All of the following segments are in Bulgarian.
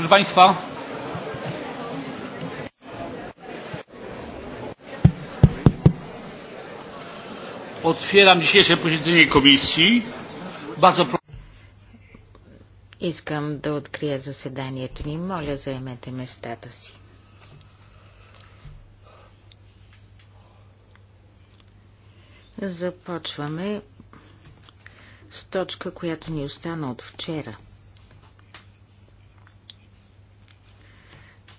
Proszę Państwa. Otwieram dzisiejsze posiedzenie komisji. Bardzo proszę. Искам да открия заседанието ни. Моля, заемете местата си. Започваме с точка, която ни остана от вчера –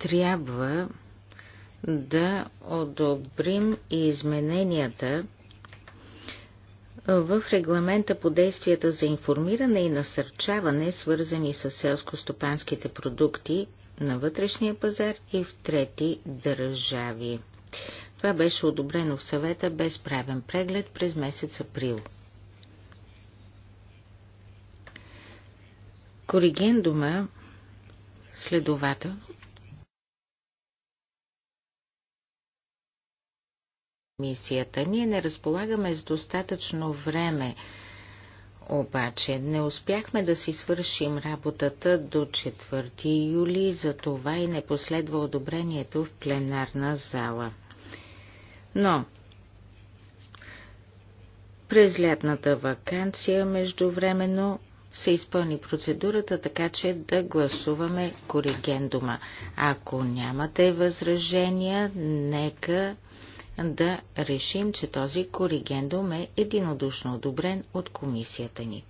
трябва да одобрим и измененията в регламента по действията за информиране и насърчаване, свързани с селско-стопанските продукти на вътрешния пазар и в трети държави. Това беше одобрено в съвета без правен преглед през месец април. Коригендума следователно мисията. Ние не разполагаме с достатъчно време, обаче не успяхме да си свършим работата до 4 юли, за това и не последва одобрението в пленарна зала. Но през лятната вакансия междувременно се изпълни процедурата, така че да гласуваме коригендума. Ако нямате възражения, нека да решим, че този коригендум е единодушно одобрен от комисията ни.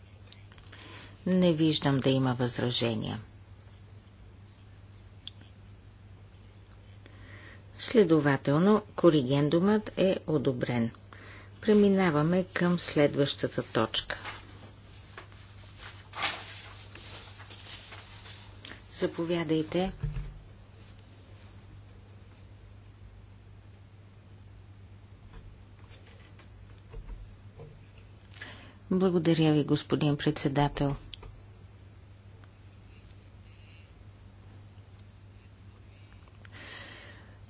Не виждам да има възражения. Следователно, коригендумът е одобрен. Преминаваме към следващата точка. Заповядайте. Благодаря ви, господин председател.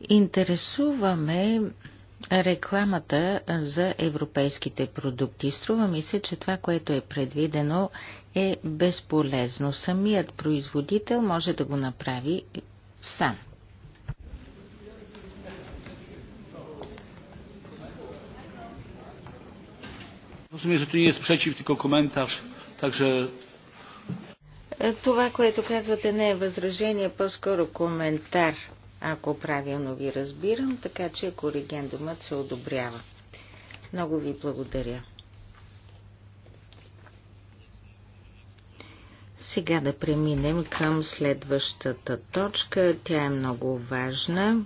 Интересуваме рекламата за европейските продукти. Струва ми се, че това, което е предвидено, е безполезно. Самият производител може да го направи сам. Разумея, че ние спречив, тико коментаж, takže... Това, което казвате, не е възражение, по-скоро коментар, ако правилно ви разбирам, така че коригендумът се одобрява. Много ви благодаря. Сега да преминем към следващата точка. Тя е много важна.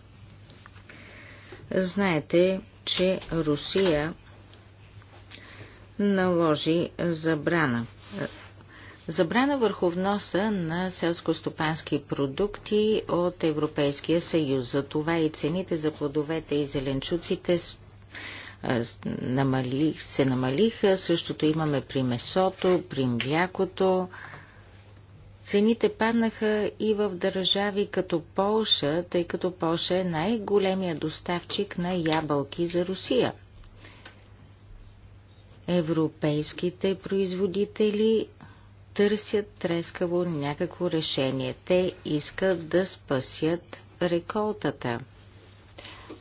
Знаете, че Русия наложи забрана. Забрана върху вноса на селско-стопански продукти от Европейския съюз. За това и цените за плодовете и зеленчуците намалих, се намалиха. Същото имаме при месото, при млякото. Цените паднаха и в държави като Полша, тъй като Полша е най-големия доставчик на ябълки за Русия – европейските производители търсят трескаво някакво решение. Те искат да спасят реколтата.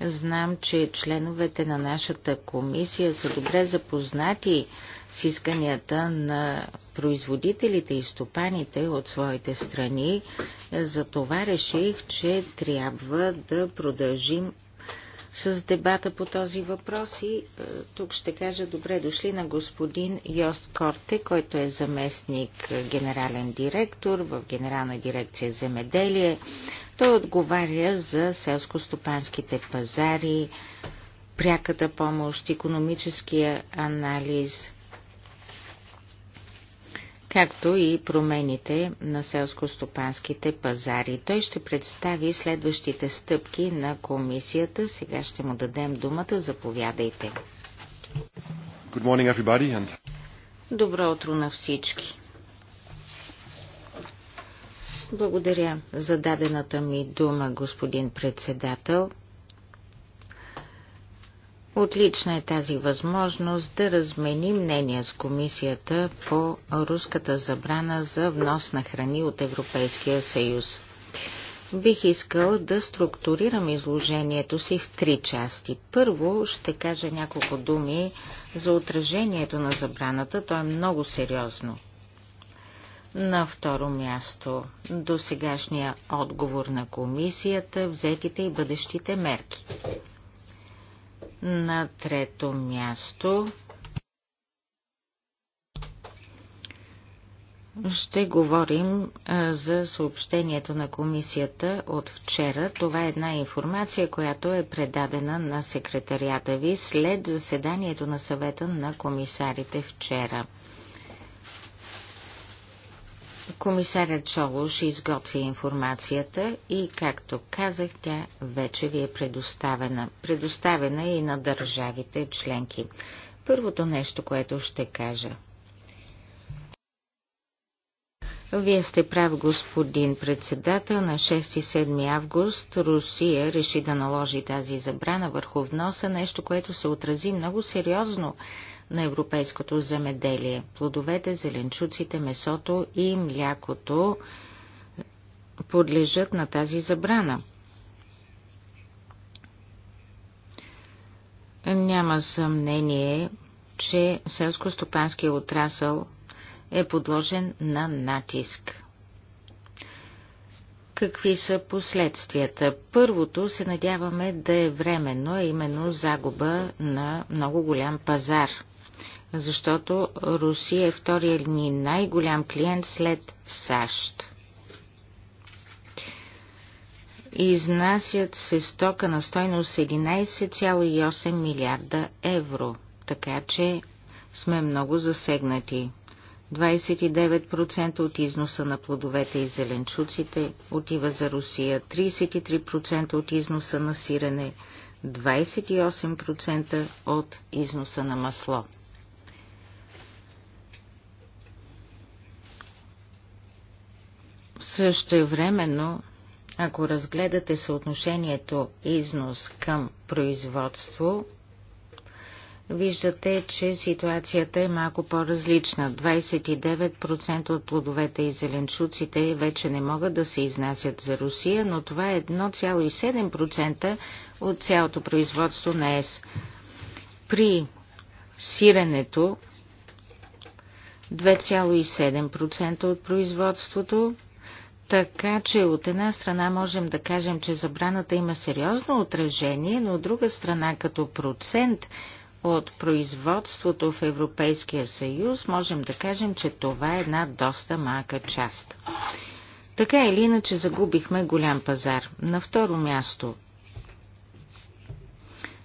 Знам, че членовете на нашата комисия са добре запознати с исканията на производителите и стопаните от своите страни. Затова реших, че трябва да продължим с дебата по този въпрос и е, тук ще кажа добре дошли на господин Йост Корте, който е заместник е, генерален директор в Генерална дирекция земеделие. Той отговаря за селско-стопанските пазари, пряката помощ, економическия анализ – както и промените на селско-стопанските пазари. Той ще представи следващите стъпки на комисията. Сега ще му дадем думата. Заповядайте. Good morning, everybody, and... Добро утро на всички. Благодаря за дадената ми дума, господин председател. Отлична е тази възможност да размени мнения с комисията по руската забрана за внос на храни от Европейския съюз. Бих искал да структурирам изложението си в три части. Първо ще кажа няколко думи за отражението на забраната. То е много сериозно. На второ място до сегашния отговор на комисията, взетите и бъдещите мерки. На трето място ще говорим за съобщението на комисията от вчера. Това е една информация, която е предадена на секретарията ви след заседанието на съвета на комисарите вчера. Комисарят Чолош изготви информацията и, както казах, тя вече ви е предоставена. Предоставена е и на държавите членки. Първото нещо, което ще кажа. Вие сте прав, господин председател. На 6 и 7 август Русия реши да наложи тази забрана върху вноса, нещо, което се отрази много сериозно на европейското земеделие. Плодовете, зеленчуците, месото и млякото подлежат на тази забрана. Няма съмнение, че селско-стопанския отрасъл е подложен на натиск. Какви са последствията? Първото се надяваме да е временно, а именно загуба на много голям пазар защото Русия е втория ни най-голям клиент след САЩ. Изнасят се стока на стойност 11,8 милиарда евро, така че сме много засегнати. 29% от износа на плодовете и зеленчуците отива за Русия, 33% от износа на сирене, 28% от износа на масло. Същевременно, ако разгледате съотношението износ към производство, виждате, че ситуацията е малко по-различна. 29% от плодовете и зеленчуците вече не могат да се изнасят за Русия, но това е 1,7% от цялото производство на ЕС. При сиренето 2,7% от производството така че от една страна можем да кажем, че забраната има сериозно отражение, но от друга страна като процент от производството в Европейския съюз можем да кажем, че това е една доста малка част. Така или иначе загубихме голям пазар. На второ място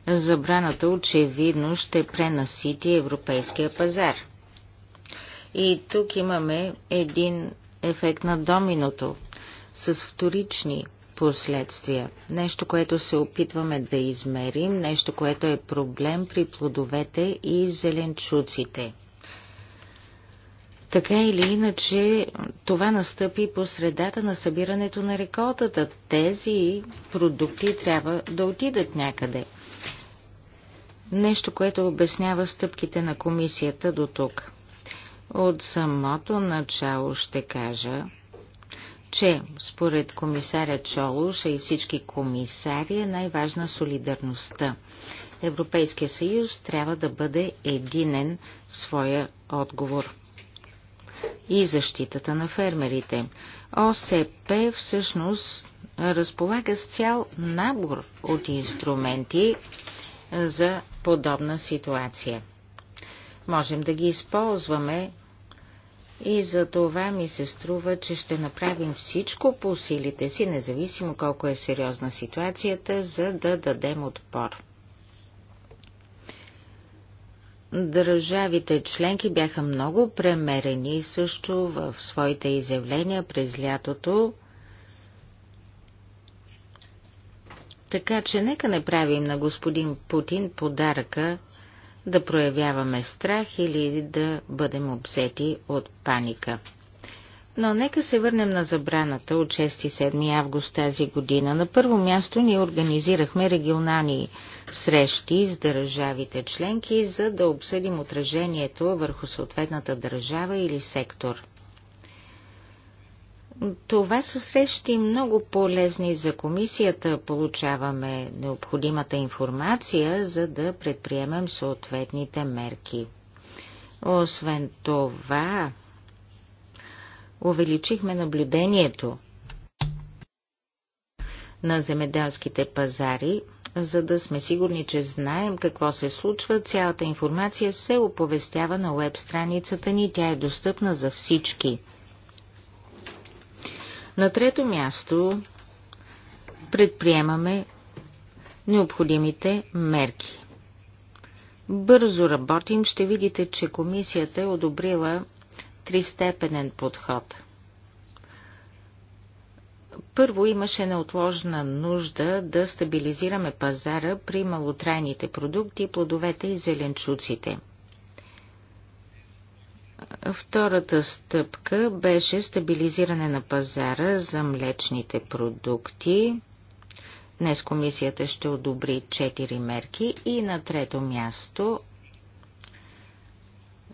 забраната очевидно ще пренасити европейския пазар. И тук имаме един ефект на доминото с вторични последствия. Нещо, което се опитваме да измерим, нещо, което е проблем при плодовете и зеленчуците. Така или иначе, това настъпи по средата на събирането на реколтата. Тези продукти трябва да отидат някъде. Нещо, което обяснява стъпките на комисията до тук. От самото начало ще кажа, че според комисаря Чолуш и всички комисари е най-важна солидарността. Европейския съюз трябва да бъде единен в своя отговор. И защитата на фермерите. ОСП всъщност разполага с цял набор от инструменти за подобна ситуация. Можем да ги използваме и за това ми се струва, че ще направим всичко по силите си, независимо колко е сериозна ситуацията, за да дадем отпор. Държавите членки бяха много премерени също в своите изявления през лятото. Така че нека не правим на господин Путин подаръка, да проявяваме страх или да бъдем обзети от паника. Но нека се върнем на забраната от 6-7 август тази година. На първо място ние организирахме регионални срещи с държавите членки, за да обсъдим отражението върху съответната държава или сектор. Това са срещи много полезни за комисията. Получаваме необходимата информация, за да предприемем съответните мерки. Освен това, увеличихме наблюдението на земеделските пазари, за да сме сигурни, че знаем какво се случва. Цялата информация се оповестява на веб страницата ни, тя е достъпна за всички. На трето място предприемаме необходимите мерки. Бързо работим, ще видите, че комисията е одобрила тристепенен подход. Първо имаше неотложна нужда да стабилизираме пазара при малотрайните продукти, плодовете и зеленчуците – Втората стъпка беше стабилизиране на пазара за млечните продукти. Днес комисията ще одобри 4 мерки и на трето място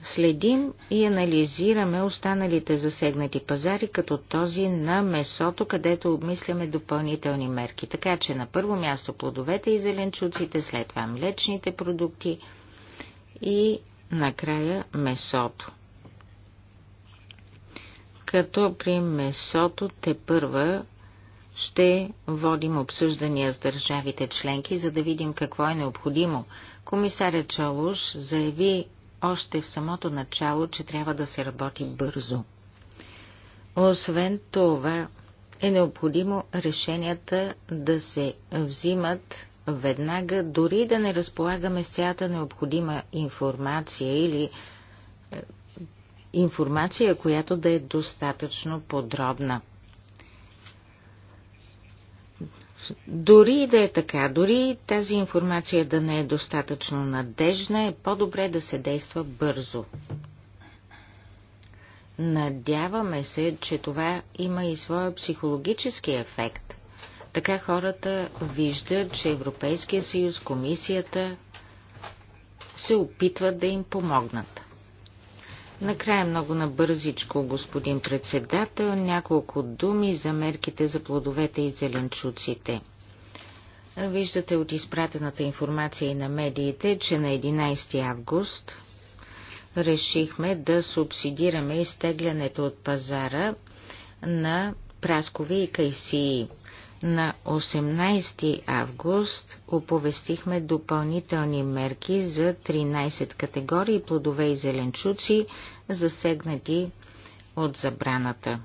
следим и анализираме останалите засегнати пазари, като този на месото, където обмисляме допълнителни мерки. Така че на първо място плодовете и зеленчуците, след това млечните продукти и накрая месото като при месото те първа ще водим обсъждания с държавите членки, за да видим какво е необходимо. Комисаря Чалуш заяви още в самото начало, че трябва да се работи бързо. Освен това, е необходимо решенията да се взимат веднага, дори да не разполагаме с цялата необходима информация или информация, която да е достатъчно подробна. Дори да е така, дори тази информация да не е достатъчно надежна, е по-добре да се действа бързо. Надяваме се, че това има и своя психологически ефект. Така хората виждат, че Европейския съюз, комисията се опитват да им помогнат. Накрая много набързичко, господин председател, няколко думи за мерките за плодовете и зеленчуците. Виждате от изпратената информация и на медиите, че на 11 август решихме да субсидираме изтеглянето от пазара на праскови и кайсии. На 18 август оповестихме допълнителни мерки за 13 категории плодове и зеленчуци, засегнати от забраната.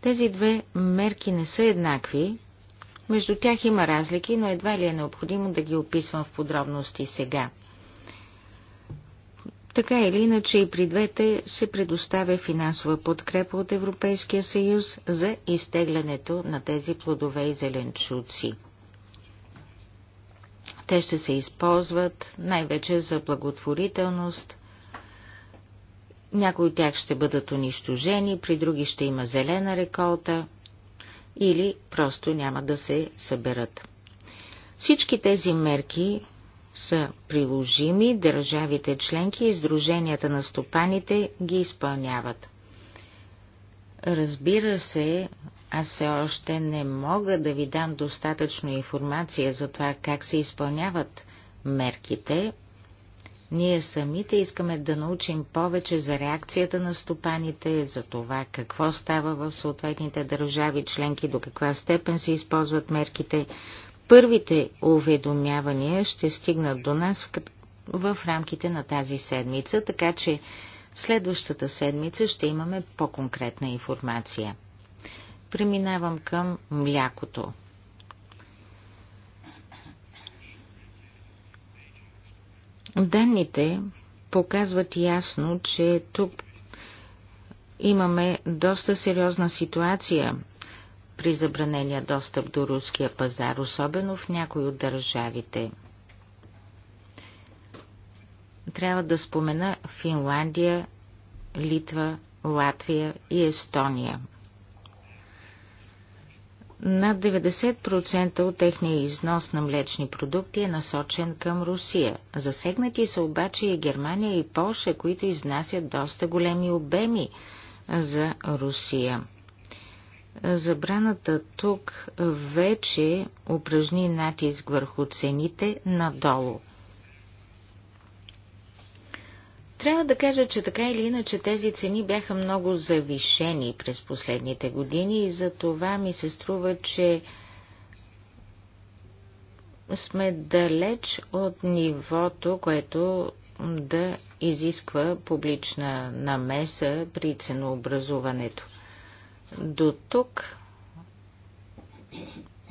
Тези две мерки не са еднакви. Между тях има разлики, но едва ли е необходимо да ги описвам в подробности сега. Така или иначе и при двете се предоставя финансова подкрепа от Европейския съюз за изтеглянето на тези плодове и зеленчуци. Те ще се използват най-вече за благотворителност. Някои от тях ще бъдат унищожени, при други ще има зелена реколта или просто няма да се съберат. Всички тези мерки са приложими, държавите членки и издруженията на стопаните ги изпълняват. Разбира се, аз все още не мога да ви дам достатъчно информация за това как се изпълняват мерките. Ние самите искаме да научим повече за реакцията на стопаните, за това какво става в съответните държави членки, до каква степен се използват мерките, Първите уведомявания ще стигнат до нас в рамките на тази седмица, така че следващата седмица ще имаме по-конкретна информация. Преминавам към млякото. Данните показват ясно, че тук имаме доста сериозна ситуация при забранения достъп до руския пазар, особено в някои от държавите. Трябва да спомена Финландия, Литва, Латвия и Естония. Над 90% от техния износ на млечни продукти е насочен към Русия. Засегнати са обаче и Германия и Польша, които изнасят доста големи обеми за Русия. Забраната тук вече упражни натиск върху цените надолу. Трябва да кажа, че така или иначе тези цени бяха много завишени през последните години и за това ми се струва, че сме далеч от нивото, което да изисква публична намеса при ценообразуването. До тук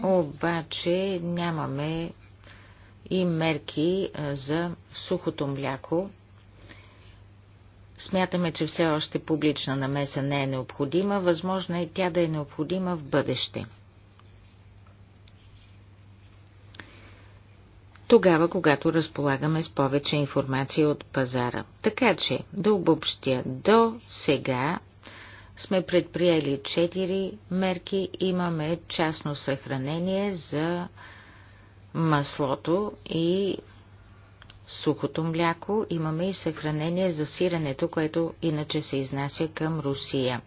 обаче нямаме и мерки за сухото мляко. Смятаме, че все още публична намеса не е необходима, възможно е тя да е необходима в бъдеще. Тогава, когато разполагаме с повече информация от пазара. Така че, да обобщя, до сега сме предприели 4 мерки. Имаме частно съхранение за маслото и сухото мляко. Имаме и съхранение за сиренето, което иначе се изнася към Русия.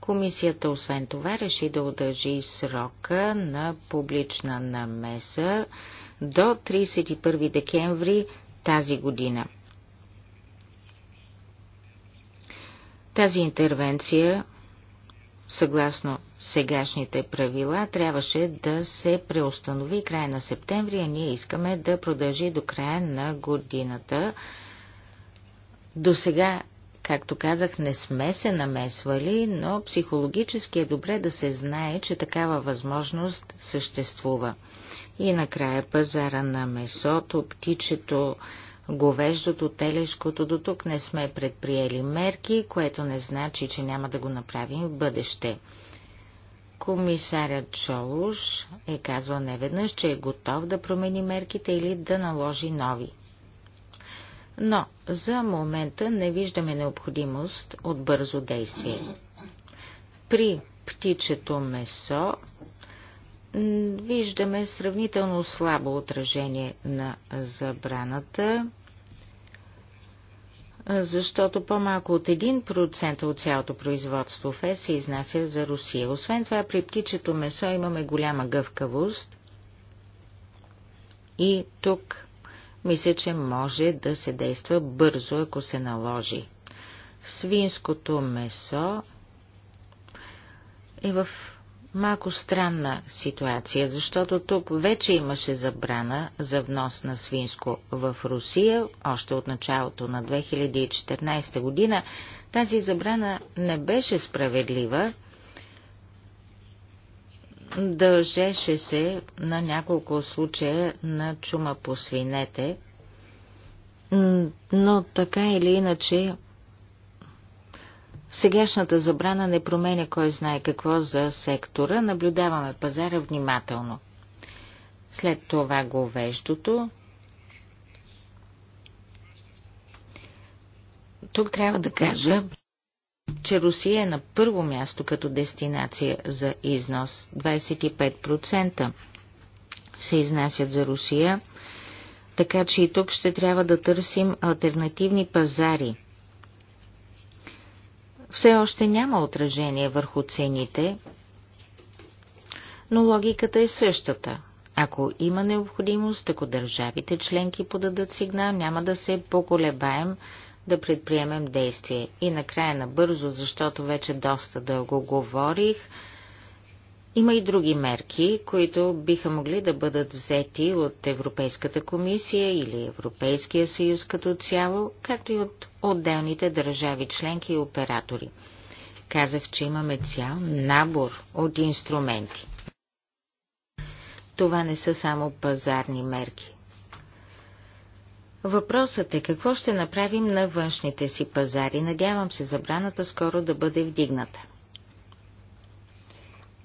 Комисията освен това реши да удължи срока на публична намеса до 31 декември тази година. Тази интервенция, съгласно сегашните правила, трябваше да се преустанови края на септември, а ние искаме да продължи до края на годината. До сега, както казах, не сме се намесвали, но психологически е добре да се знае, че такава възможност съществува. И накрая пазара на месото, птичето, говеждото, телешкото. До тук не сме предприели мерки, което не значи, че няма да го направим в бъдеще. Комисарят Чолуш е казвал неведнъж, че е готов да промени мерките или да наложи нови. Но за момента не виждаме необходимост от бързо действие. При птичето месо виждаме сравнително слабо отражение на забраната защото по-малко от 1% от цялото производство в ЕС е се изнася за Русия. Освен това, при птичето месо имаме голяма гъвкавост и тук мисля, че може да се действа бързо, ако се наложи. Свинското месо е в малко странна ситуация, защото тук вече имаше забрана за внос на свинско в Русия, още от началото на 2014 година. Тази забрана не беше справедлива, дължеше се на няколко случая на чума по свинете, но така или иначе Сегашната забрана не променя кой знае какво за сектора. Наблюдаваме пазара внимателно. След това говеждото. Тук трябва да кажа, че Русия е на първо място като дестинация за износ. 25% се изнасят за Русия, така че и тук ще трябва да търсим альтернативни пазари – все още няма отражение върху цените, но логиката е същата. Ако има необходимост, ако държавите членки подадат сигнал, няма да се поколебаем да предприемем действие. И накрая набързо, защото вече доста дълго говорих, има и други мерки, които биха могли да бъдат взети от Европейската комисия или Европейския съюз като цяло, както и от отделните държави членки и оператори. Казах, че имаме цял набор от инструменти. Това не са само пазарни мерки. Въпросът е какво ще направим на външните си пазари. Надявам се забраната скоро да бъде вдигната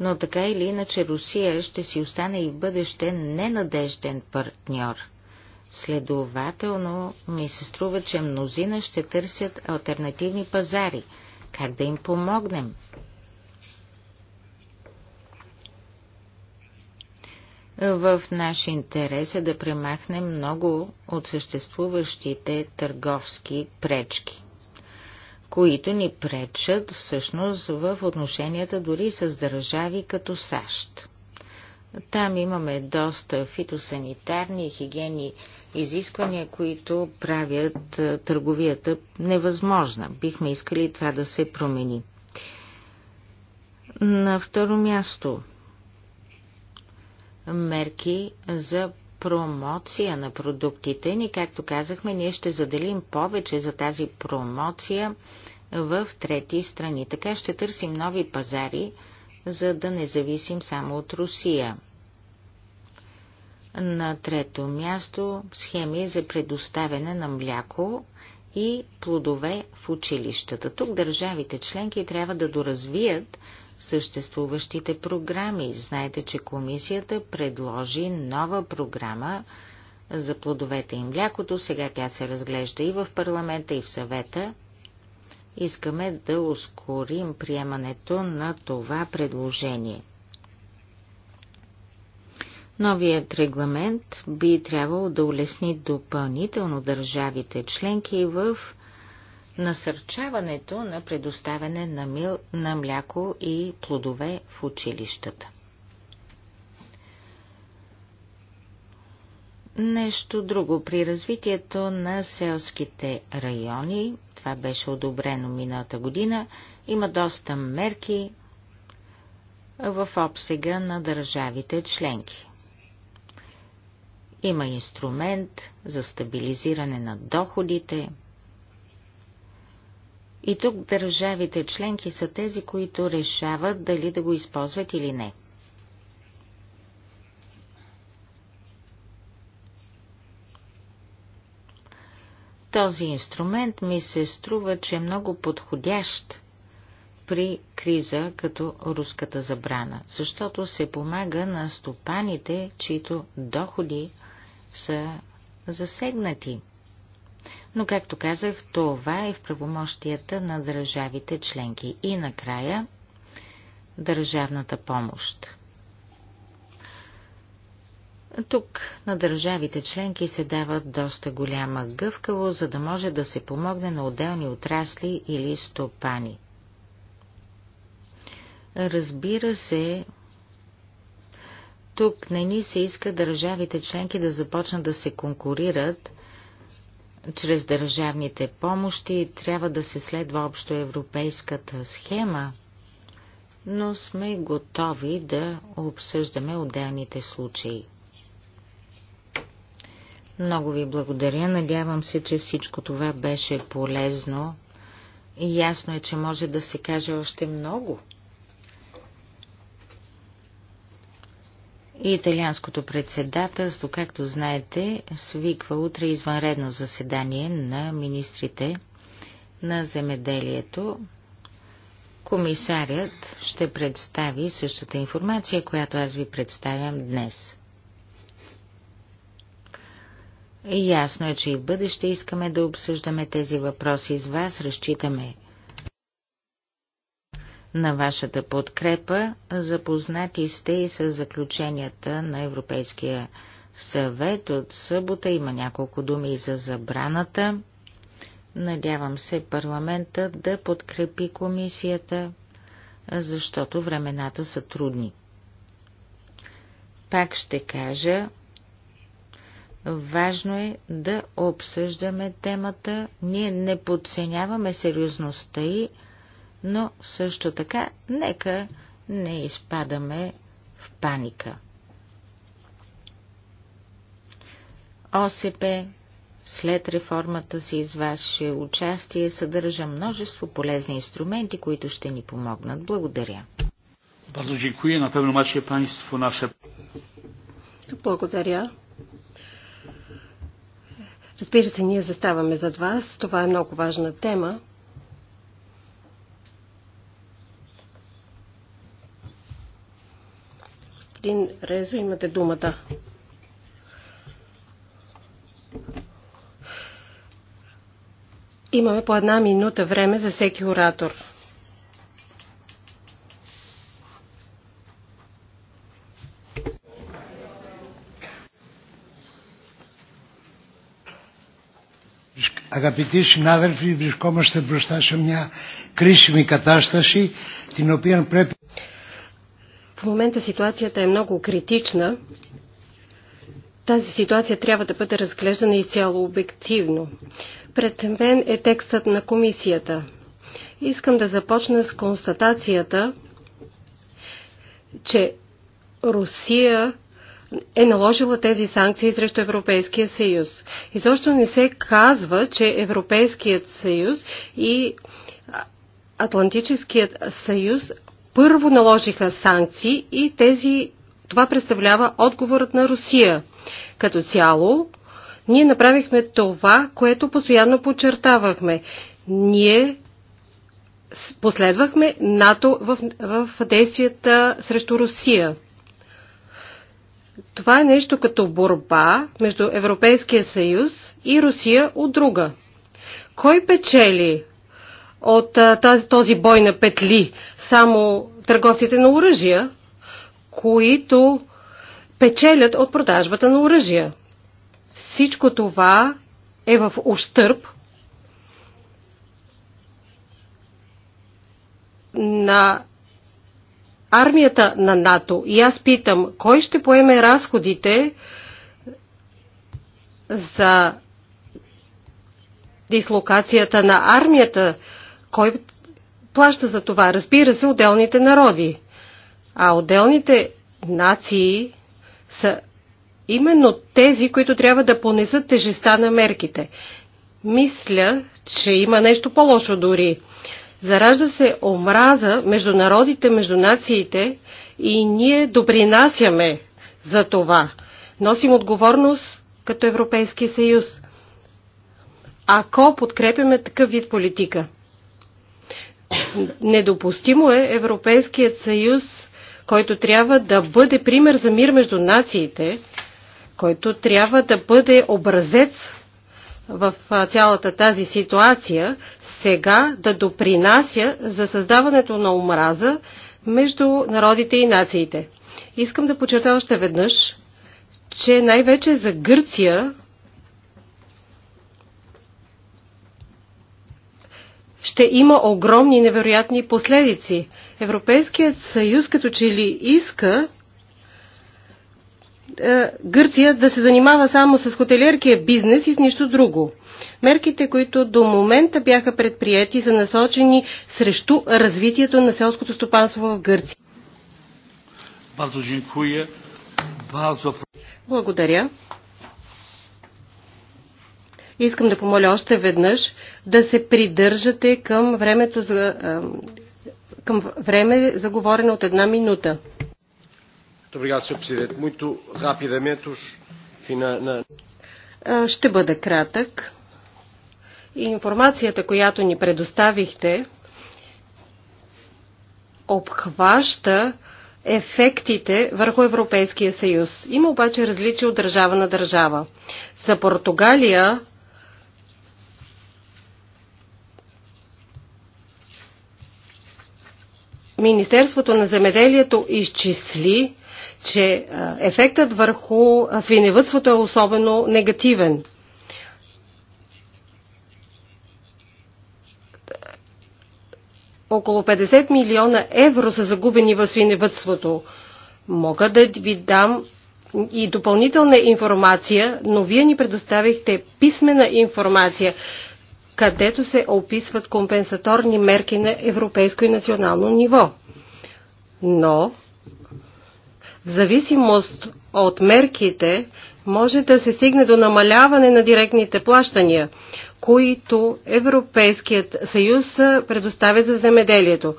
но така или иначе Русия ще си остане и в бъдеще ненадежден партньор. Следователно ми се струва, че мнозина ще търсят альтернативни пазари. Как да им помогнем? В наш интерес е да премахнем много от съществуващите търговски пречки които ни пречат всъщност в отношенията дори с държави като САЩ. Там имаме доста фитосанитарни и хигиени изисквания, които правят търговията невъзможна. Бихме искали това да се промени. На второ място мерки за промоция на продуктите ни. Както казахме, ние ще заделим повече за тази промоция в трети страни. Така ще търсим нови пазари, за да не зависим само от Русия. На трето място схеми за предоставяне на мляко и плодове в училищата. Тук държавите членки трябва да доразвият съществуващите програми. Знаете, че комисията предложи нова програма за плодовете и млякото. Сега тя се разглежда и в парламента, и в съвета. Искаме да ускорим приемането на това предложение. Новият регламент би трябвало да улесни допълнително държавите членки в насърчаването на предоставяне на, мил, на мляко и плодове в училищата. Нещо друго при развитието на селските райони, това беше одобрено миналата година, има доста мерки в обсега на държавите членки. Има инструмент за стабилизиране на доходите – и тук държавите членки са тези, които решават дали да го използват или не. Този инструмент ми се струва, че е много подходящ при криза като руската забрана, защото се помага на стопаните, чието доходи са засегнати но както казах, това е в правомощията на държавите членки. И накрая държавната помощ. Тук на държавите членки се дава доста голяма гъвкаво, за да може да се помогне на отделни отрасли или стопани. Разбира се, тук не ни се иска държавите членки да започнат да се конкурират чрез държавните помощи трябва да се следва общо европейската схема, но сме готови да обсъждаме отделните случаи. Много ви благодаря. Надявам се, че всичко това беше полезно. И ясно е, че може да се каже още много Италианското председателство, както знаете, свиква утре извънредно заседание на министрите на земеделието. Комисарят ще представи същата информация, която аз ви представям днес. Ясно е, че и в бъдеще искаме да обсъждаме тези въпроси с вас. Разчитаме на вашата подкрепа. Запознати сте и с заключенията на Европейския съвет от събота. Има няколко думи и за забраната. Надявам се парламента да подкрепи комисията, защото времената са трудни. Пак ще кажа, Важно е да обсъждаме темата. Ние не подценяваме сериозността и но също така нека не изпадаме в паника. ОСП след реформата си из ваше участие съдържа множество полезни инструменти, които ще ни помогнат. Благодаря. Благодаря. Разбира се, ние заставаме зад вас. Това е много важна тема. Господин Резо, имате думата. Имаме по една минута време за всеки оратор. Αγαπητοί συνάδελφοι, βρισκόμαστε μπροστά σε μια κρίσιμη κατάσταση, την οποία πρέπει... В момента ситуацията е много критична. Тази ситуация трябва да бъде разглеждана изцяло обективно. Пред мен е текстът на комисията. Искам да започна с констатацията, че Русия е наложила тези санкции срещу Европейския съюз. И защо не се казва, че Европейският съюз и Атлантическият съюз първо наложиха санкции и тези, това представлява отговорът на Русия. Като цяло, ние направихме това, което постоянно подчертавахме. Ние последвахме НАТО в, в действията срещу Русия. Това е нещо като борба между Европейския съюз и Русия от друга. Кой печели от тази, този бой на петли. Само търговците на оръжия, които печелят от продажбата на оръжия. Всичко това е в ощърп на армията на НАТО. И аз питам, кой ще поеме разходите за дислокацията на армията, кой плаща за това? Разбира се, отделните народи. А отделните нации са именно тези, които трябва да понесат тежеста на мерките. Мисля, че има нещо по-лошо дори. Заражда се омраза между народите, между нациите и ние допринасяме за това. Носим отговорност като Европейски съюз. Ако подкрепяме такъв вид политика. Недопустимо е Европейският съюз, който трябва да бъде пример за мир между нациите, който трябва да бъде образец в цялата тази ситуация, сега да допринася за създаването на омраза между народите и нациите. Искам да подчертая още веднъж, че най-вече за Гърция ще има огромни невероятни последици. Европейският съюз като че ли иска е, Гърция да се занимава само с хотелиеркия бизнес и с нищо друго. Мерките, които до момента бяха предприяти, са насочени срещу развитието на селското стопанство в Гърция. Благодаря. Искам да помоля още веднъж да се придържате към времето за, към време за говорене от една минута. Ще бъда кратък. Информацията, която ни предоставихте, обхваща ефектите върху Европейския съюз. Има обаче различия от държава на държава. За Португалия Министерството на земеделието изчисли, че ефектът върху свиневътството е особено негативен. Около 50 милиона евро са загубени в свиневътството. Мога да ви дам и допълнителна информация, но вие ни предоставихте писмена информация където се описват компенсаторни мерки на европейско и национално ниво. Но, в зависимост от мерките, може да се стигне до намаляване на директните плащания, които Европейският съюз предоставя за земеделието.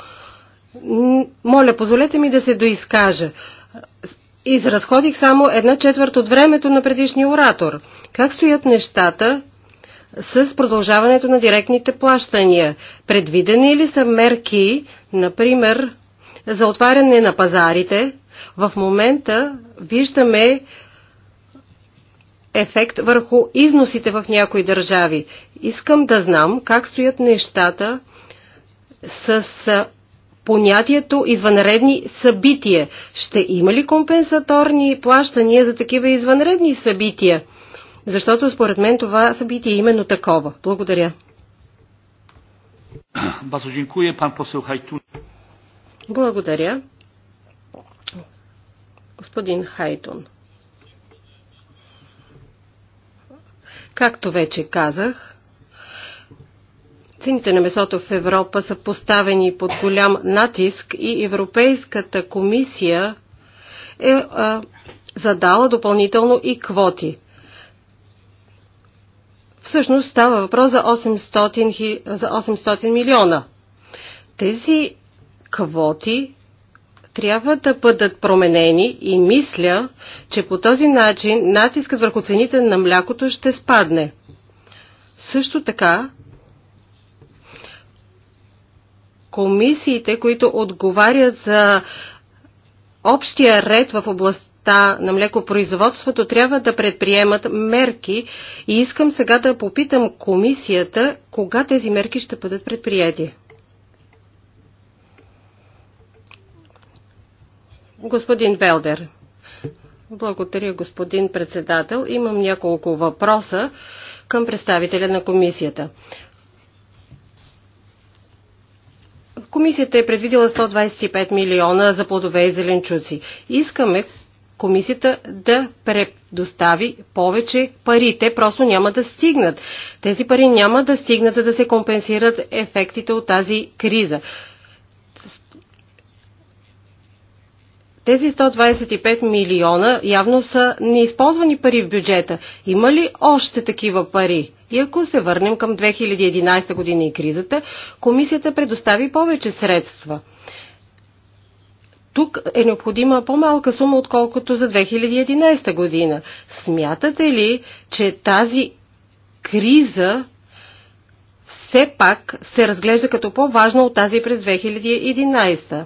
Моля, позволете ми да се доизкажа. Изразходих само една четвърт от времето на предишния оратор. Как стоят нещата с продължаването на директните плащания? Предвидени ли са мерки, например, за отваряне на пазарите? В момента виждаме ефект върху износите в някои държави. Искам да знам как стоят нещата с понятието извънредни събития. Ще има ли компенсаторни плащания за такива извънредни събития? Защото според мен това събитие е именно такова. Благодаря. Благодаря. Господин Хайтун. Както вече казах, цените на месото в Европа са поставени под голям натиск и Европейската комисия е а, задала допълнително и квоти. Всъщност става въпрос за 800, за 800 милиона. Тези квоти трябва да бъдат променени и мисля, че по този начин натискът върху цените на млякото ще спадне. Също така, комисиите, които отговарят за общия ред в област областта на млекопроизводството трябва да предприемат мерки и искам сега да попитам комисията кога тези мерки ще бъдат предприяти. Господин Белдер. Благодаря, господин председател. Имам няколко въпроса към представителя на комисията. Комисията е предвидила 125 милиона за плодове и зеленчуци. Искаме комисията да предостави повече пари. Те просто няма да стигнат. Тези пари няма да стигнат, за да се компенсират ефектите от тази криза. Тези 125 милиона явно са неизползвани пари в бюджета. Има ли още такива пари? И ако се върнем към 2011 година и кризата, комисията предостави повече средства тук е необходима по-малка сума, отколкото за 2011 година. Смятате ли, че тази криза все пак се разглежда като по-важна от тази през 2011?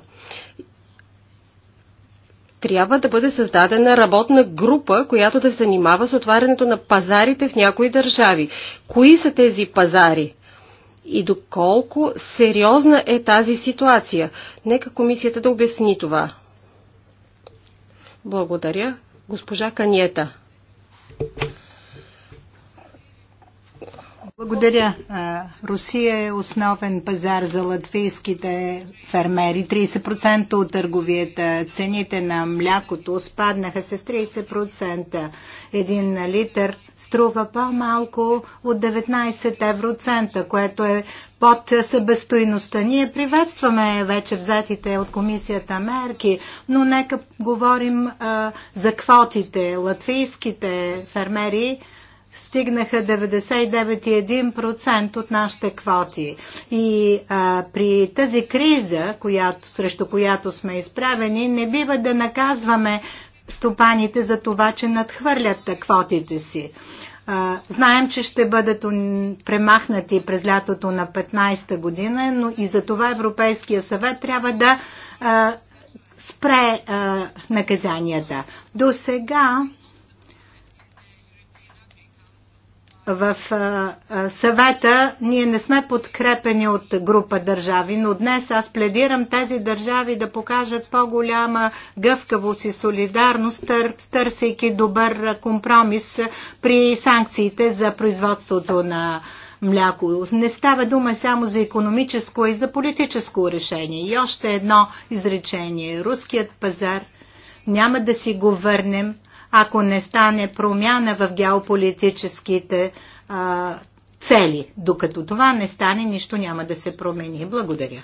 трябва да бъде създадена работна група, която да се занимава с отварянето на пазарите в някои държави. Кои са тези пазари? и доколко сериозна е тази ситуация. Нека комисията да обясни това. Благодаря. Госпожа Каниета. Благодаря. Русия е основен пазар за латвийските фермери. 30% от търговията. Цените на млякото спаднаха с 30%. Един литър струва по-малко от 19 евроцента, което е под събестойността. Ние приветстваме вече взетите от комисията мерки, но нека говорим а, за квотите. Латвийските фермери стигнаха 99,1% от нашите квоти. И а, при тази криза, която, срещу която сме изправени, не бива да наказваме стопаните за това, че надхвърлят квотите си. Знаем, че ще бъдат премахнати през лятото на 15-та година, но и за това Европейския съвет трябва да спре наказанията. До сега в съвета ние не сме подкрепени от група държави, но днес аз пледирам тези държави да покажат по-голяма гъвкавост и солидарност, търсейки добър компромис при санкциите за производството на мляко. Не става дума само за економическо, а и за политическо решение. И още едно изречение. Руският пазар няма да си го върнем ако не стане промяна в геополитическите а, цели. Докато това не стане, нищо няма да се промени. Благодаря.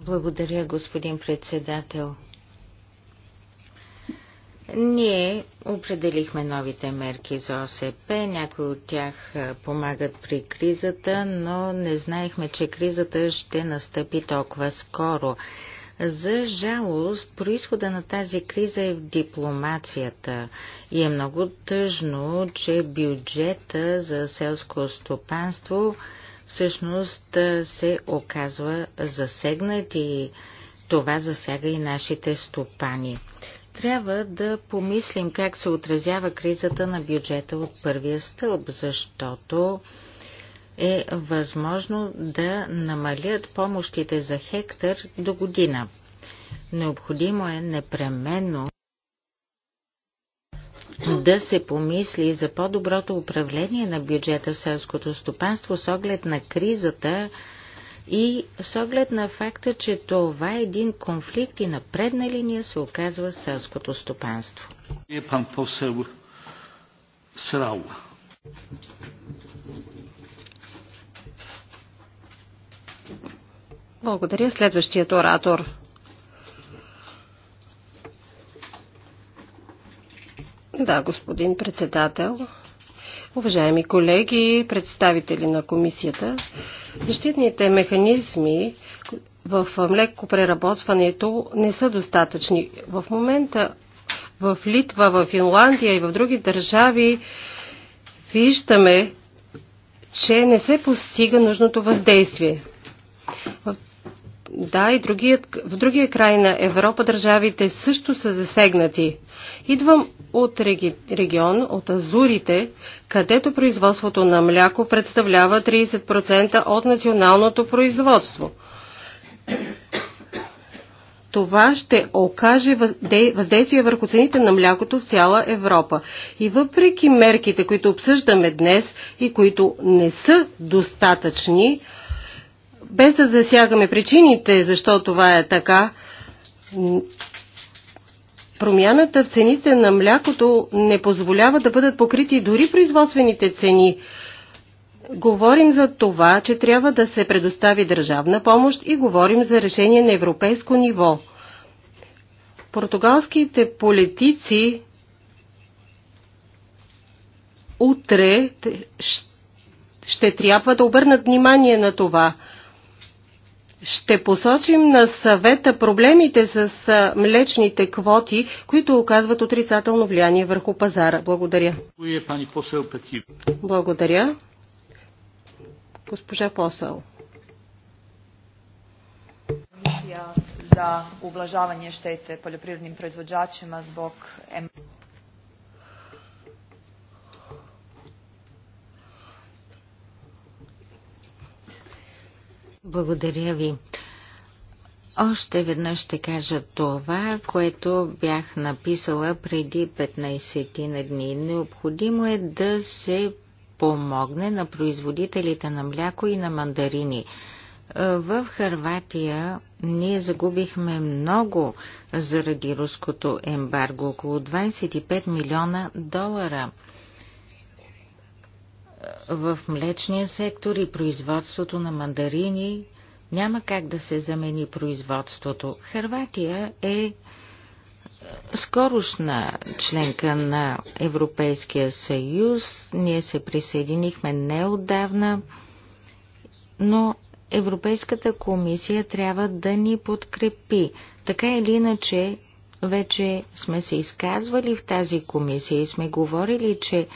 Благодаря, господин председател. Ние определихме новите мерки за ОСП. Някои от тях помагат при кризата, но не знаехме, че кризата ще настъпи толкова скоро. За жалост, происхода на тази криза е в дипломацията и е много тъжно, че бюджета за селско стопанство всъщност се оказва засегнат и това засяга и нашите стопани. Трябва да помислим как се отразява кризата на бюджета от първия стълб, защото е възможно да намалят помощите за хектар до година. Необходимо е непременно да се помисли за по-доброто управление на бюджета в селското стопанство с оглед на кризата и с оглед на факта, че това е един конфликт и на предна линия се оказва селското стопанство. Е, Благодаря. Следващият оратор. Да, господин председател. Уважаеми колеги, представители на комисията, защитните механизми в млекопреработването не са достатъчни. В момента в Литва, в Финландия и в други държави виждаме, че не се постига нужното въздействие. В да, и другият, в другия край на Европа държавите също са засегнати. Идвам от реги, регион, от Азурите, където производството на мляко представлява 30% от националното производство. Това ще окаже въздействие върху цените на млякото в цяла Европа. И въпреки мерките, които обсъждаме днес и които не са достатъчни, без да засягаме причините, защо това е така, промяната в цените на млякото не позволява да бъдат покрити дори производствените цени. Говорим за това, че трябва да се предостави държавна помощ и говорим за решение на европейско ниво. Португалските политици утре ще трябва да обърнат внимание на това – ще посочим на съвета проблемите с млечните квоти, които оказват отрицателно влияние върху пазара. Благодаря. Благодаря. Госпожа Посъл. Комисия za ublažavanje štete poljoprivrednim proizvođačima zbog Благодаря ви. Още веднъж ще кажа това, което бях написала преди 15 на дни. Необходимо е да се помогне на производителите на мляко и на мандарини. В Харватия ние загубихме много заради руското ембарго, около 25 милиона долара – в млечния сектор и производството на мандарини няма как да се замени производството. Харватия е, е скорошна членка на Европейския съюз. Ние се присъединихме неодавна, но Европейската комисия трябва да ни подкрепи. Така или иначе, вече сме се изказвали в тази комисия и сме говорили, че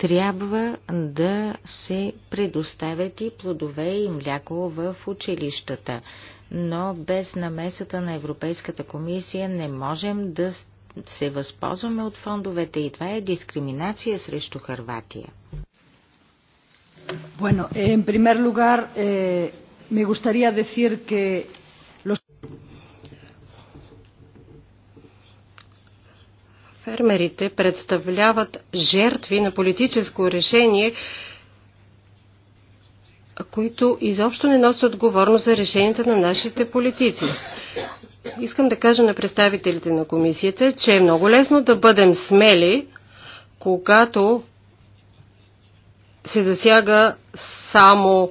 трябва да се предоставят и плодове и мляко в училищата. Но без намесата на Европейската комисия не можем да се възползваме от фондовете и това е дискриминация срещу Харватия. Bueno, en primer lugar, eh, me gustaría decir que Фермерите представляват жертви на политическо решение, които изобщо не носят отговорност за решенията на нашите политици. Искам да кажа на представителите на комисията, че е много лесно да бъдем смели, когато се засяга само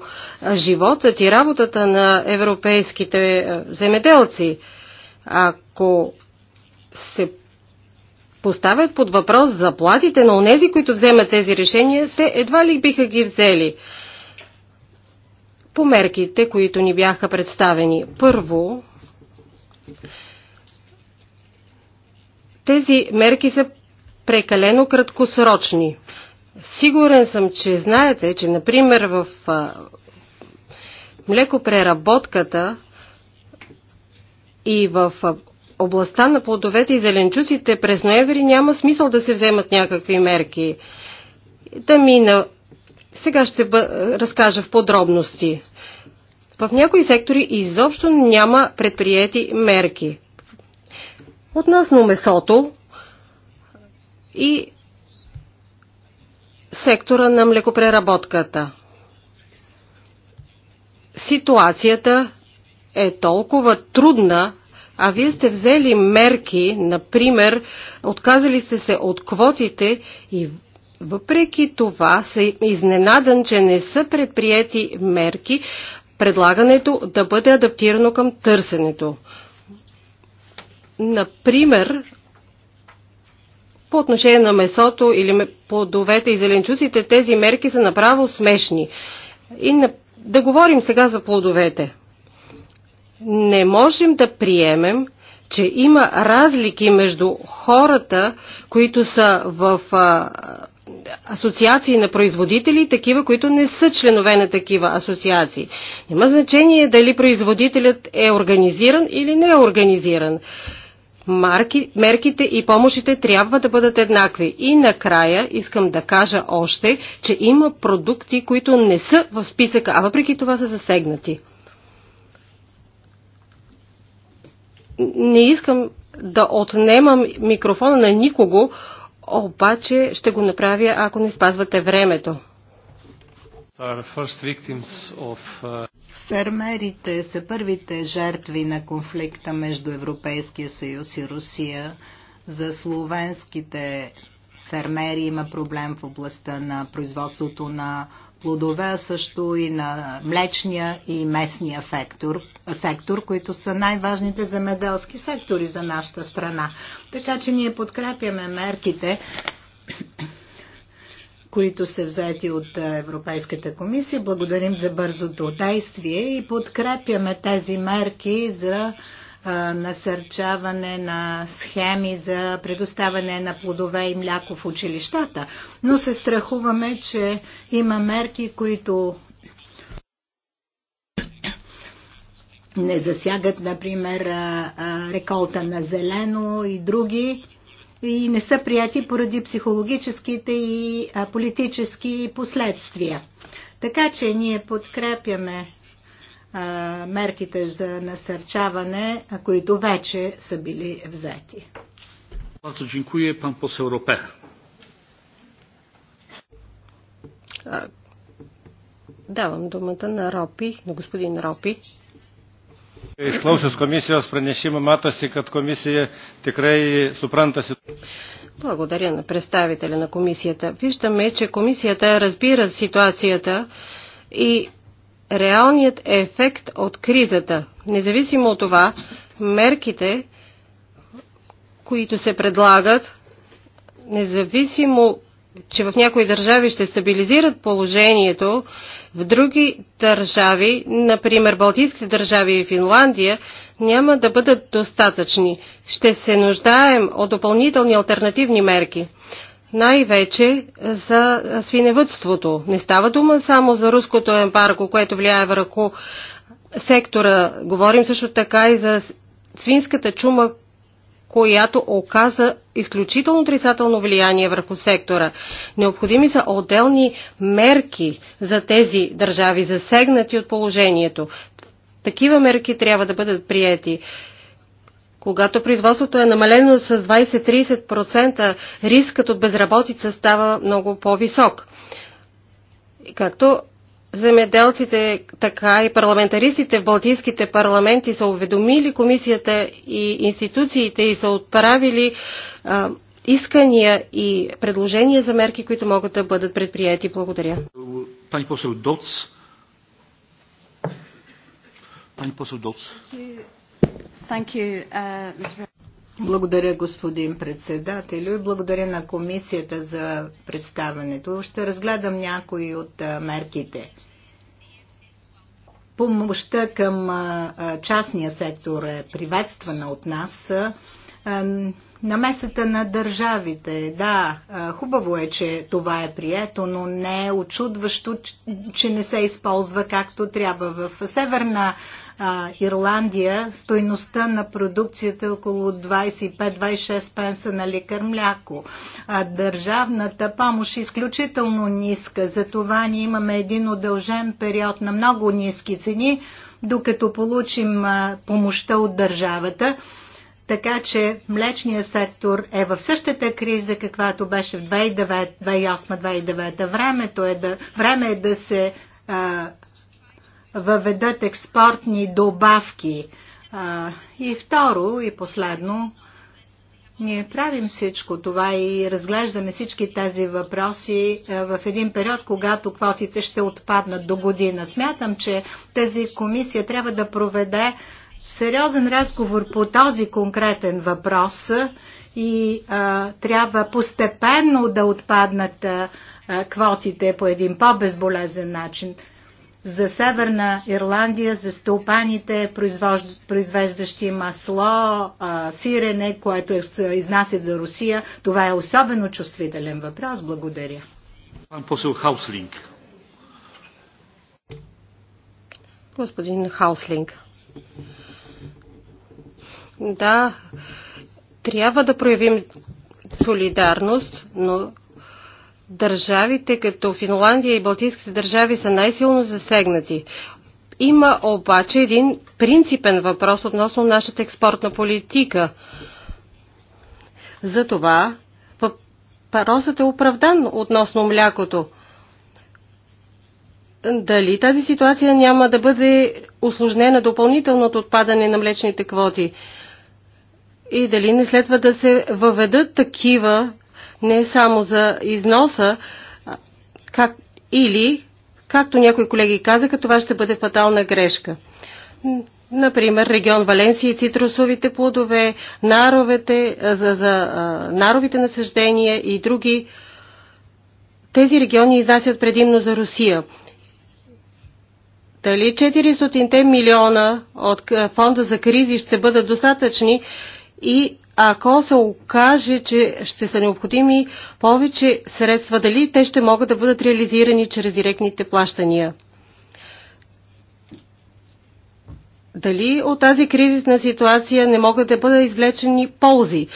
животът и работата на европейските е, земеделци. Ако се поставят под въпрос заплатите на онези, които вземат тези решения, те едва ли биха ги взели. По мерките, които ни бяха представени. Първо, тези мерки са прекалено краткосрочни. Сигурен съм, че знаете, че, например, в млекопреработката и в областта на плодовете и зеленчуците през ноември няма смисъл да се вземат някакви мерки. Да мина. Сега ще бъ... разкажа в подробности. В някои сектори изобщо няма предприяти мерки. Относно месото и сектора на млекопреработката. Ситуацията е толкова трудна, а вие сте взели мерки, например, отказали сте се от квотите и въпреки това се изненадан, че не са предприяти мерки предлагането да бъде адаптирано към търсенето. Например, по отношение на месото или плодовете и зеленчуците, тези мерки са направо смешни. И на... да говорим сега за плодовете не можем да приемем, че има разлики между хората, които са в а, асоциации на производители и такива, които не са членове на такива асоциации. Няма значение дали производителят е организиран или не е организиран. Марки, мерките и помощите трябва да бъдат еднакви. И накрая искам да кажа още, че има продукти, които не са в списъка, а въпреки това са засегнати. не искам да отнемам микрофона на никого, обаче ще го направя, ако не спазвате времето. Uh, Фермерите са първите жертви на конфликта между Европейския съюз и Русия. За словенските фермери има проблем в областта на производството на плодове, също и на млечния и местния сектор, сектор които са най-важните земеделски сектори за нашата страна. Така че ние подкрепяме мерките, които са взети от Европейската комисия. Благодарим за бързото действие и подкрепяме тези мерки за насърчаване на схеми за предоставяне на плодове и мляко в училищата, но се страхуваме, че има мерки, които не засягат, например, реколта на зелено и други и не са прияти поради психологическите и политически последствия. Така че ние подкрепяме мерките за насърчаване, които вече са били взети. Bardzo dziękuję. Pan poseł Rope. Давам думата на Ропи, на господин Ропи. Изклausius komisijos pranešimą matosi, kad komisija tikrai supranta Благодаря на представителя на комисията. Виждаме, че комисията разбира ситуацията и реалният ефект от кризата. Независимо от това, мерките, които се предлагат, независимо, че в някои държави ще стабилизират положението, в други държави, например Балтийските държави и Финландия, няма да бъдат достатъчни. Ще се нуждаем от допълнителни альтернативни мерки най-вече за свиневътството. Не става дума само за руското ембарго, което влияе върху сектора. Говорим също така и за свинската чума, която оказа изключително отрицателно влияние върху сектора. Необходими са отделни мерки за тези държави, засегнати от положението. Такива мерки трябва да бъдат приети. Когато производството е намалено с 20-30%, рискът от безработица става много по-висок. Както земеделците, така и парламентаристите в Балтийските парламенти са уведомили комисията и институциите и са отправили а, искания и предложения за мерки, които могат да бъдат предприяти. Благодаря. Пани посел Доц. Пани посел Доц. Uh, благодаря, господин председател, и благодаря на комисията за представането. Ще разгледам някои от мерките. Помощта към частния сектор е приветствана от нас. Намесата на държавите, да, хубаво е, че това е прието, но не е очудващо, че не се използва както трябва. В Северна а, Ирландия стойността на продукцията е около 25-26 пенса на лекар мляко. А държавната помощ е изключително ниска, затова ние имаме един удължен период на много ниски цени, докато получим а, помощта от държавата. Така че млечният сектор е в същата криза, каквато беше в 2008-2009. Времето е да, време е да се а, въведат експортни добавки. И второ и последно, ние правим всичко това и разглеждаме всички тези въпроси в един период, когато квотите ще отпаднат до година. Смятам, че тази комисия трябва да проведе сериозен разговор по този конкретен въпрос и а, трябва постепенно да отпаднат а, квотите по един по-безболезен начин за Северна Ирландия, за стълпаните, произвеждащи масло, сирене, което е изнасят за Русия. Това е особено чувствителен въпрос. Благодаря. Пан посел Хауслинг. Господин Хауслинг. Да, трябва да проявим солидарност, но Държавите като Финландия и Балтийските държави са най-силно засегнати. Има обаче един принципен въпрос относно нашата експортна политика. Затова въпросът е оправдан относно млякото. Дали тази ситуация няма да бъде осложнена допълнително от отпадане на млечните квоти? И дали не следва да се въведат такива не само за износа, как, или, както някои колеги казаха, това ще бъде фатална грешка. Например, регион Валенсия и цитрусовите плодове, наровете, за, за а, наровите насъждения и други. Тези региони изнасят предимно за Русия. Дали 400 милиона от фонда за кризи ще бъдат достатъчни и ако се окаже, че ще са необходими повече средства, дали те ще могат да бъдат реализирани чрез директните плащания? Дали от тази кризисна ситуация не могат да бъдат извлечени ползи?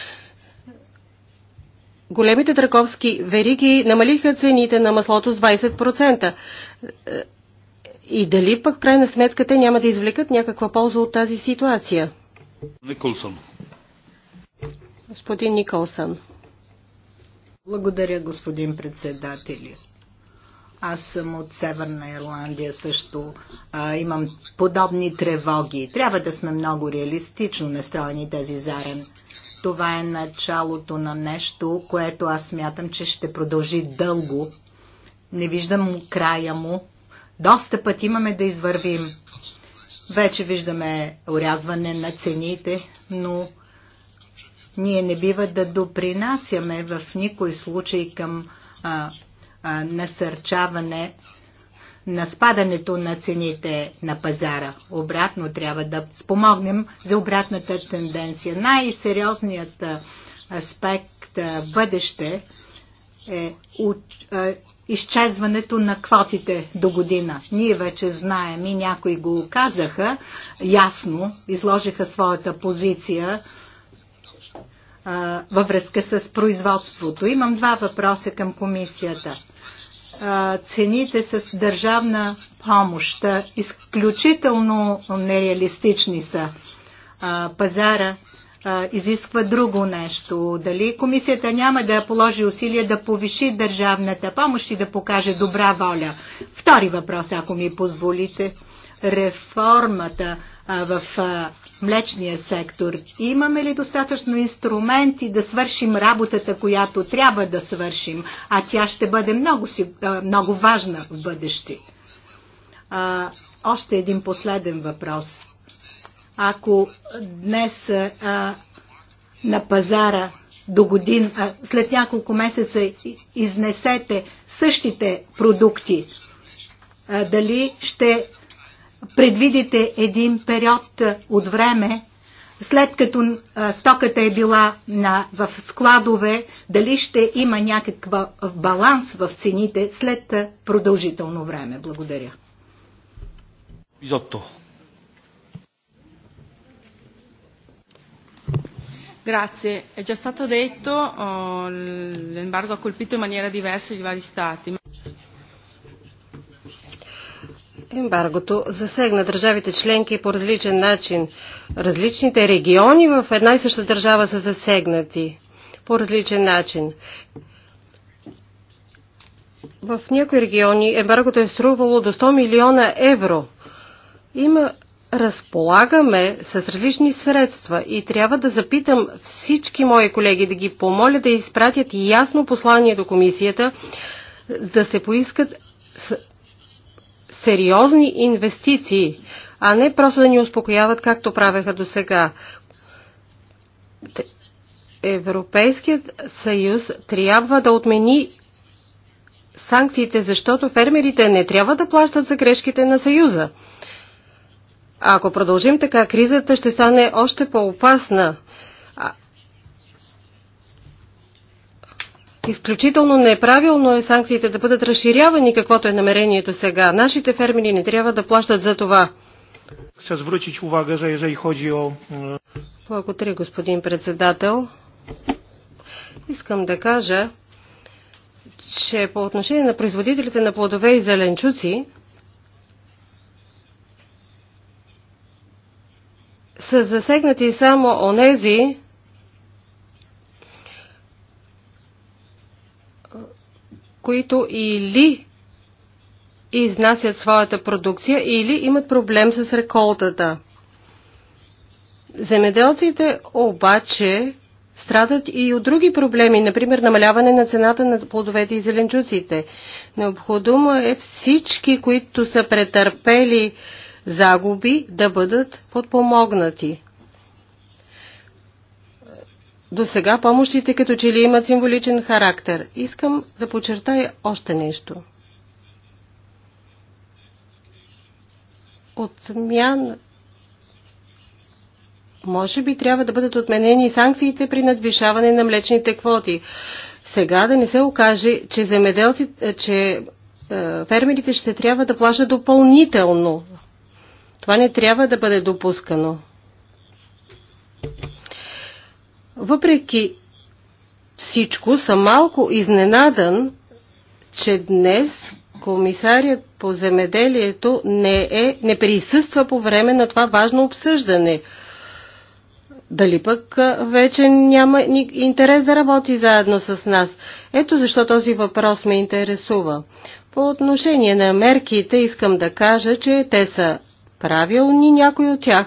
Големите търговски вериги намалиха цените на маслото с 20%. И дали пък в крайна сметка те няма да извлекат някаква полза от тази ситуация? Николсон. Господин Николсън. Благодаря, господин председатели. Аз съм от Северна Ирландия също. А, имам подобни тревоги. Трябва да сме много реалистично настроени тези зарен. Това е началото на нещо, което аз смятам, че ще продължи дълго. Не виждам края му. Доста път имаме да извървим. Вече виждаме урязване на цените, но ние не бива да допринасяме в никой случай към а, а, насърчаване на спадането на цените на пазара. Обратно трябва да спомогнем за обратната тенденция. Най-сериозният аспект а, бъдеще е у, а, изчезването на квотите до година. Ние вече знаем и някои го казаха ясно, изложиха своята позиция във връзка с производството. Имам два въпроса към комисията. цените с държавна помощ изключително нереалистични са. пазара изисква друго нещо. Дали комисията няма да положи усилия да повиши държавната помощ и да покаже добра воля? Втори въпрос, ако ми позволите. Реформата в млечния сектор. Имаме ли достатъчно инструменти да свършим работата, която трябва да свършим, а тя ще бъде много, много важна в бъдеще? А, още един последен въпрос. Ако днес а, на пазара до година, а, след няколко месеца изнесете същите продукти, а, дали ще предвидите един период от време, след като стоката е била на, в складове, дали ще има някаква баланс в цените след продължително време. Благодаря. Изотто. Grazie. È già stato detto, oh, l'embargo ha colpito in maniera diversa i vari stati. Ембаргото засегна държавите членки по различен начин. Различните региони в една и съща държава са засегнати по различен начин. В някои региони ембаргото е струвало до 100 милиона евро. Има разполагаме с различни средства и трябва да запитам всички мои колеги да ги помоля да изпратят ясно послание до комисията, да се поискат сериозни инвестиции, а не просто да ни успокояват, както правеха до сега. Европейският съюз трябва да отмени санкциите, защото фермерите не трябва да плащат за грешките на съюза. Ако продължим така, кризата ще стане още по-опасна. Изключително неправилно е санкциите да бъдат разширявани, каквото е намерението сега. Нашите фермери не трябва да плащат за това. E, Благодаря, господин председател. Искам да кажа, че по отношение на производителите на плодове и зеленчуци са засегнати само онези, които или изнасят своята продукция, или имат проблем с реколтата. Земеделците обаче страдат и от други проблеми, например намаляване на цената на плодовете и зеленчуците. Необходимо е всички, които са претърпели загуби, да бъдат подпомогнати. До сега помощите като че ли имат символичен характер. Искам да подчертая още нещо. Отмян може би трябва да бъдат отменени санкциите при надвишаване на млечните квоти. Сега да не се окаже, че земеделците, че е, фермерите ще трябва да плащат допълнително. Това не трябва да бъде допускано. Въпреки всичко съм малко изненадан, че днес комисарият по земеделието не, е, не присъства по време на това важно обсъждане. Дали пък вече няма интерес да работи заедно с нас? Ето защо този въпрос ме интересува. По отношение на мерките искам да кажа, че те са правилни някои от тях,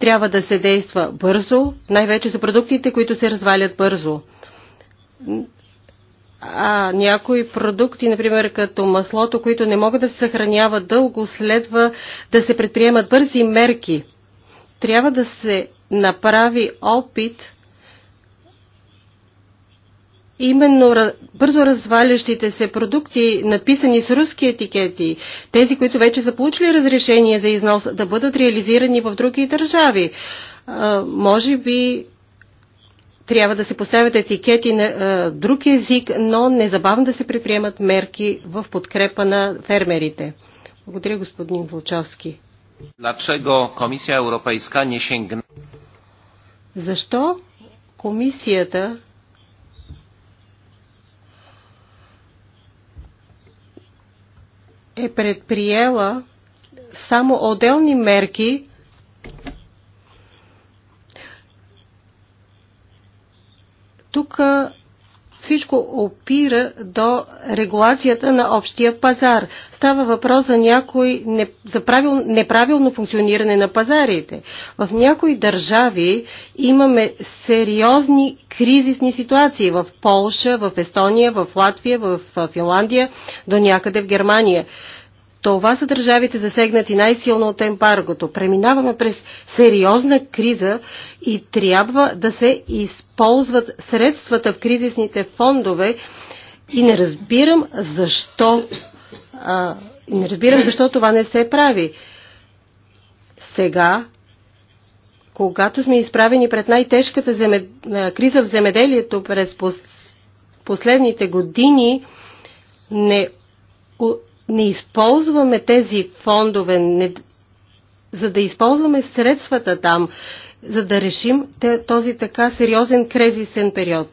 трябва да се действа бързо, най-вече за продуктите, които се развалят бързо. А някои продукти, например като маслото, които не могат да се съхраняват дълго, следва да се предприемат бързи мерки. Трябва да се направи опит именно бързо развалящите се продукти, написани с руски етикети, тези, които вече са получили разрешение за износ, да бъдат реализирани в други държави. Може би трябва да се поставят етикети на друг език, но незабавно да се предприемат мерки в подкрепа на фермерите. Благодаря, господин Волчовски. Dlaczego Комисия Европейска не sięgna? Защо Комисията е предприела само отделни мерки, тук всичко опира до регулацията на общия пазар. Става въпрос за някой не, за правил, неправилно функциониране на пазарите. В някои държави имаме сериозни кризисни ситуации в Полша, в Естония, в Латвия, в Финландия, до някъде в Германия. Това са държавите засегнати най-силно от ембаргото. Преминаваме през сериозна криза и трябва да се използват средствата в кризисните фондове и не разбирам защо, а, не разбирам защо това не се прави. Сега, когато сме изправени пред най-тежката земед... криза в земеделието през последните години, не не използваме тези фондове, не, за да използваме средствата там, за да решим този така сериозен кризисен период.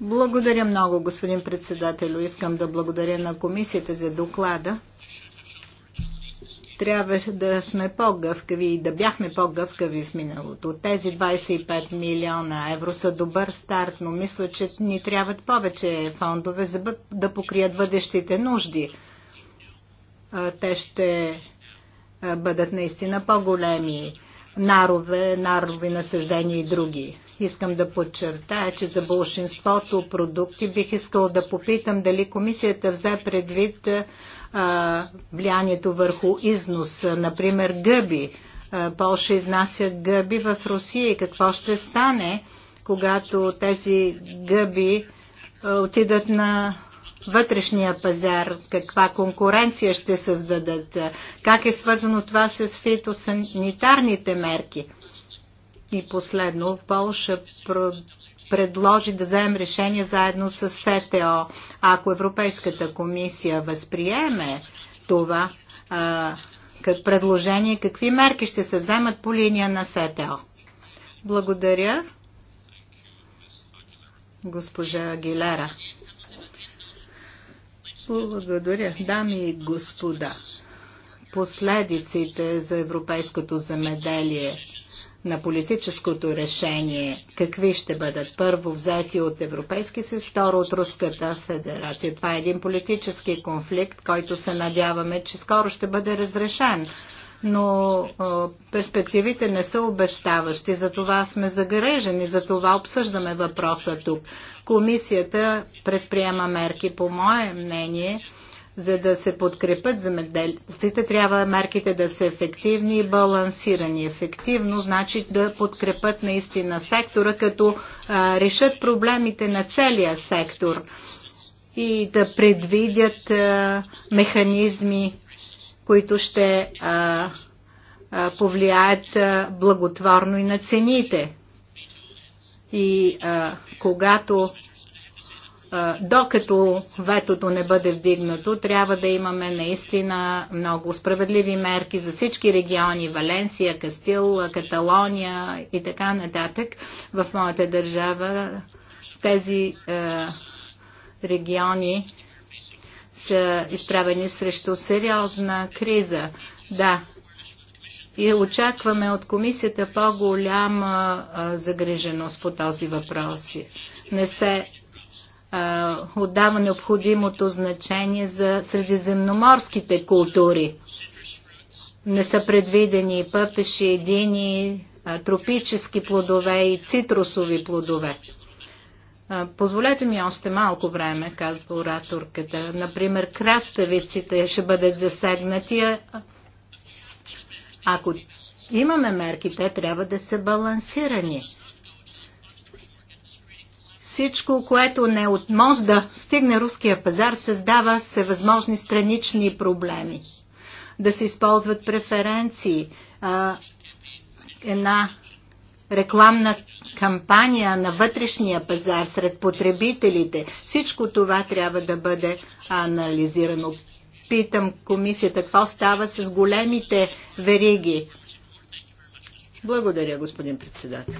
Благодаря много, господин председател, Искам да благодаря на комисията за доклада трябваше да сме по-гъвкави и да бяхме по-гъвкави в миналото. Тези 25 милиона евро са добър старт, но мисля, че ни трябват повече фондове, за да покрият бъдещите нужди. Те ще бъдат наистина по-големи нарове, нарови насъждения и други. Искам да подчертая, че за большинството продукти бих искал да попитам дали комисията взе предвид а, влиянието върху износ. Например, гъби. Полша изнася гъби в Русия и какво ще стане, когато тези гъби отидат на вътрешния пазар, каква конкуренция ще създадат, как е свързано това с фитосанитарните мерки. И последно, Полша предложи да вземем решение заедно с СТО. Ако Европейската комисия възприеме това като предложение, какви мерки ще се вземат по линия на СТО? Благодаря, госпожа Агилера. Благодаря, дами и господа. Последиците за европейското замеделие – на политическото решение, какви ще бъдат първо взети от Европейски съюз, второ от Руската федерация. Това е един политически конфликт, който се надяваме, че скоро ще бъде разрешен. Но о, перспективите не са обещаващи, за това сме загрежени, за това обсъждаме въпроса тук. Комисията предприема мерки, по мое мнение, за да се подкрепят земеделците, трябва мерките да са ефективни и балансирани. Ефективно значи да подкрепят наистина сектора, като а, решат проблемите на целия сектор и да предвидят а, механизми, които ще а, а, повлияят а, благотворно и на цените. И а, когато докато ветото не бъде вдигнато, трябва да имаме наистина много справедливи мерки за всички региони Валенсия, Кастил, Каталония и така нататък. В моята държава тези е, региони са изправени срещу сериозна криза. Да, и очакваме от комисията по-голяма загриженост по този въпрос. Не се отдава необходимото значение за средиземноморските култури. Не са предвидени пъпеши, едини, тропически плодове и цитрусови плодове. Позволете ми още малко време, казва ораторката. Например, краставиците ще бъдат засегнати. Ако имаме мерки, те трябва да са балансирани. Всичко, което не от мозда стигне руския пазар, създава всевъзможни странични проблеми. Да се използват преференции, а, една рекламна кампания на вътрешния пазар сред потребителите. Всичко това трябва да бъде анализирано. Питам комисията, какво става с големите вериги? Благодаря, господин председател.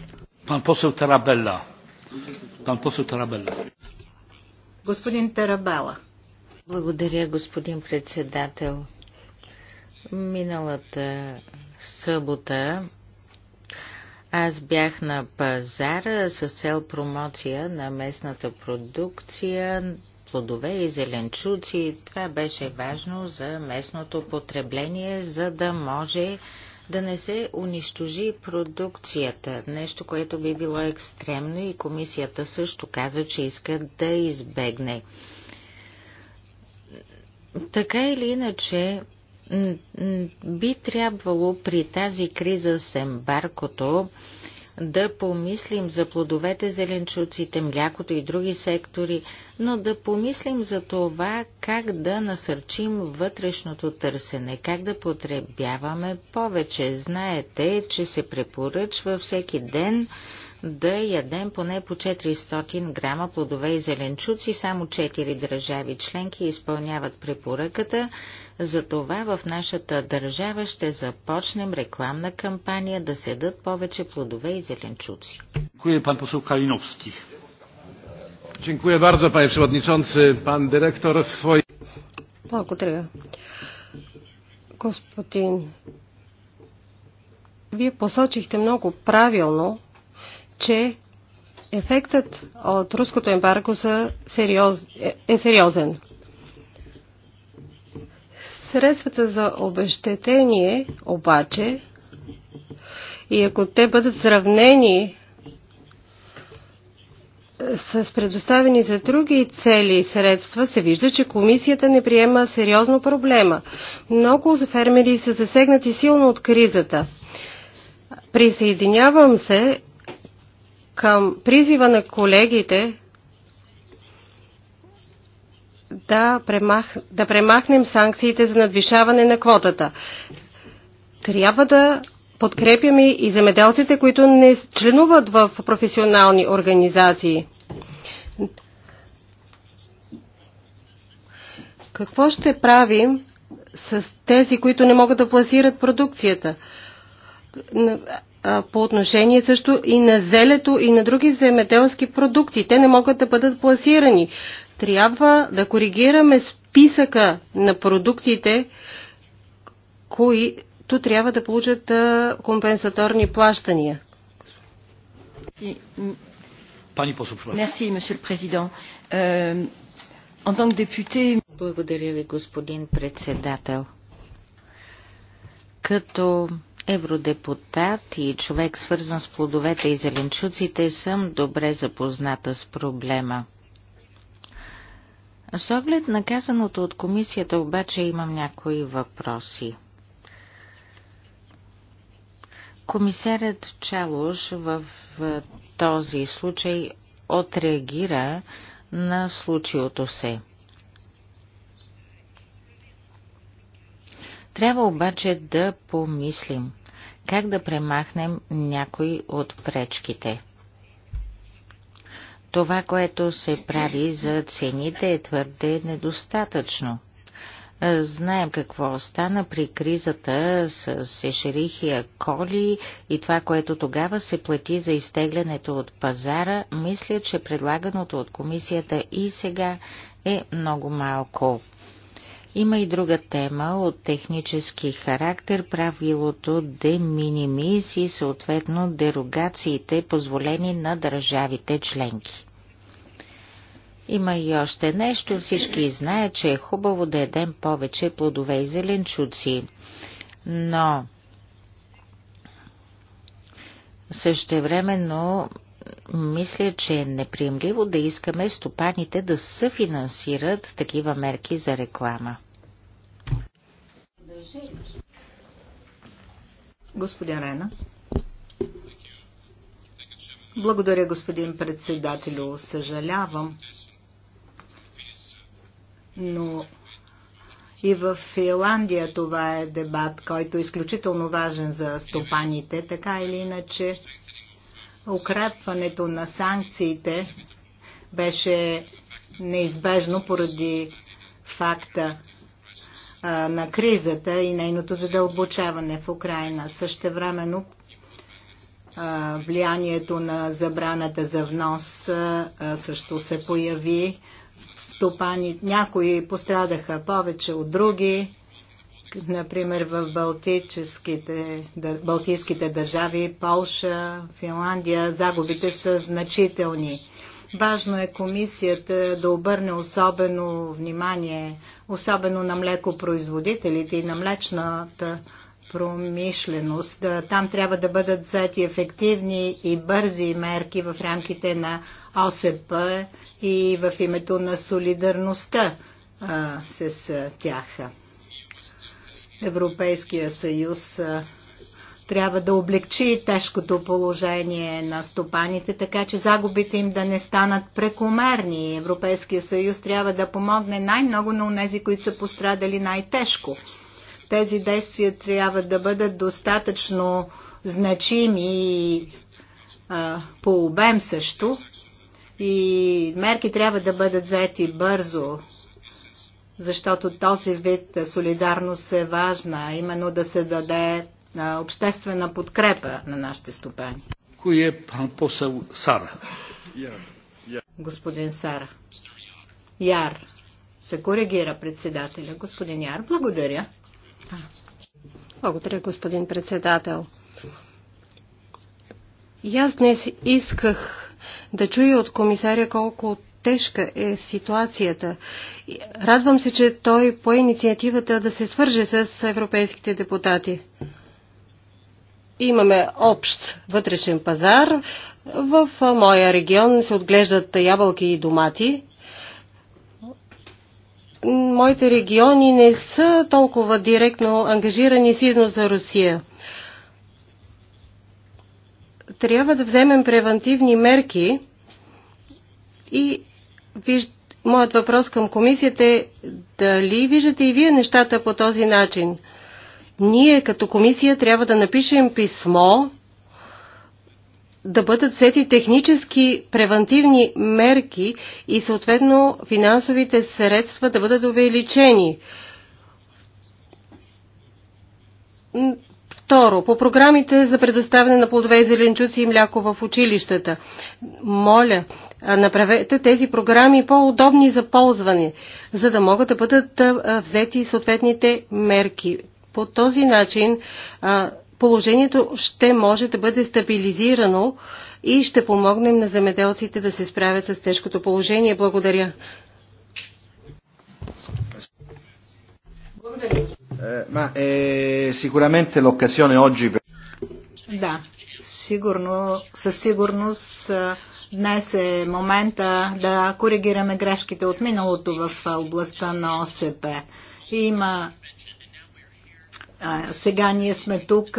Пан посел Тарабелла. Пан посол Тарабела. Господин Тарабела. Благодаря, господин председател. Миналата събота аз бях на пазара с цел промоция на местната продукция, плодове и зеленчуци. Това беше важно за местното потребление, за да може да не се унищожи продукцията, нещо, което би било екстремно и комисията също каза, че иска да избегне. Така или иначе, би трябвало при тази криза с ембаркото да помислим за плодовете, зеленчуците, млякото и други сектори, но да помислим за това как да насърчим вътрешното търсене, как да потребяваме повече. Знаете, че се препоръчва всеки ден да ядем поне по 400 грама плодове и зеленчуци. Само 4 държави членки изпълняват препоръката. Затова в нашата държава ще започнем рекламна кампания да седат повече плодове и зеленчуци. Dziękuję пан посол Калиновски. Дякую, bardzo пане przewodniczący, пан директор в свой... Благодаря. Господин, вие посочихте много правилно, че ефектът от руското ембарго е, е сериозен. Средствата за обещетение обаче и ако те бъдат сравнени с предоставени за други цели и средства, се вижда, че комисията не приема сериозно проблема. Много фермери са засегнати силно от кризата. Присъединявам се към призива на колегите да, премах, да премахнем санкциите за надвишаване на квотата. Трябва да подкрепяме и земеделците, които не членуват в професионални организации. Какво ще правим с тези, които не могат да пласират продукцията? По отношение също и на зелето и на други земеделски продукти. Те не могат да бъдат пласирани. Трябва да коригираме списъка на продуктите, които трябва да получат компенсаторни плащания. Пани е, Благодаря ви, господин председател. Като евродепутат и човек свързан с плодовете и зеленчуците съм добре запозната с проблема. С оглед на казаното от комисията обаче имам някои въпроси. Комисарят Чалуш в този случай отреагира на случилото се. Трябва обаче да помислим как да премахнем някои от пречките – това, което се прави за цените е твърде недостатъчно. Знаем какво стана при кризата с Ешерихия Коли и това, което тогава се плати за изтеглянето от пазара, мисля, че предлаганото от комисията и сега е много малко. Има и друга тема от технически характер, правилото де минимис и съответно дерогациите, позволени на държавите членки. Има и още нещо, всички знаят, че е хубаво да едем повече плодове и зеленчуци, но същевременно мисля, че е неприемливо да искаме стопаните да съфинансират такива мерки за реклама. Господин Рена. Благодаря, господин председателю. Съжалявам, но и в Финландия това е дебат, който е изключително важен за стопаните. Така или иначе, укрепването на санкциите беше неизбежно поради факта, на кризата и нейното задълбочаване в Украина. Същевременно влиянието на забраната за внос също се появи. Стопани, някои пострадаха повече от други. Например, в Балтическите, Балтийските държави, Полша, Финландия, загубите са значителни Важно е комисията да обърне особено внимание, особено на млекопроизводителите и на млечната промишленост. Там трябва да бъдат взети ефективни и бързи мерки в рамките на ОСП и в името на солидарността а, с тях. Европейския съюз а, трябва да облегчи тежкото положение на стопаните, така че загубите им да не станат прекомерни. Европейския съюз трябва да помогне най-много на тези, които са пострадали най-тежко. Тези действия трябва да бъдат достатъчно значими и по обем също. И мерки трябва да бъдат заети бързо, защото този вид солидарност е важна, именно да се даде обществена подкрепа на нашите стопани. Кой е пан посъл Сара? Господин Сара. Яр. Се коригира председателя. Господин Яр, благодаря. Благодаря, господин председател. И аз днес исках да чуя от комисаря колко тежка е ситуацията. Радвам се, че той пое инициативата да се свърже с европейските депутати имаме общ вътрешен пазар. В моя регион се отглеждат ябълки и домати. Моите региони не са толкова директно ангажирани с износ за Русия. Трябва да вземем превентивни мерки и виж... моят въпрос към комисията е дали виждате и вие нещата по този начин – ние като комисия трябва да напишем писмо да бъдат взети технически превентивни мерки и съответно финансовите средства да бъдат увеличени. Второ, по програмите за предоставяне на плодове и зеленчуци и мляко в училищата. Моля, направете тези програми по-удобни за ползване, за да могат да бъдат взети съответните мерки. По този начин положението ще може да бъде стабилизирано и ще помогнем на земеделците да се справят с тежкото положение. Благодаря. Благодаря. Е, е, да, сигурно, със сигурност днес е момента да коригираме грешките от миналото в областта на ОСП. Има а, сега ние сме тук,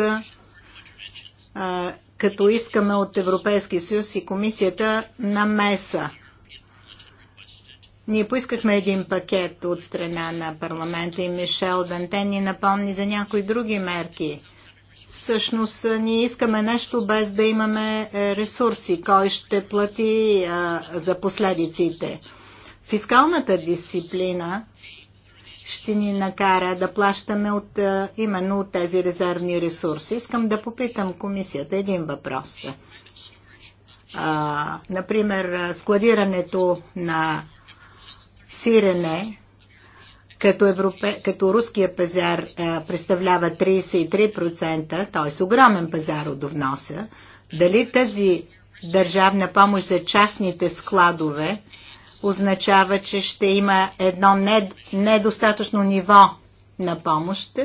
а, като искаме от Европейския съюз и комисията на меса. Ние поискахме един пакет от страна на парламента и Мишел Дантен ни напомни за някои други мерки. Всъщност ние искаме нещо без да имаме е, ресурси. Кой ще плати а, за последиците? Фискалната дисциплина ще ни накара да плащаме от, е, именно от тези резервни ресурси. Искам да попитам комисията един въпрос. А, например, складирането на сирене като, европе, като руския пазар а, е, представлява 33%, т.е. огромен пазар от вноса, дали тази държавна помощ за частните складове означава, че ще има едно недостатъчно ниво на помощ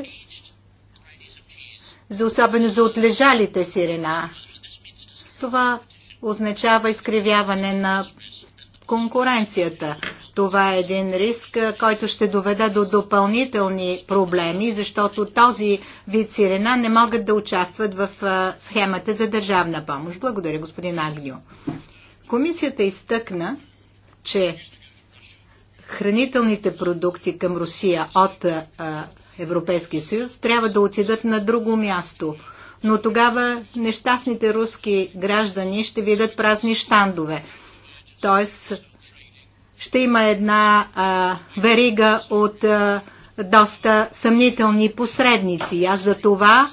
за особено за отлежалите сирена. Това означава изкривяване на конкуренцията. Това е един риск, който ще доведе до допълнителни проблеми, защото този вид сирена не могат да участват в схемата за държавна помощ. Благодаря, господин Агню. Комисията изтъкна, че хранителните продукти към Русия от Европейския съюз трябва да отидат на друго място. Но тогава нещастните руски граждани ще видят празни штандове. Тоест ще има една а, верига от а, доста съмнителни посредници. Аз за това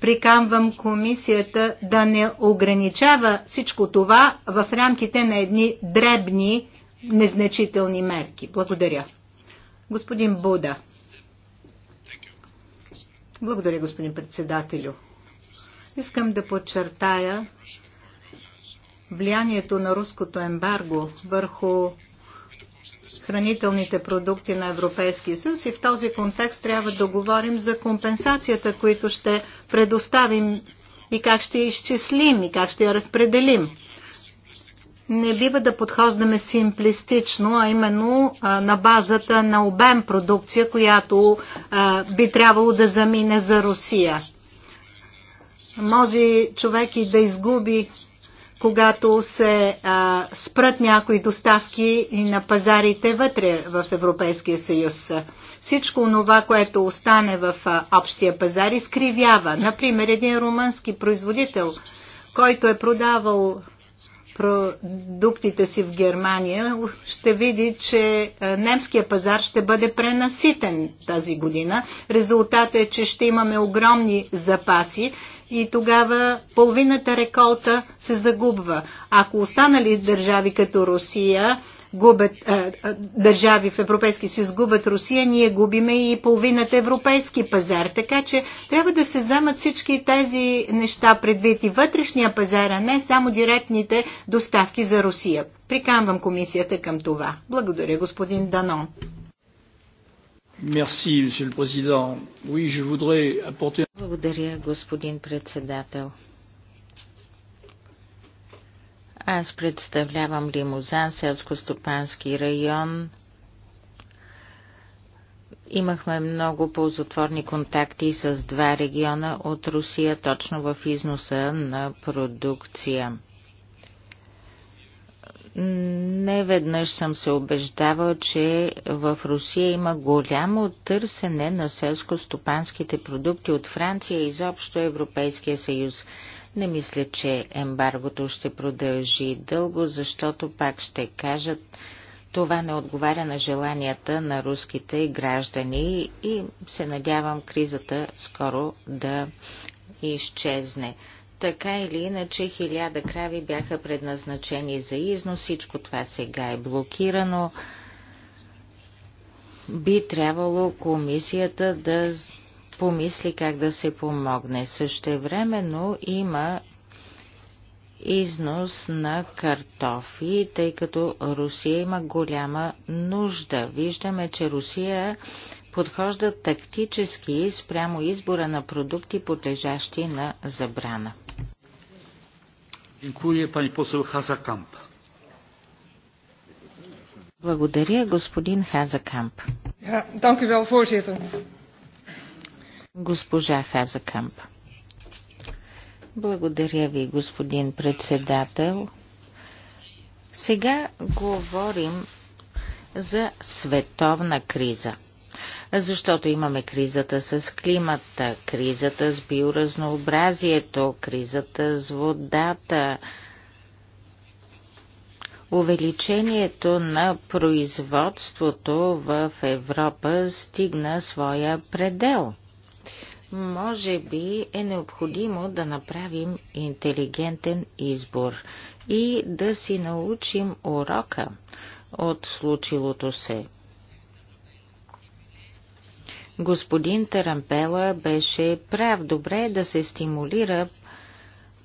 прикамвам комисията да не ограничава всичко това в рамките на едни дребни незначителни мерки. Благодаря. Господин Буда. Благодаря, господин председателю. Искам да подчертая влиянието на руското ембарго върху хранителните продукти на Европейския съюз и в този контекст трябва да говорим за компенсацията, които ще предоставим и как ще изчислим и как ще я разпределим не бива да подхождаме симплистично, а именно а, на базата на обем продукция, която а, би трябвало да замине за Русия. Може човек и да изгуби, когато се а, спрат някои доставки на пазарите вътре в Европейския съюз. Всичко това, което остане в а, общия пазар, изкривява. Например, един румънски производител, който е продавал продуктите си в Германия, ще види, че е, немския пазар ще бъде пренаситен тази година. Резултатът е, че ще имаме огромни запаси и тогава половината реколта се загубва. Ако останали държави като Русия губят, а, държави в Европейски съюз губят Русия, ние губиме и половината европейски пазар. Така че трябва да се вземат всички тези неща предвид и вътрешния пазар, а не само директните доставки за Русия. Приканвам комисията към това. Благодаря, господин Данон. Merci, monsieur le président. Oui, je voudrais apporter... Благодаря, господин председател. Аз представлявам Лимузан, селско-стопански район. Имахме много ползотворни контакти с два региона от Русия, точно в износа на продукция. Не веднъж съм се убеждавал, че в Русия има голямо търсене на селско-стопанските продукти от Франция и изобщо Европейския съюз. Не мисля, че ембаргото ще продължи дълго, защото пак ще кажат, това не отговаря на желанията на руските граждани и се надявам кризата скоро да изчезне. Така или иначе, хиляда крави бяха предназначени за износ, всичко това сега е блокирано. Би трябвало комисията да помисли как да се помогне. Същевременно има износ на картофи, тъй като Русия има голяма нужда. Виждаме, че Русия подхожда тактически спрямо избора на продукти, подлежащи на забрана. Благодаря, господин Хазакамп. Благодаря, господин Хазакамп. Госпожа Хазакамп. Благодаря ви, господин председател. Сега говорим за световна криза. Защото имаме кризата с климата, кризата с биоразнообразието, кризата с водата, увеличението на производството в Европа стигна своя предел – може би е необходимо да направим интелигентен избор и да си научим урока от случилото се. Господин Тарампела беше прав. Добре е да се стимулира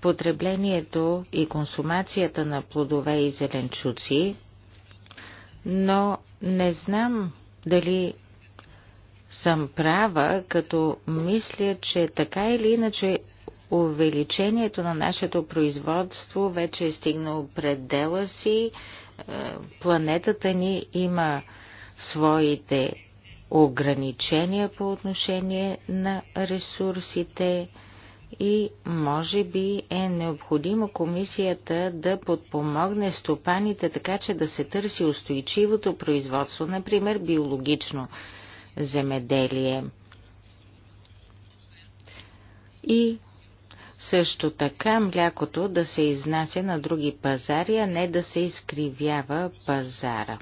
потреблението и консумацията на плодове и зеленчуци, но не знам дали съм права, като мисля, че така или иначе увеличението на нашето производство вече е стигнало предела си. Е, планетата ни има своите ограничения по отношение на ресурсите и може би е необходимо комисията да подпомогне стопаните така, че да се търси устойчивото производство, например биологично земеделие. И също така млякото да се изнася на други пазари, а не да се изкривява пазара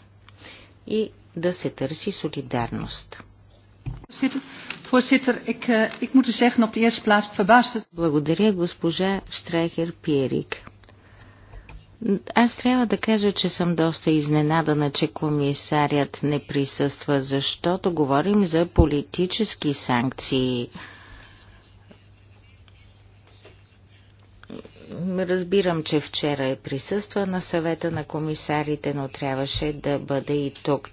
и да се търси солидарност. Благодаря, госпожа Штрайхер Пиерик. Аз трябва да кажа, че съм доста изненадана, че комисарят не присъства, защото говорим за политически санкции. Разбирам, че вчера е присъства на съвета на комисарите, но трябваше да бъде и тук.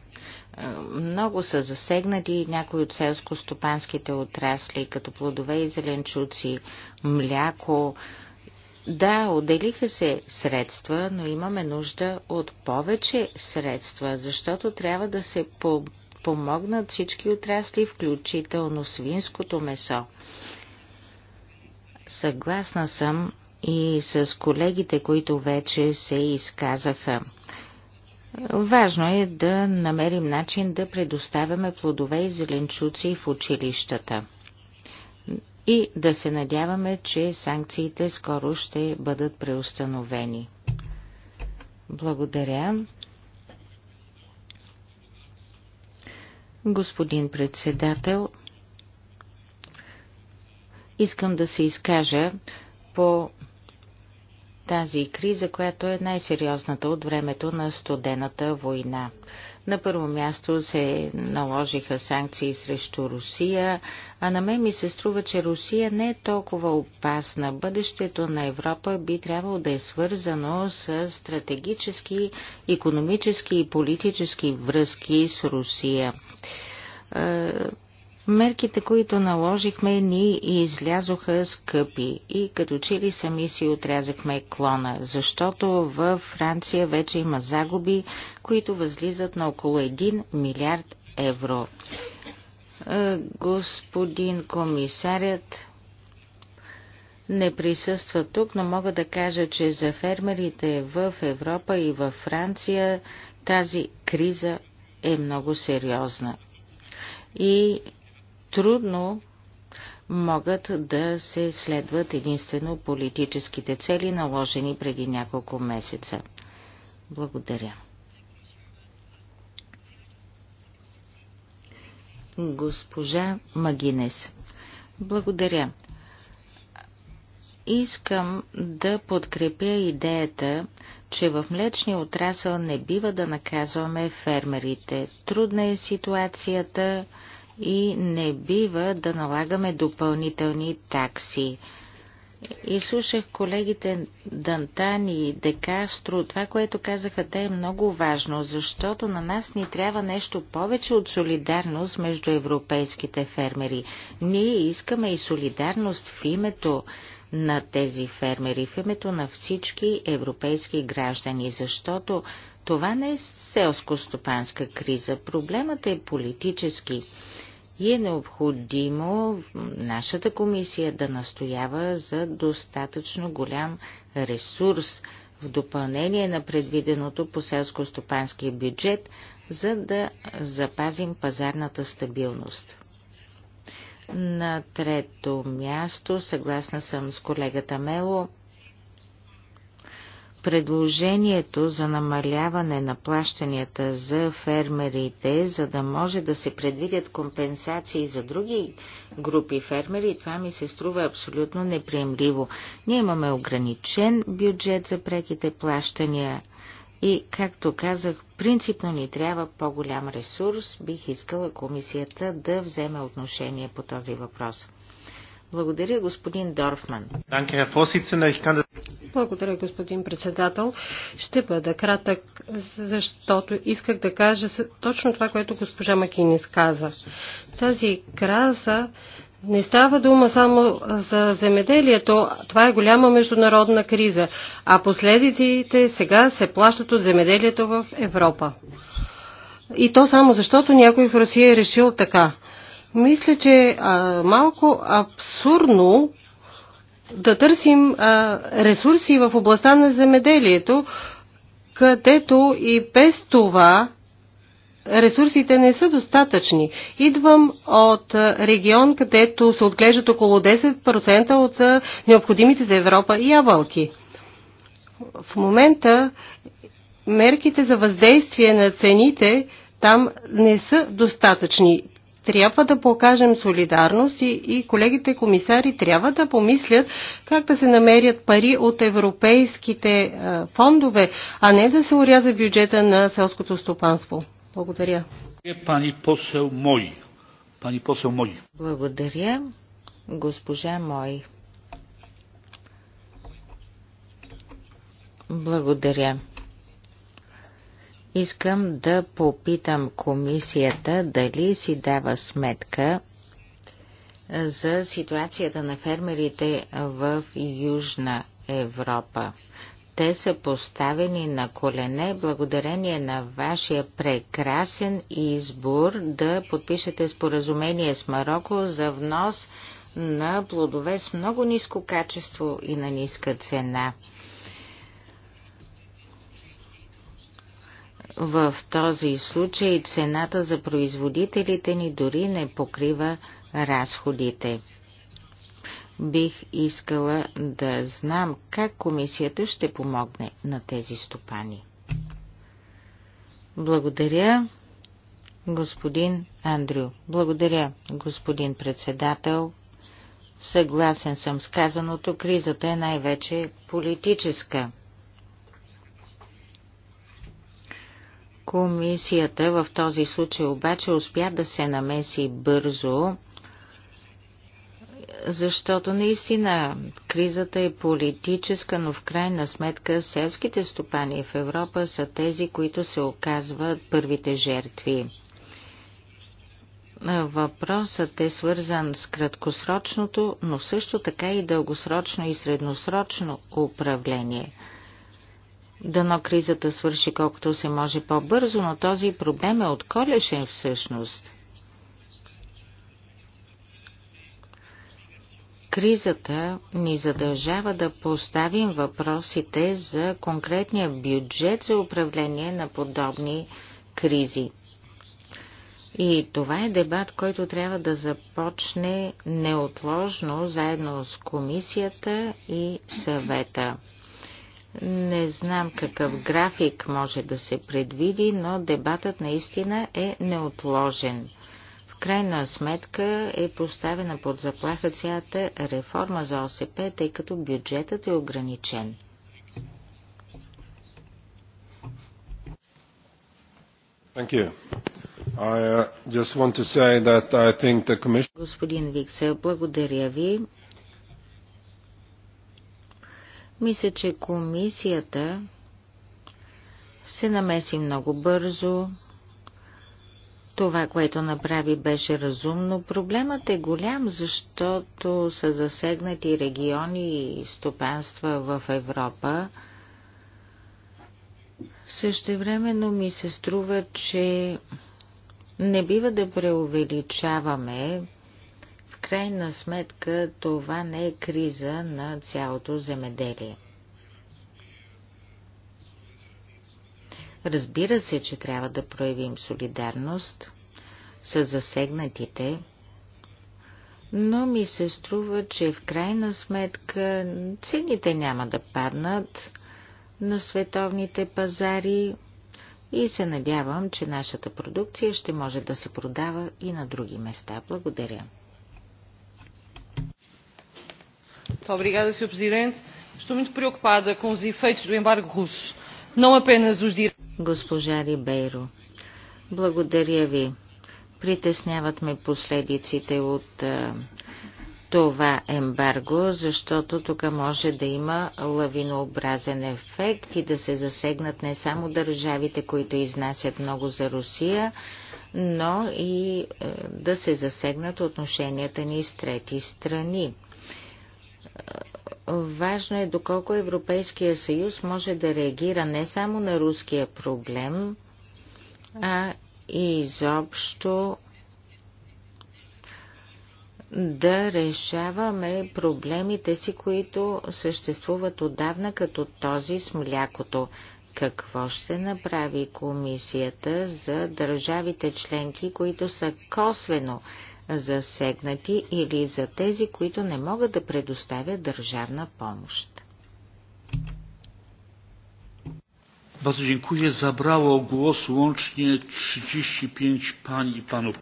Много са засегнати някои от селско-стопанските отрасли, като плодове и зеленчуци, мляко, да, отделиха се средства, но имаме нужда от повече средства, защото трябва да се по помогнат всички отрасли, включително свинското месо. Съгласна съм и с колегите, които вече се изказаха. Важно е да намерим начин да предоставяме плодове и зеленчуци в училищата и да се надяваме, че санкциите скоро ще бъдат преустановени. Благодаря. Господин председател, искам да се изкажа по тази криза, която е най-сериозната от времето на студената война. На първо място се наложиха санкции срещу Русия, а на мен ми се струва, че Русия не е толкова опасна. Бъдещето на Европа би трябвало да е свързано с стратегически, економически и политически връзки с Русия е, Мерките, които наложихме, ни излязоха скъпи и като че ли сами си отрязахме клона, защото в Франция вече има загуби, които възлизат на около 1 милиард евро. Е, господин комисарят не присъства тук, но мога да кажа, че за фермерите в Европа и във Франция тази криза е много сериозна. И трудно могат да се следват единствено политическите цели, наложени преди няколко месеца. Благодаря. Госпожа Магинес. Благодаря. Искам да подкрепя идеята, че в млечния отрасъл не бива да наказваме фермерите. Трудна е ситуацията, и не бива да налагаме допълнителни такси. И слушах колегите Дантан и Декастро. Това, което казаха те е много важно, защото на нас ни трябва нещо повече от солидарност между европейските фермери. Ние искаме и солидарност в името на тези фермери, в името на всички европейски граждани, защото това не е селско-стопанска криза. Проблемът е политически и е необходимо нашата комисия да настоява за достатъчно голям ресурс в допълнение на предвиденото по селско-стопанския бюджет, за да запазим пазарната стабилност. На трето място, съгласна съм с колегата Мело, Предложението за намаляване на плащанията за фермерите, за да може да се предвидят компенсации за други групи фермери, това ми се струва абсолютно неприемливо. Ние имаме ограничен бюджет за преките плащания и, както казах, принципно ни трябва по-голям ресурс. Бих искала комисията да вземе отношение по този въпрос. Благодаря, господин Дорфман. Благодаря, господин председател. Ще бъда кратък, защото исках да кажа точно това, което госпожа Макинис каза. Тази краза не става дума само за земеделието. Това е голяма международна криза, а последиците сега се плащат от земеделието в Европа. И то само защото някой в Русия е решил така. Мисля, че а, малко абсурдно да търсим а, ресурси в областта на земеделието, където и без това ресурсите не са достатъчни. Идвам от регион, където се отглеждат около 10% от необходимите за Европа ябълки. В момента мерките за въздействие на цените там не са достатъчни. Трябва да покажем солидарност и, и колегите комисари трябва да помислят как да се намерят пари от европейските а, е, фондове, а не да се уряза бюджета на селското стопанство. Благодаря. Пани посел мой. Пани посел мой. Благодаря, госпожа мой. Благодаря. Искам да попитам комисията дали си дава сметка за ситуацията на фермерите в Южна Европа. Те са поставени на колене благодарение на вашия прекрасен избор да подпишете споразумение с Марокко за внос на плодове с много ниско качество и на ниска цена. В този случай цената за производителите ни дори не покрива разходите. Бих искала да знам как комисията ще помогне на тези стопани. Благодаря, господин Андрю. Благодаря, господин председател. Съгласен съм с казаното, кризата е най-вече политическа. Комисията в този случай обаче успя да се намеси бързо, защото наистина кризата е политическа, но в крайна сметка селските стопани в Европа са тези, които се оказват първите жертви. Въпросът е свързан с краткосрочното, но също така и дългосрочно и средносрочно управление – Дано кризата свърши колкото се може по-бързо, но този проблем е отколешен всъщност. Кризата ни задължава да поставим въпросите за конкретния бюджет за управление на подобни кризи. И това е дебат, който трябва да започне неотложно заедно с комисията и съвета. Не знам какъв график може да се предвиди, но дебатът наистина е неотложен. В крайна сметка е поставена под заплаха цялата реформа за ОСП, тъй като бюджетът е ограничен. Commission... Господин Виксел, благодаря ви. Мисля, че комисията се намеси много бързо. Това, което направи, беше разумно. Проблемът е голям, защото са засегнати региони и стопанства в Европа. Същевременно ми се струва, че не бива да преувеличаваме крайна сметка това не е криза на цялото земеделие. Разбира се, че трябва да проявим солидарност с засегнатите, но ми се струва, че в крайна сметка цените няма да паднат на световните пазари и се надявам, че нашата продукция ще може да се продава и на други места. Благодаря. Sr. Presidente. Estou muito preocupada com os efeitos do embargo russo. Não apenas os direitos. Госпожа Рибейро, благодаря ви. Притесняват ме последиците от а, е, това ембарго, защото тук може да има лавинообразен ефект и да се засегнат не само държавите, които изнасят много за Русия, но и е, да се засегнат отношенията ни с трети страни. Важно е доколко Европейския съюз може да реагира не само на руския проблем, а и изобщо да решаваме проблемите си, които съществуват отдавна, като този с млякото. Какво ще направи комисията за държавите членки, които са косвено засегнати или за тези, които не могат да предоставят държавна помощ.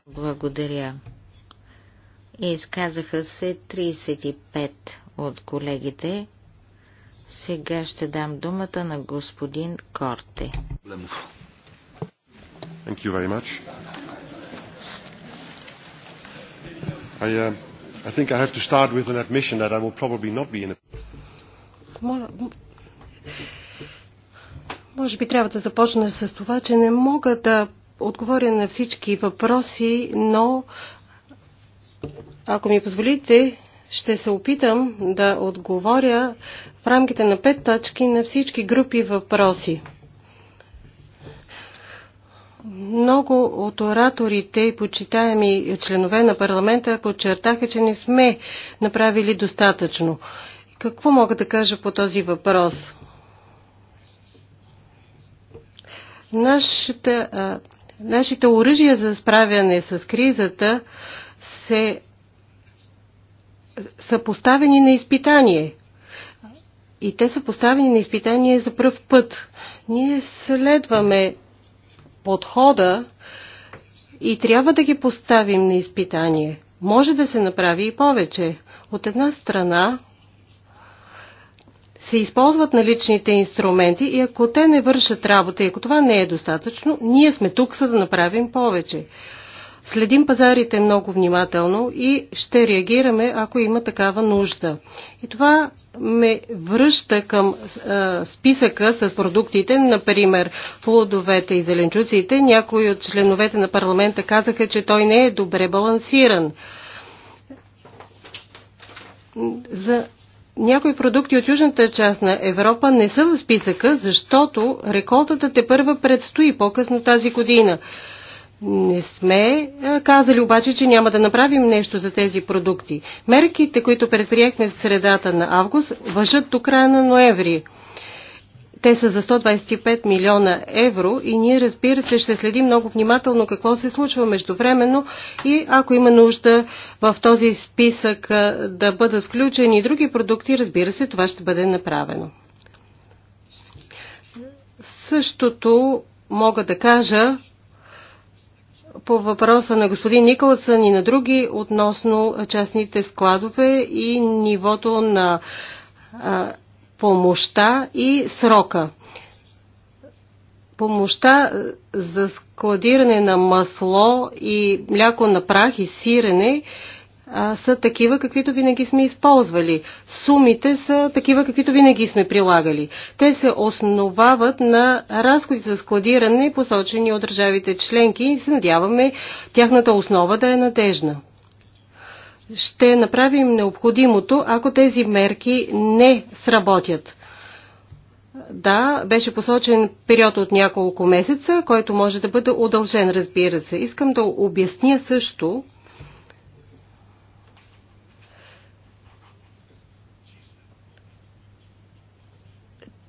Благодаря. Изказаха се 35 от колегите. Сега ще дам думата на господин Корте. Thank you very much. I, uh, I think I have to start with an admission that I will probably not be in a... Може би трябва да започна с това, че не мога да отговоря на всички въпроси, но ако ми позволите, ще се опитам да отговоря в рамките на пет точки на всички групи въпроси. Много от ораторите и почитаеми членове на парламента подчертаха, че не сме направили достатъчно. Какво мога да кажа по този въпрос? Нашите, а, нашите оръжия за справяне с кризата се, са поставени на изпитание. И те са поставени на изпитание за пръв път. Ние следваме подхода и трябва да ги поставим на изпитание. Може да се направи и повече. От една страна се използват наличните инструменти и ако те не вършат работа и ако това не е достатъчно, ние сме тук, за да направим повече. Следим пазарите много внимателно и ще реагираме, ако има такава нужда. И това ме връща към а, списъка с продуктите, например плодовете и зеленчуците. Някои от членовете на парламента казаха, че той не е добре балансиран. За някои продукти от южната част на Европа не са в списъка, защото реколтата те първа предстои по-късно тази година. Не сме казали обаче, че няма да направим нещо за тези продукти. Мерките, които предприехме в средата на август, въжат до края на ноември. Те са за 125 милиона евро и ние, разбира се, ще следим много внимателно какво се случва междувременно и ако има нужда в този списък да бъдат включени други продукти, разбира се, това ще бъде направено. Същото мога да кажа по въпроса на господин Николасън и на други относно частните складове и нивото на а, помощта и срока. Помощта за складиране на масло и мляко на прах и сирене са такива, каквито винаги сме използвали. Сумите са такива, каквито винаги сме прилагали. Те се основават на разходи за складиране, посочени от държавите членки и се надяваме тяхната основа да е надежна. Ще направим необходимото, ако тези мерки не сработят. Да, беше посочен период от няколко месеца, който може да бъде удължен, разбира се. Искам да обясня също,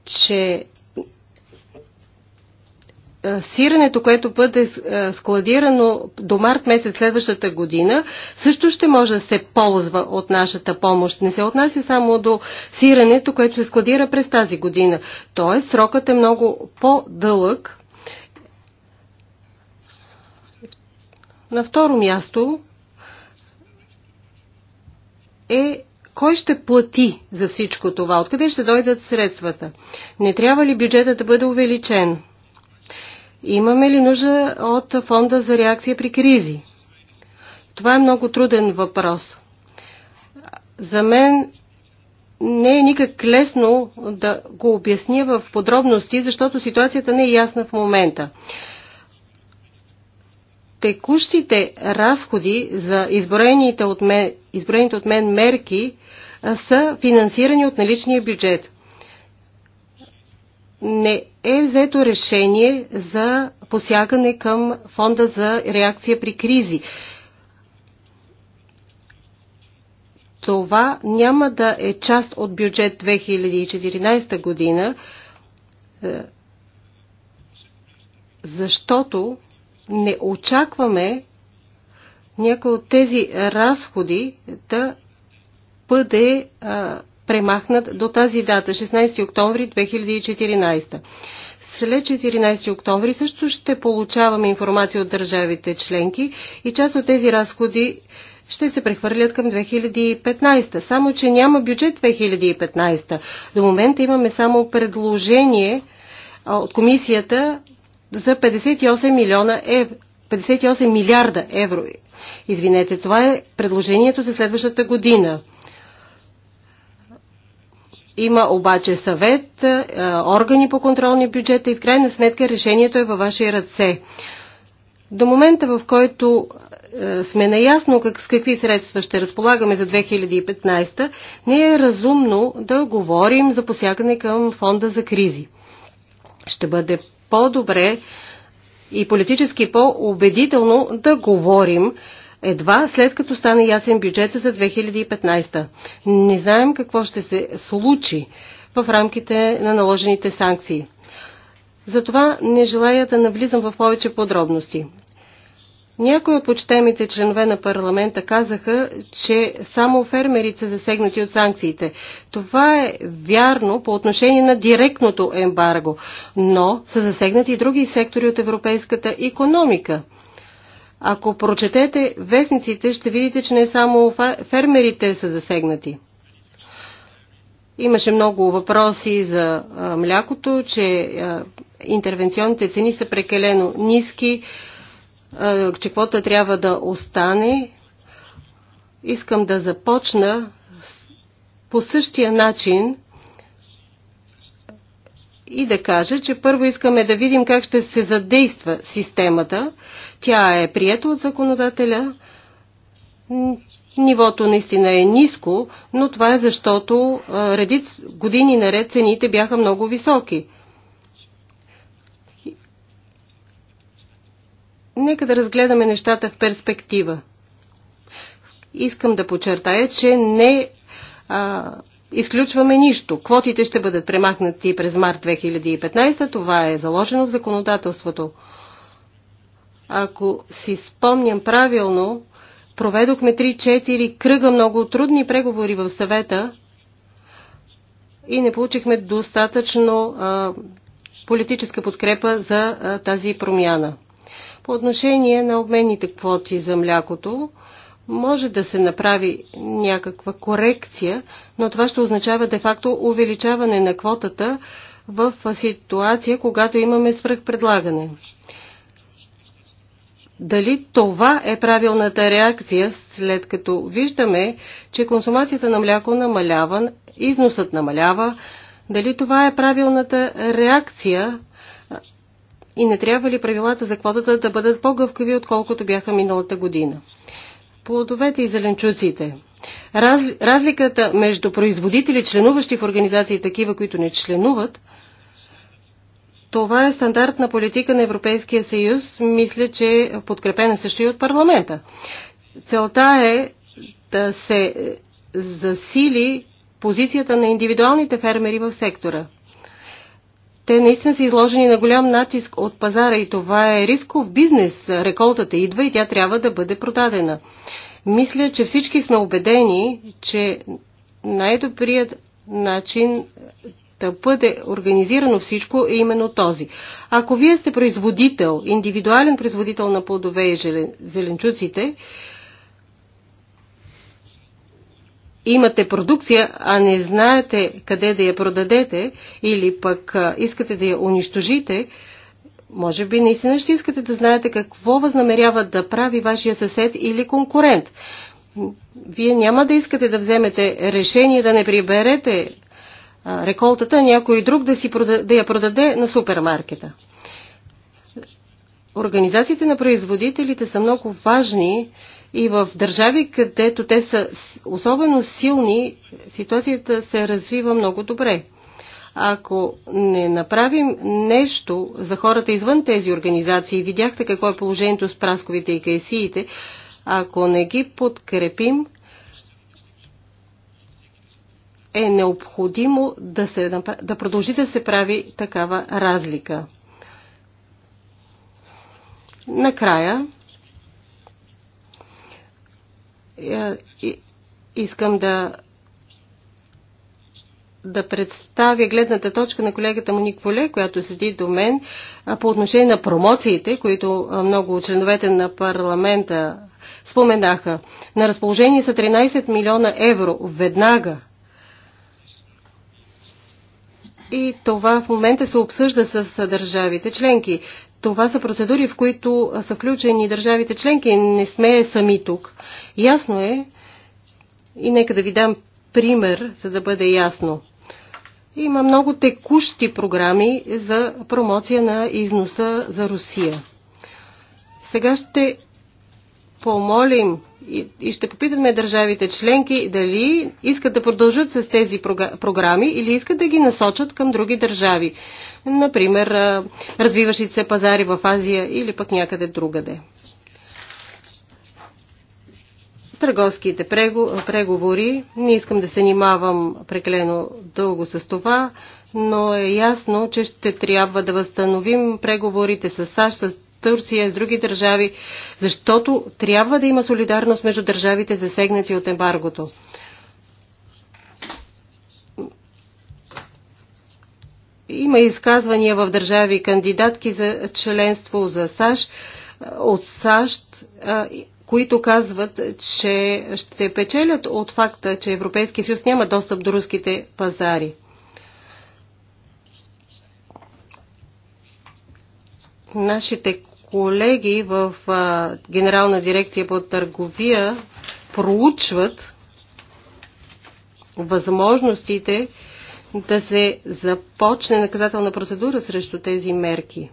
че сирането, което бъде складирано до март месец следващата година, също ще може да се ползва от нашата помощ. Не се отнася само до сирането, което се складира през тази година. Тоест, срокът е много по-дълъг. На второ място е кой ще плати за всичко това? Откъде ще дойдат средствата? Не трябва ли бюджетът да бъде увеличен? Имаме ли нужда от фонда за реакция при кризи? Това е много труден въпрос. За мен не е никак лесно да го обясня в подробности, защото ситуацията не е ясна в момента. Текущите разходи за изброените от мен изброените от мен мерки са финансирани от наличния бюджет. Не е взето решение за посягане към фонда за реакция при кризи. Това няма да е част от бюджет 2014 година, защото не очакваме някой от тези разходи да бъде а, премахнат до тази дата, 16 октомври 2014. След 14 октомври също ще получаваме информация от държавите членки и част от тези разходи ще се прехвърлят към 2015. Само, че няма бюджет 2015. До момента имаме само предложение от комисията за 58 милиона евро. 58 милиарда евро. Извинете, това е предложението за следващата година. Има обаче съвет, е, органи по контролни бюджета и в крайна сметка решението е във ваши ръце. До момента, в който е, сме наясно как, с какви средства ще разполагаме за 2015, не е разумно да говорим за посягане към фонда за кризи. Ще бъде по-добре и политически по-убедително да говорим едва след като стане ясен бюджета за 2015. Не знаем какво ще се случи в рамките на наложените санкции. Затова не желая да навлизам в повече подробности. Някои от почтемите членове на парламента казаха, че само фермерите са засегнати от санкциите. Това е вярно по отношение на директното ембарго, но са засегнати и други сектори от европейската економика. Ако прочетете вестниците, ще видите, че не само фермерите са засегнати. Имаше много въпроси за млякото, че интервенционните цени са прекалено ниски че квота трябва да остане. Искам да започна по същия начин и да кажа, че първо искаме да видим как ще се задейства системата. Тя е приета от законодателя. Нивото наистина е ниско, но това е защото редиц, години наред цените бяха много високи. Нека да разгледаме нещата в перспектива. Искам да подчертая, че не а, изключваме нищо. Квотите ще бъдат премахнати през март 2015. Това е заложено в законодателството. Ако си спомням правилно, проведохме 3-4 кръга много трудни преговори в съвета и не получихме достатъчно а, политическа подкрепа за а, тази промяна. По отношение на обменните квоти за млякото, може да се направи някаква корекция, но това ще означава де-факто увеличаване на квотата в ситуация, когато имаме свръхпредлагане. Дали това е правилната реакция, след като виждаме, че консумацията на мляко намалява, износът намалява, дали това е правилната реакция и не трябва ли правилата за квотата да бъдат по-гъвкави, отколкото бяха миналата година? Плодовете и зеленчуците. Раз, разликата между производители, членуващи в организации и такива, които не членуват, това е стандартна политика на Европейския съюз, мисля, че е подкрепена също и от парламента. Целта е да се засили позицията на индивидуалните фермери в сектора. Те наистина са изложени на голям натиск от пазара и това е рисков бизнес. Реколтата идва и тя трябва да бъде продадена. Мисля, че всички сме убедени, че най-добрият начин да бъде организирано всичко е именно този. Ако вие сте производител, индивидуален производител на плодове и зеленчуците, имате продукция, а не знаете къде да я продадете или пък искате да я унищожите, може би наистина ще искате да знаете какво възнамерява да прави вашия съсед или конкурент. Вие няма да искате да вземете решение да не приберете реколтата, някой друг да, си прода, да я продаде на супермаркета. Организациите на производителите са много важни, и в държави, където те са особено силни, ситуацията се развива много добре. Ако не направим нещо за хората извън тези организации, видяхте какво е положението с прасковите и кайсиите, ако не ги подкрепим, е необходимо да, се, да продължи да се прави такава разлика. Накрая, е, искам да да представя гледната точка на колегата Моник Воле, която седи до мен, по отношение на промоциите, които много членовете на парламента споменаха. На разположение са 13 милиона евро веднага. И това в момента се обсъжда с държавите членки. Това са процедури, в които са включени държавите членки. Не сме сами тук. Ясно е, и нека да ви дам пример, за да бъде ясно. Има много текущи програми за промоция на износа за Русия. Сега ще помолим и ще попитаме държавите членки дали искат да продължат с тези програми или искат да ги насочат към други държави, например развиващите се пазари в Азия или пък някъде другаде. Търговските преговори, не искам да се занимавам преклено дълго с това, но е ясно, че ще трябва да възстановим преговорите с САЩ, с Турция, с други държави, защото трябва да има солидарност между държавите засегнати от ембаргото. Има изказвания в държави кандидатки за членство за САЩ, от САЩ, които казват, че ще печелят от факта, че Европейския съюз няма достъп до руските пазари. Нашите колеги в а, Генерална дирекция по търговия проучват възможностите да се започне наказателна процедура срещу тези мерки.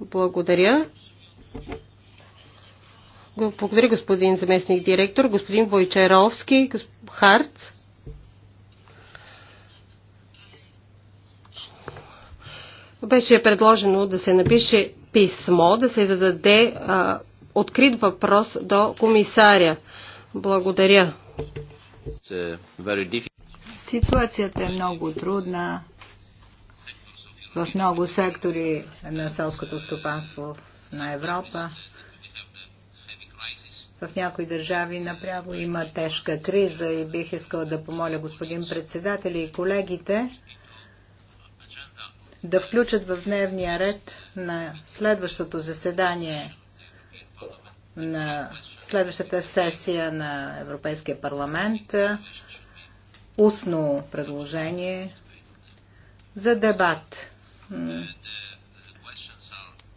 Благодаря. Благодаря, господин заместник директор, господин Войчаровски, госп... Харц. беше предложено да се напише писмо, да се зададе а, открит въпрос до комисаря. Благодаря. Uh, Ситуацията е много трудна в много сектори на селското стопанство на Европа. В някои държави направо има тежка криза и бих искал да помоля господин председател и колегите да включат в дневния ред на следващото заседание на следващата сесия на Европейския парламент устно предложение за дебат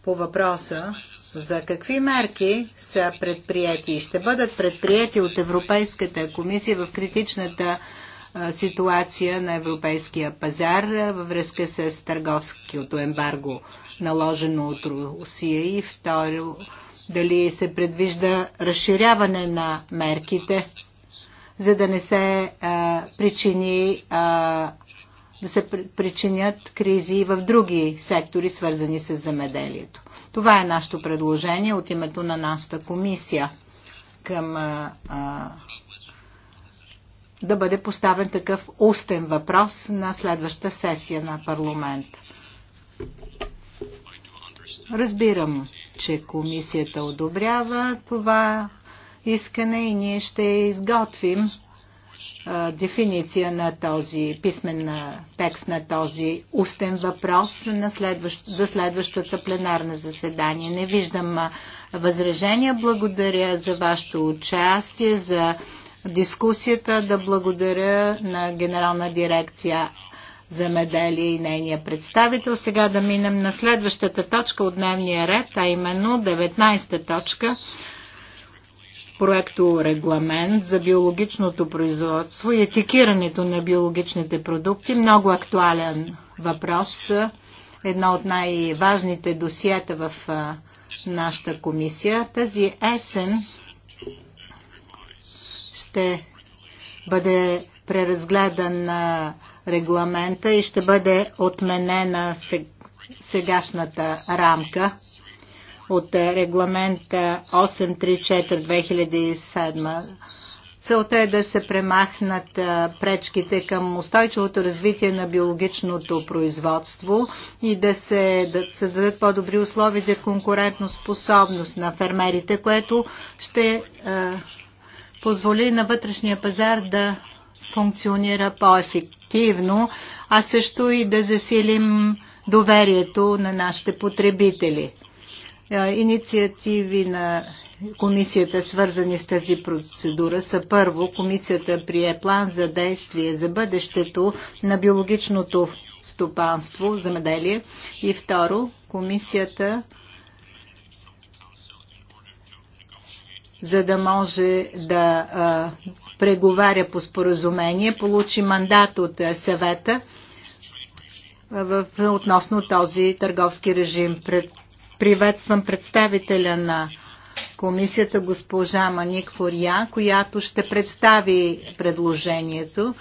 по въпроса за какви мерки са предприяти и ще бъдат предприяти от Европейската комисия в критичната ситуация на европейския пазар във връзка с търговското ембарго, наложено от Русия и второ, дали се предвижда разширяване на мерките, за да не се а, причини а, да се причинят кризи в други сектори, свързани с замеделието. Това е нашето предложение от името на нашата комисия към а, да бъде поставен такъв устен въпрос на следващата сесия на парламент. Разбирам, че комисията одобрява това искане и ние ще изготвим а, дефиниция на този писмен на текст на този устен въпрос на следващ, за следващата пленарна заседание. Не виждам възражения. Благодаря за вашето участие, за дискусията, да благодаря на Генерална дирекция за медели и нейния представител. Сега да минем на следващата точка от дневния ред, а именно 19-та точка проекто регламент за биологичното производство и етикирането на биологичните продукти. Много актуален въпрос. Едно от най-важните досиета в нашата комисия. Тази есен ще бъде преразгледан регламента и ще бъде отменена сегашната рамка от регламента 834-2007. Целта е да се премахнат пречките към устойчивото развитие на биологичното производство и да се да създадат по-добри условия за конкурентно способност на фермерите, което ще позволи на вътрешния пазар да функционира по-ефективно, а също и да засилим доверието на нашите потребители. Е, инициативи на комисията, свързани с тази процедура, са първо, комисията прие план за действие за бъдещето на биологичното стопанство, замеделие и второ, комисията за да може да а, преговаря по споразумение, получи мандат от съвета в, относно този търговски режим. Пред, приветствам представителя на комисията госпожа Маник Фория, която ще представи предложението.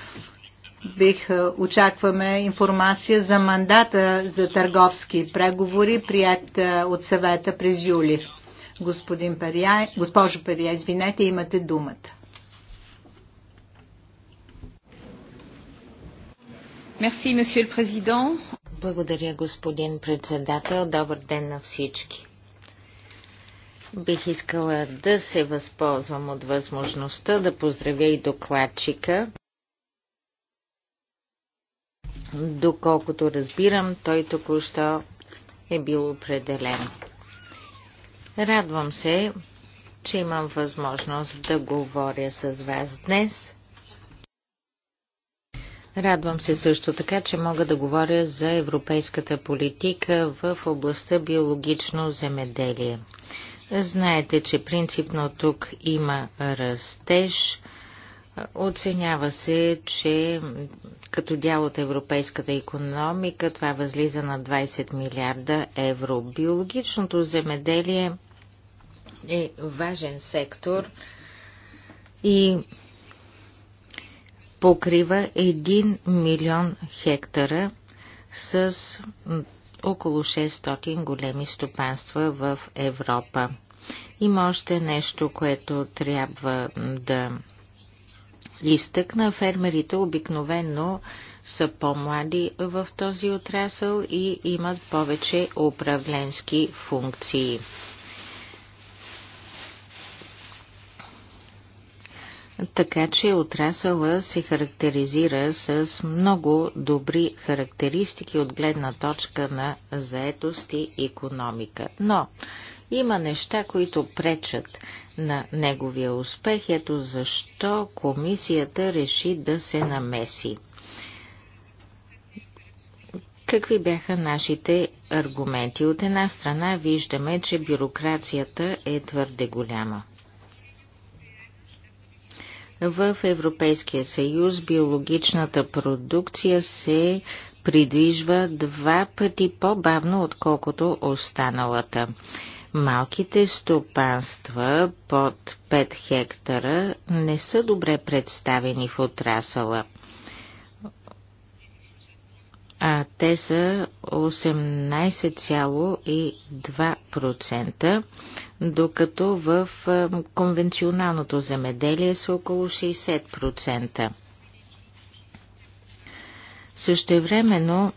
Бих очакваме информация за мандата за търговски преговори, прият от съвета през юли. Господин Перия, госпожо Пария, извинете, имате думата. Мерси, месье президент. Благодаря, господин председател. Добър ден на всички. Бих искала да се възползвам от възможността да поздравя и докладчика. Доколкото разбирам, той току-що е бил определен. Радвам се, че имам възможност да говоря с вас днес. Радвам се също така, че мога да говоря за европейската политика в областта биологично земеделие. Знаете, че принципно тук има растеж. Оценява се, че като дял от европейската економика това възлиза на 20 милиарда евро. Биологичното земеделие е важен сектор и покрива 1 милион хектара с около 600 големи стопанства в Европа. Има още нещо, което трябва да изтъкна. Фермерите обикновенно са по-млади в този отрасъл и имат повече управленски функции. Така че отрасъла се характеризира с много добри характеристики от гледна точка на заетост и економика. Но има неща, които пречат на неговия успех. Ето защо комисията реши да се намеси. Какви бяха нашите аргументи? От една страна виждаме, че бюрокрацията е твърде голяма. В Европейския съюз биологичната продукция се придвижва два пъти по-бавно, отколкото останалата. Малките стопанства под 5 хектара не са добре представени в отрасъла – а те са 18,2%, докато в конвенционалното земеделие са около 60%. Същевременно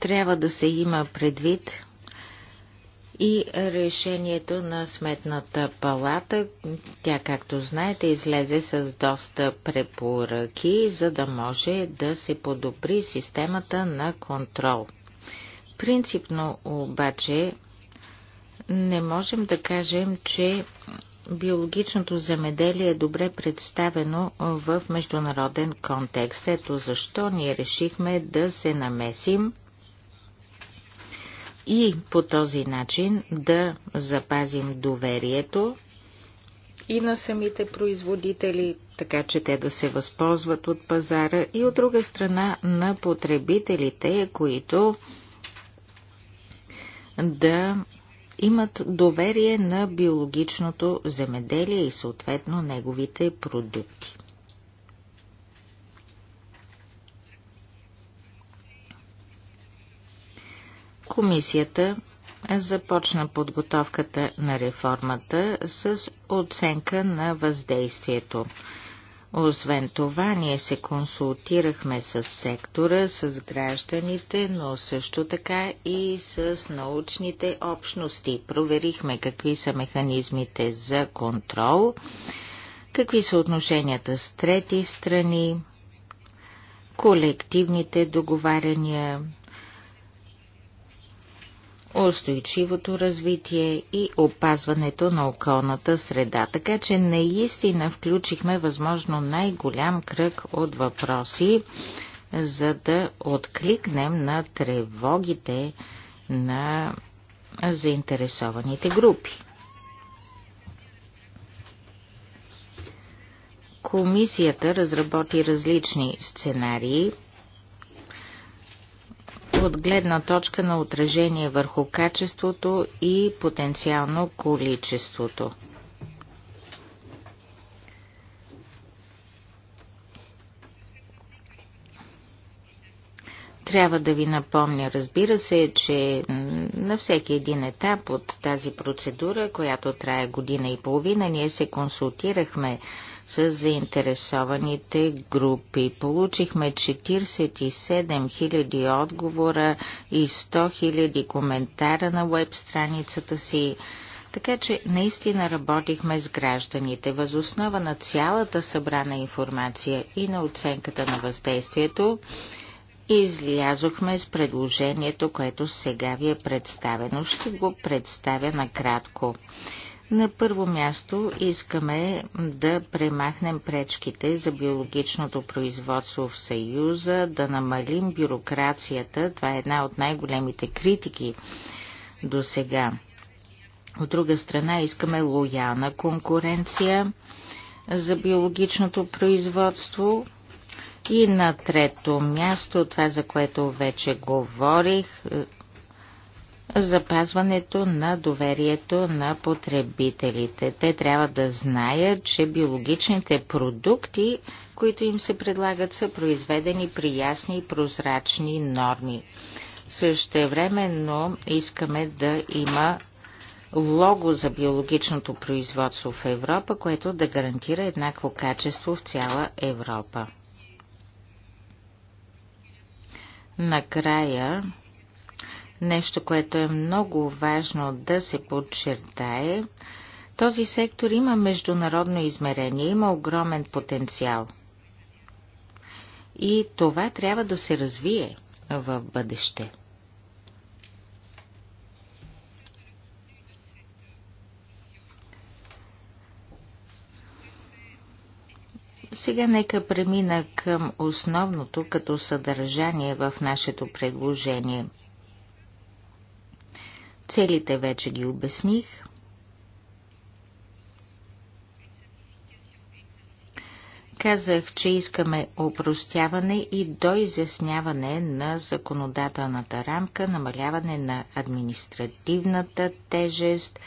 трябва да се има предвид, и решението на Сметната палата. Тя, както знаете, излезе с доста препоръки, за да може да се подобри системата на контрол. Принципно обаче не можем да кажем, че биологичното земеделие е добре представено в международен контекст. Ето защо ние решихме да се намесим и по този начин да запазим доверието и на самите производители, така че те да се възползват от пазара и от друга страна на потребителите, които да имат доверие на биологичното земеделие и съответно неговите продукти. Комисията започна подготовката на реформата с оценка на въздействието. Освен това, ние се консултирахме с сектора, с гражданите, но също така и с научните общности. Проверихме какви са механизмите за контрол, какви са отношенията с трети страни, колективните договаряния, устойчивото развитие и опазването на околната среда. Така че наистина включихме възможно най-голям кръг от въпроси, за да откликнем на тревогите на заинтересованите групи. Комисията разработи различни сценарии – от гледна точка на отражение върху качеството и потенциално количеството. Трябва да ви напомня, разбира се, че на всеки един етап от тази процедура, която трае година и половина, ние се консултирахме с заинтересованите групи. Получихме 47 000 отговора и 100 000 коментара на веб страницата си. Така че наистина работихме с гражданите. Възоснова на цялата събрана информация и на оценката на въздействието, излязохме с предложението, което сега ви е представено. Ще го представя накратко. На първо място искаме да премахнем пречките за биологичното производство в Съюза, да намалим бюрокрацията. Това е една от най-големите критики до сега. От друга страна искаме лояна конкуренция за биологичното производство. И на трето място, това за което вече говорих, запазването на доверието на потребителите. Те трябва да знаят, че биологичните продукти, които им се предлагат, са произведени при ясни и прозрачни норми. Същевременно искаме да има лого за биологичното производство в Европа, което да гарантира еднакво качество в цяла Европа. Накрая Нещо, което е много важно да се подчертае, този сектор има международно измерение, има огромен потенциал. И това трябва да се развие в бъдеще. Сега нека премина към основното като съдържание в нашето предложение – Целите вече ги обясних. Казах, че искаме опростяване и доизясняване на законодателната рамка, намаляване на административната тежест.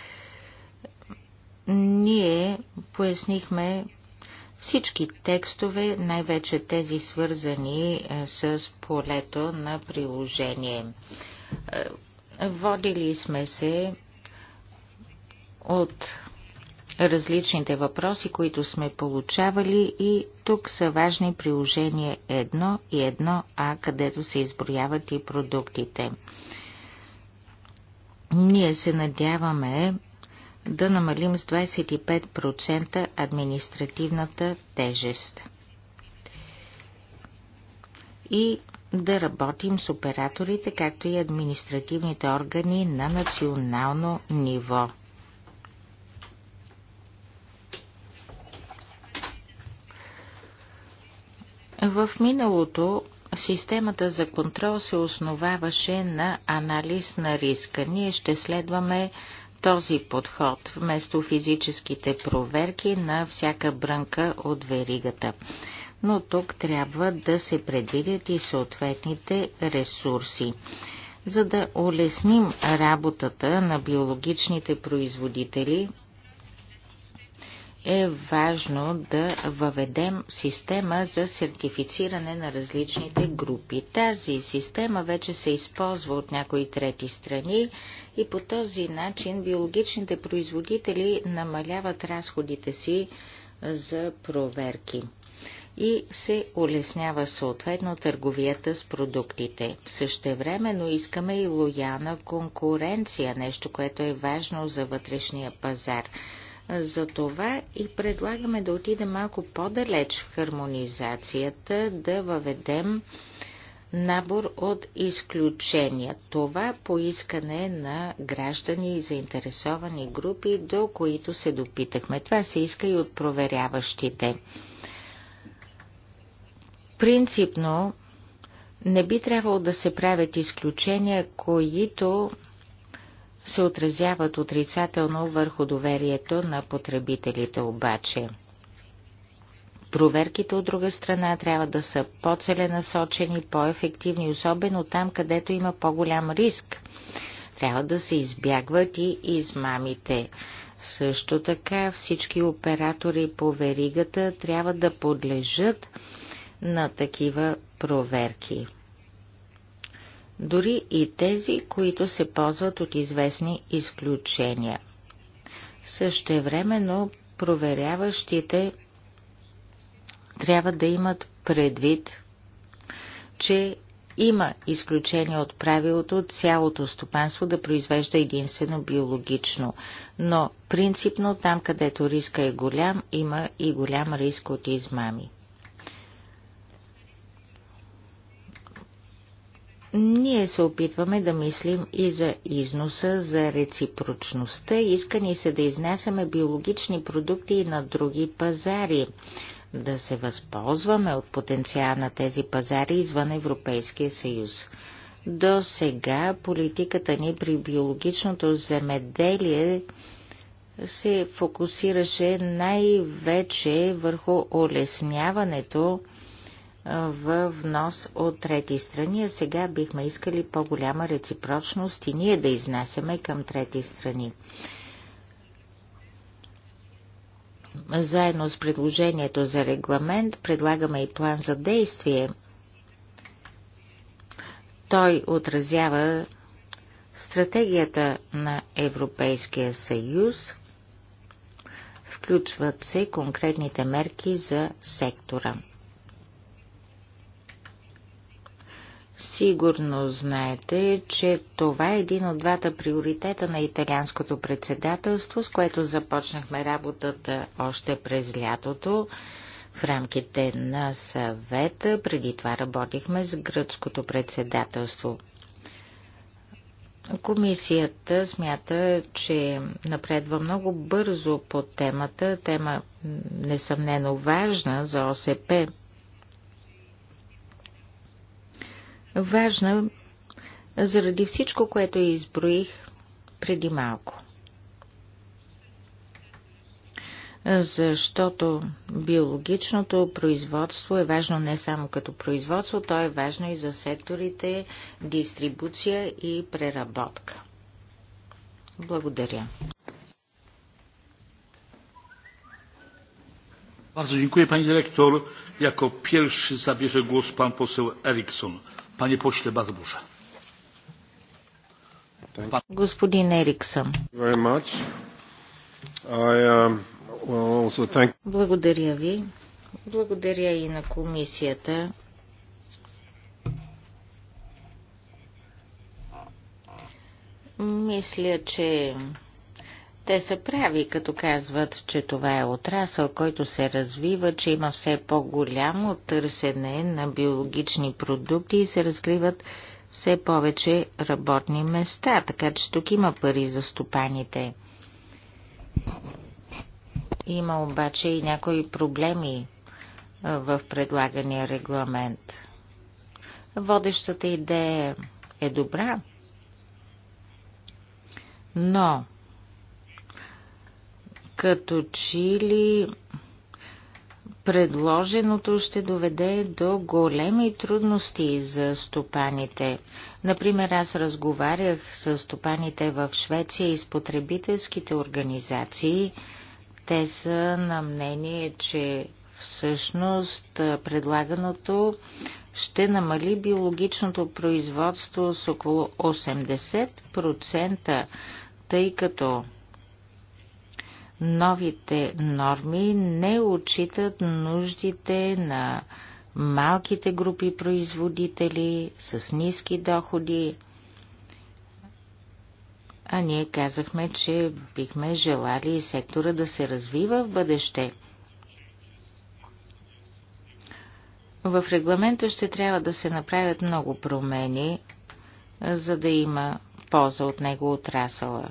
Ние пояснихме всички текстове, най-вече тези свързани с полето на приложение. Водили сме се от различните въпроси, които сме получавали и тук са важни приложения 1 и 1А, където се изброяват и продуктите. Ние се надяваме да намалим с 25% административната тежест. И да работим с операторите, както и административните органи на национално ниво. В миналото системата за контрол се основаваше на анализ на риска. Ние ще следваме този подход вместо физическите проверки на всяка брънка от веригата но тук трябва да се предвидят и съответните ресурси. За да улесним работата на биологичните производители, е важно да въведем система за сертифициране на различните групи. Тази система вече се използва от някои трети страни и по този начин биологичните производители намаляват разходите си за проверки и се улеснява съответно търговията с продуктите. Същевременно искаме и лояна конкуренция, нещо, което е важно за вътрешния пазар. Затова и предлагаме да отидем малко по-далеч в хармонизацията, да въведем набор от изключения. Това поискане на граждани и заинтересовани групи, до които се допитахме. Това се иска и от проверяващите. Принципно не би трябвало да се правят изключения, които се отразяват отрицателно върху доверието на потребителите обаче. Проверките от друга страна трябва да са по-целенасочени, по-ефективни, особено там, където има по-голям риск. Трябва да се избягват и измамите. Също така всички оператори по веригата трябва да подлежат на такива проверки. Дори и тези, които се ползват от известни изключения. Същевременно проверяващите трябва да имат предвид, че има изключение от правилото цялото стопанство да произвежда единствено биологично, но принципно там, където риска е голям, има и голям риск от измами. Ние се опитваме да мислим и за износа, за реципрочността. искани се да изнасяме биологични продукти и на други пазари. Да се възползваме от потенциала на тези пазари извън Европейския съюз. До сега политиката ни при биологичното земеделие се фокусираше най-вече върху олесняването в внос от трети страни, а сега бихме искали по-голяма реципрочност и ние да изнасяме към трети страни. Заедно с предложението за регламент предлагаме и план за действие. Той отразява стратегията на Европейския съюз. Включват се конкретните мерки за сектора. Сигурно знаете, че това е един от двата приоритета на италианското председателство, с което започнахме работата още през лятото в рамките на съвета. Преди това работихме с гръцкото председателство. Комисията смята, че напредва много бързо по темата. Тема несъмнено важна за ОСП, важна заради всичко, което изброих преди малко. Защото биологичното производство е важно не само като производство, то е важно и за секторите дистрибуция и преработка. Благодаря. Bardzo dziękuję pani dyrektor. Jako pierwszy zabierze głos pan poseł Erikson. Panie пошле bardzo proszę. Господин Ериксън. Um, Благодаря ви. Благодаря и на комисията. Мисля, че те са прави, като казват, че това е отрасъл, който се развива, че има все по-голямо търсене на биологични продукти и се разкриват все повече работни места, така че тук има пари за стопаните. Има обаче и някои проблеми в предлагания регламент. Водещата идея е добра, но като че ли предложеното ще доведе до големи трудности за стопаните. Например, аз разговарях с стопаните в Швеция и с потребителските организации. Те са на мнение, че всъщност предлаганото ще намали биологичното производство с около 80%, тъй като новите норми не отчитат нуждите на малките групи производители с ниски доходи. А ние казахме, че бихме желали сектора да се развива в бъдеще. В регламента ще трябва да се направят много промени, за да има полза от него отрасъла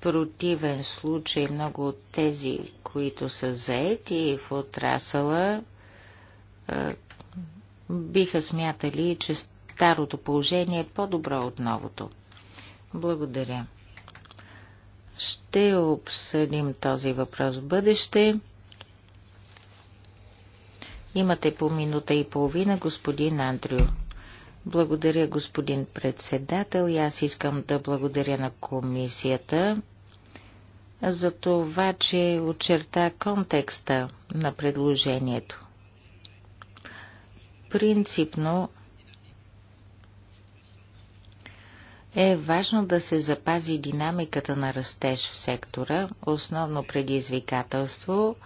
противен случай много от тези, които са заети в отрасъла, биха смятали, че старото положение е по-добро от новото. Благодаря. Ще обсъдим този въпрос в бъдеще. Имате по минута и половина, господин Андрю. Благодаря, господин председател. И аз искам да благодаря на комисията за това, че очерта контекста на предложението. Принципно е важно да се запази динамиката на растеж в сектора, основно предизвикателство.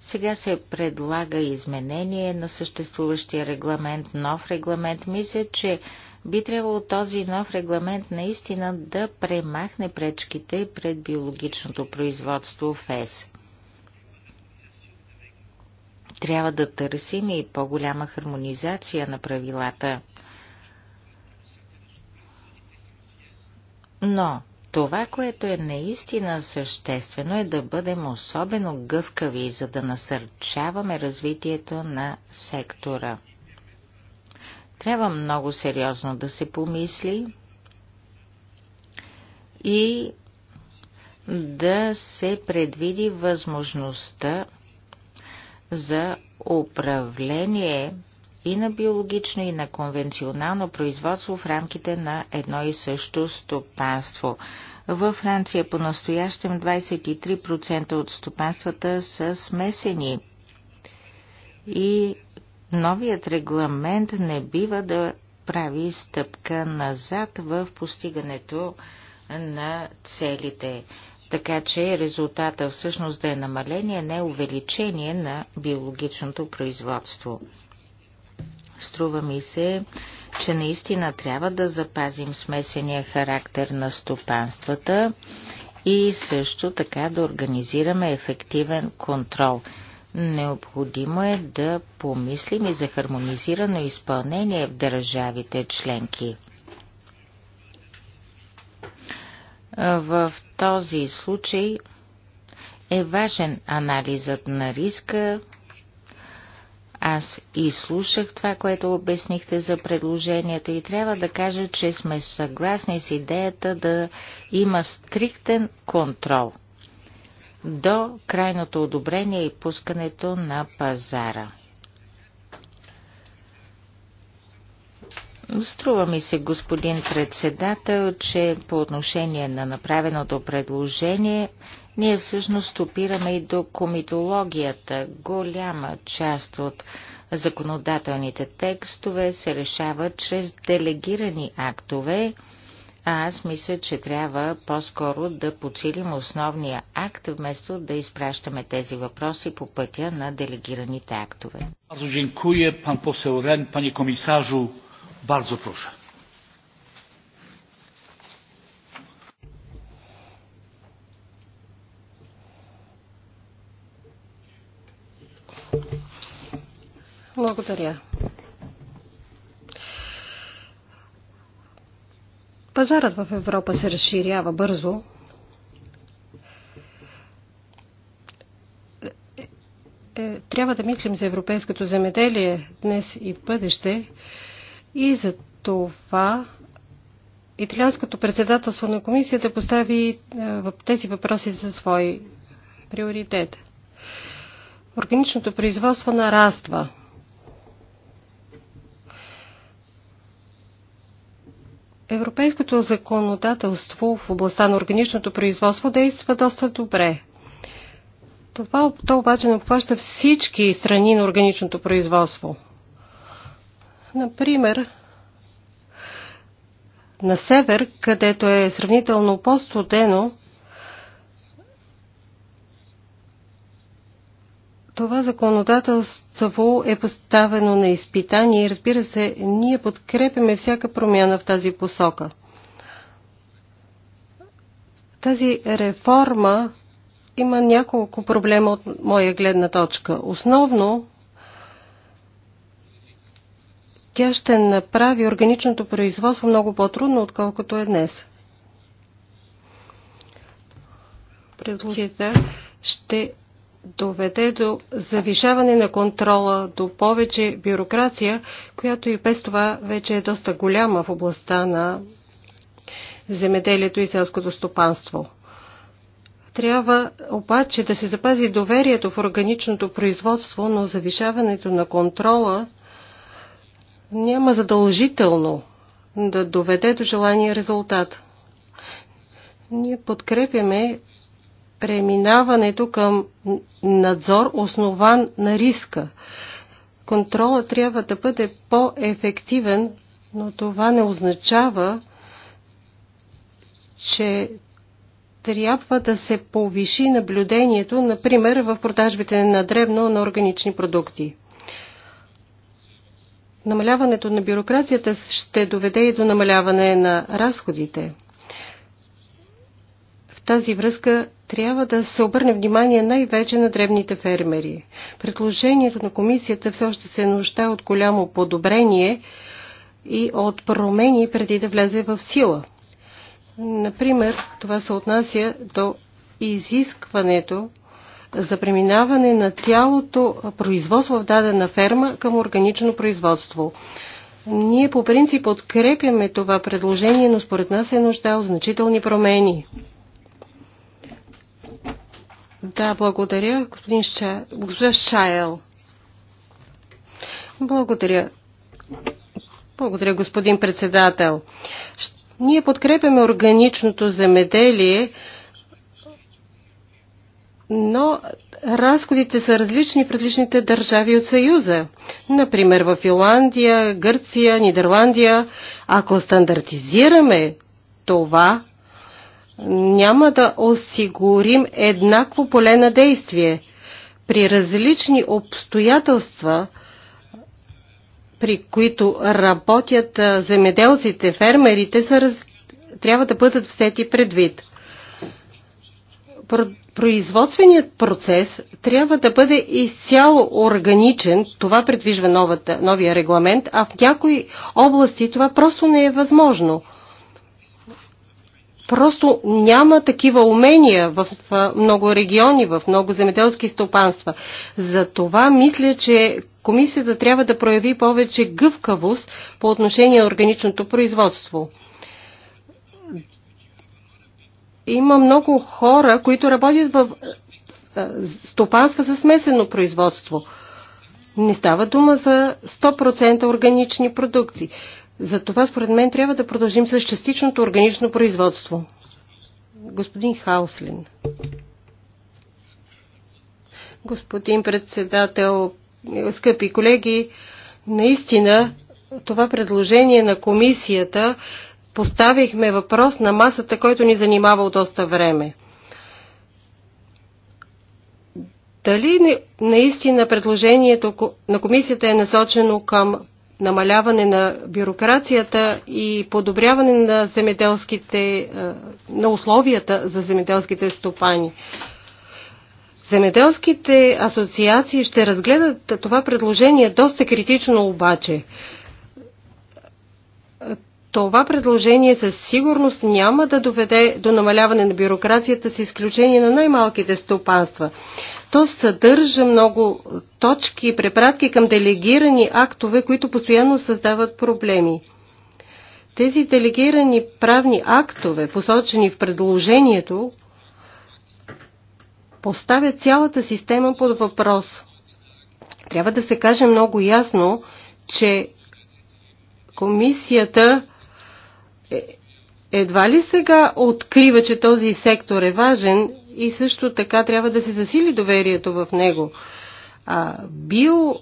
Сега се предлага изменение на съществуващия регламент, нов регламент. Мисля, че би трябвало този нов регламент наистина да премахне пречките пред биологичното производство в ЕС. Трябва да търсим и по-голяма хармонизация на правилата. Но това, което е наистина съществено е да бъдем особено гъвкави, за да насърчаваме развитието на сектора. Трябва много сериозно да се помисли и да се предвиди възможността за управление и на биологично и на конвенционално производство в рамките на едно и също стопанство. Във Франция по-настоящем 23% от стопанствата са смесени и новият регламент не бива да прави стъпка назад в постигането на целите. Така че резултата всъщност да е намаление, не увеличение на биологичното производство. Струва ми се, че наистина трябва да запазим смесения характер на стопанствата и също така да организираме ефективен контрол – Необходимо е да помислим и за хармонизирано изпълнение в държавите членки. В този случай е важен анализът на риска. Аз изслушах това, което обяснихте за предложението и трябва да кажа, че сме съгласни с идеята да има стриктен контрол – до крайното одобрение и пускането на пазара. Струва ми се, господин председател, че по отношение на направеното предложение, ние всъщност опираме и до комитологията. Голяма част от законодателните текстове се решават чрез делегирани актове, а аз мисля, че трябва по-скоро да подсилим основния акт, вместо да изпращаме тези въпроси по пътя на делегираните актове. Bardzo dziękuję, pan poseł Ren, panie komisarzu, bardzo proszę. Благодаря. Пазарът в Европа се разширява бързо. Е, трябва да мислим за европейското земеделие днес и в бъдеще и за това италианското председателство на комисията постави е, тези въпроси за свой приоритет. Органичното производство нараства Европейското законодателство в областта на органичното производство действа доста добре. Това то обаче не обхваща всички страни на органичното производство. Например, на север, където е сравнително по-студено, Това законодателство е поставено на изпитание и разбира се, ние подкрепяме всяка промяна в тази посока. Тази реформа има няколко проблема от моя гледна точка. Основно, тя ще направи органичното производство много по-трудно, отколкото е днес. Предложите ще доведе до завишаване на контрола, до повече бюрокрация, която и без това вече е доста голяма в областта на земеделието и селското стопанство. Трябва обаче да се запази доверието в органичното производство, но завишаването на контрола няма задължително да доведе до желания резултат. Ние подкрепяме преминаването към надзор, основан на риска. Контрола трябва да бъде по-ефективен, но това не означава, че трябва да се повиши наблюдението, например в продажбите на дребно на органични продукти. Намаляването на бюрокрацията ще доведе и до намаляване на разходите – тази връзка трябва да се обърне внимание най-вече на дребните фермери. Предложението на комисията все още се нужда от голямо подобрение и от промени преди да влезе в сила. Например, това се отнася до изискването за преминаване на цялото производство в дадена ферма към органично производство. Ние по принцип подкрепяме това предложение, но според нас е нужда от значителни промени. Да, благодаря, господин Ща... госпожа Шайл. Благодаря. Благодаря, господин председател. Ние подкрепяме органичното земеделие, но разходите са различни в различните държави от Съюза. Например, в Финландия, Гърция, Нидерландия. Ако стандартизираме това, няма да осигурим еднакво поле на действие. При различни обстоятелства, при които работят земеделците, фермерите, са раз... трябва да бъдат всети предвид. Производственият процес трябва да бъде изцяло органичен, това предвижва новата, новия регламент, а в някои области това просто не е възможно – Просто няма такива умения в много региони, в много земеделски стопанства. За това мисля, че комисията трябва да прояви повече гъвкавост по отношение на органичното производство. Има много хора, които работят в стопанства за смесено производство. Не става дума за 100% органични продукции. За това според мен, трябва да продължим с частичното органично производство. Господин Хауслин. Господин председател, скъпи колеги, наистина това предложение на комисията поставихме въпрос на масата, който ни занимава от доста време. Дали наистина предложението на комисията е насочено към намаляване на бюрокрацията и подобряване на, земеделските, е, на условията за земеделските стопани. Земеделските асоциации ще разгледат това предложение доста критично обаче. Това предложение със сигурност няма да доведе до намаляване на бюрокрацията с изключение на най-малките стопанства. То съдържа много точки и препратки към делегирани актове, които постоянно създават проблеми. Тези делегирани правни актове, посочени в предложението, поставят цялата система под въпрос. Трябва да се каже много ясно, че комисията е, едва ли сега открива, че този сектор е важен и също така трябва да се засили доверието в него. А, био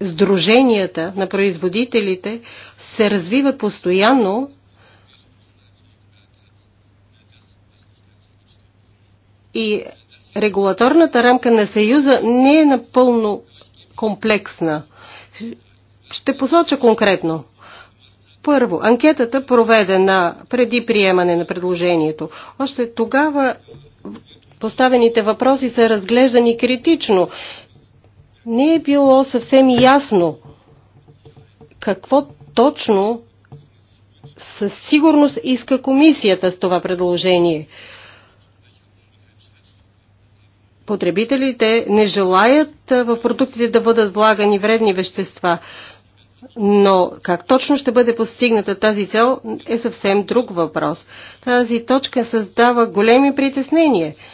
сдруженията на производителите се развива постоянно и регулаторната рамка на Съюза не е напълно комплексна. Ще посоча конкретно. Първо, анкетата проведена преди приемане на предложението. Още тогава поставените въпроси са разглеждани критично. Не е било съвсем ясно какво точно със сигурност иска комисията с това предложение. Потребителите не желаят в продуктите да бъдат влагани вредни вещества, но как точно ще бъде постигната тази цел е съвсем друг въпрос. Тази точка създава големи притеснения –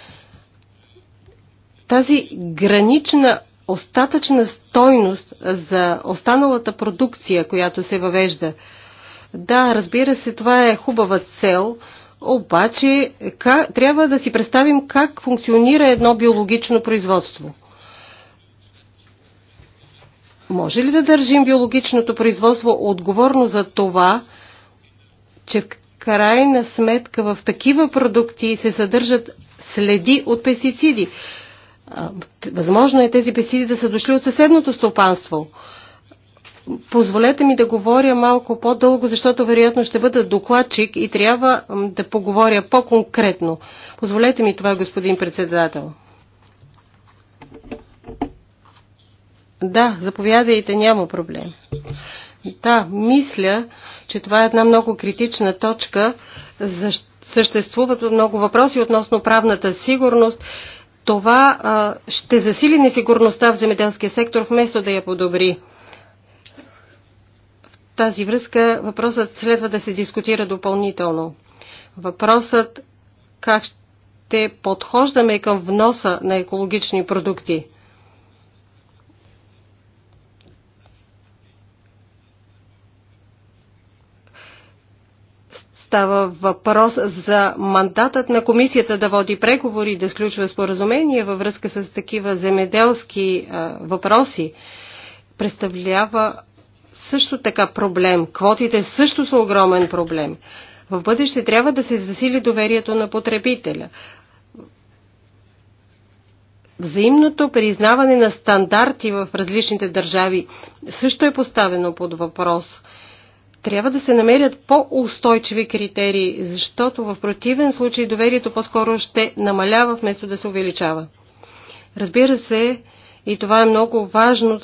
тази гранична остатъчна стойност за останалата продукция, която се въвежда. Да, разбира се, това е хубава цел, обаче как, трябва да си представим как функционира едно биологично производство. Може ли да държим биологичното производство отговорно за това, че в крайна сметка в такива продукти се съдържат следи от пестициди? Възможно е тези песиди да са дошли от съседното стопанство. Позволете ми да говоря малко по-дълго, защото вероятно ще бъда докладчик и трябва да поговоря по-конкретно. Позволете ми това, господин председател. Да, заповядайте, няма проблем. Да, мисля, че това е една много критична точка. Съществуват много въпроси относно правната сигурност това а, ще засили несигурността в земеделския сектор, вместо да я подобри. В тази връзка въпросът следва да се дискутира допълнително. Въпросът как ще подхождаме към вноса на екологични продукти – Става въпрос за мандатът на комисията да води преговори, да сключва споразумения във връзка с такива земеделски въпроси. Представлява също така проблем. Квотите също са огромен проблем. В бъдеще трябва да се засили доверието на потребителя. Взаимното признаване на стандарти в различните държави също е поставено под въпрос – трябва да се намерят по-устойчиви критерии, защото в противен случай доверието по-скоро ще намалява вместо да се увеличава. Разбира се, и това е много важно,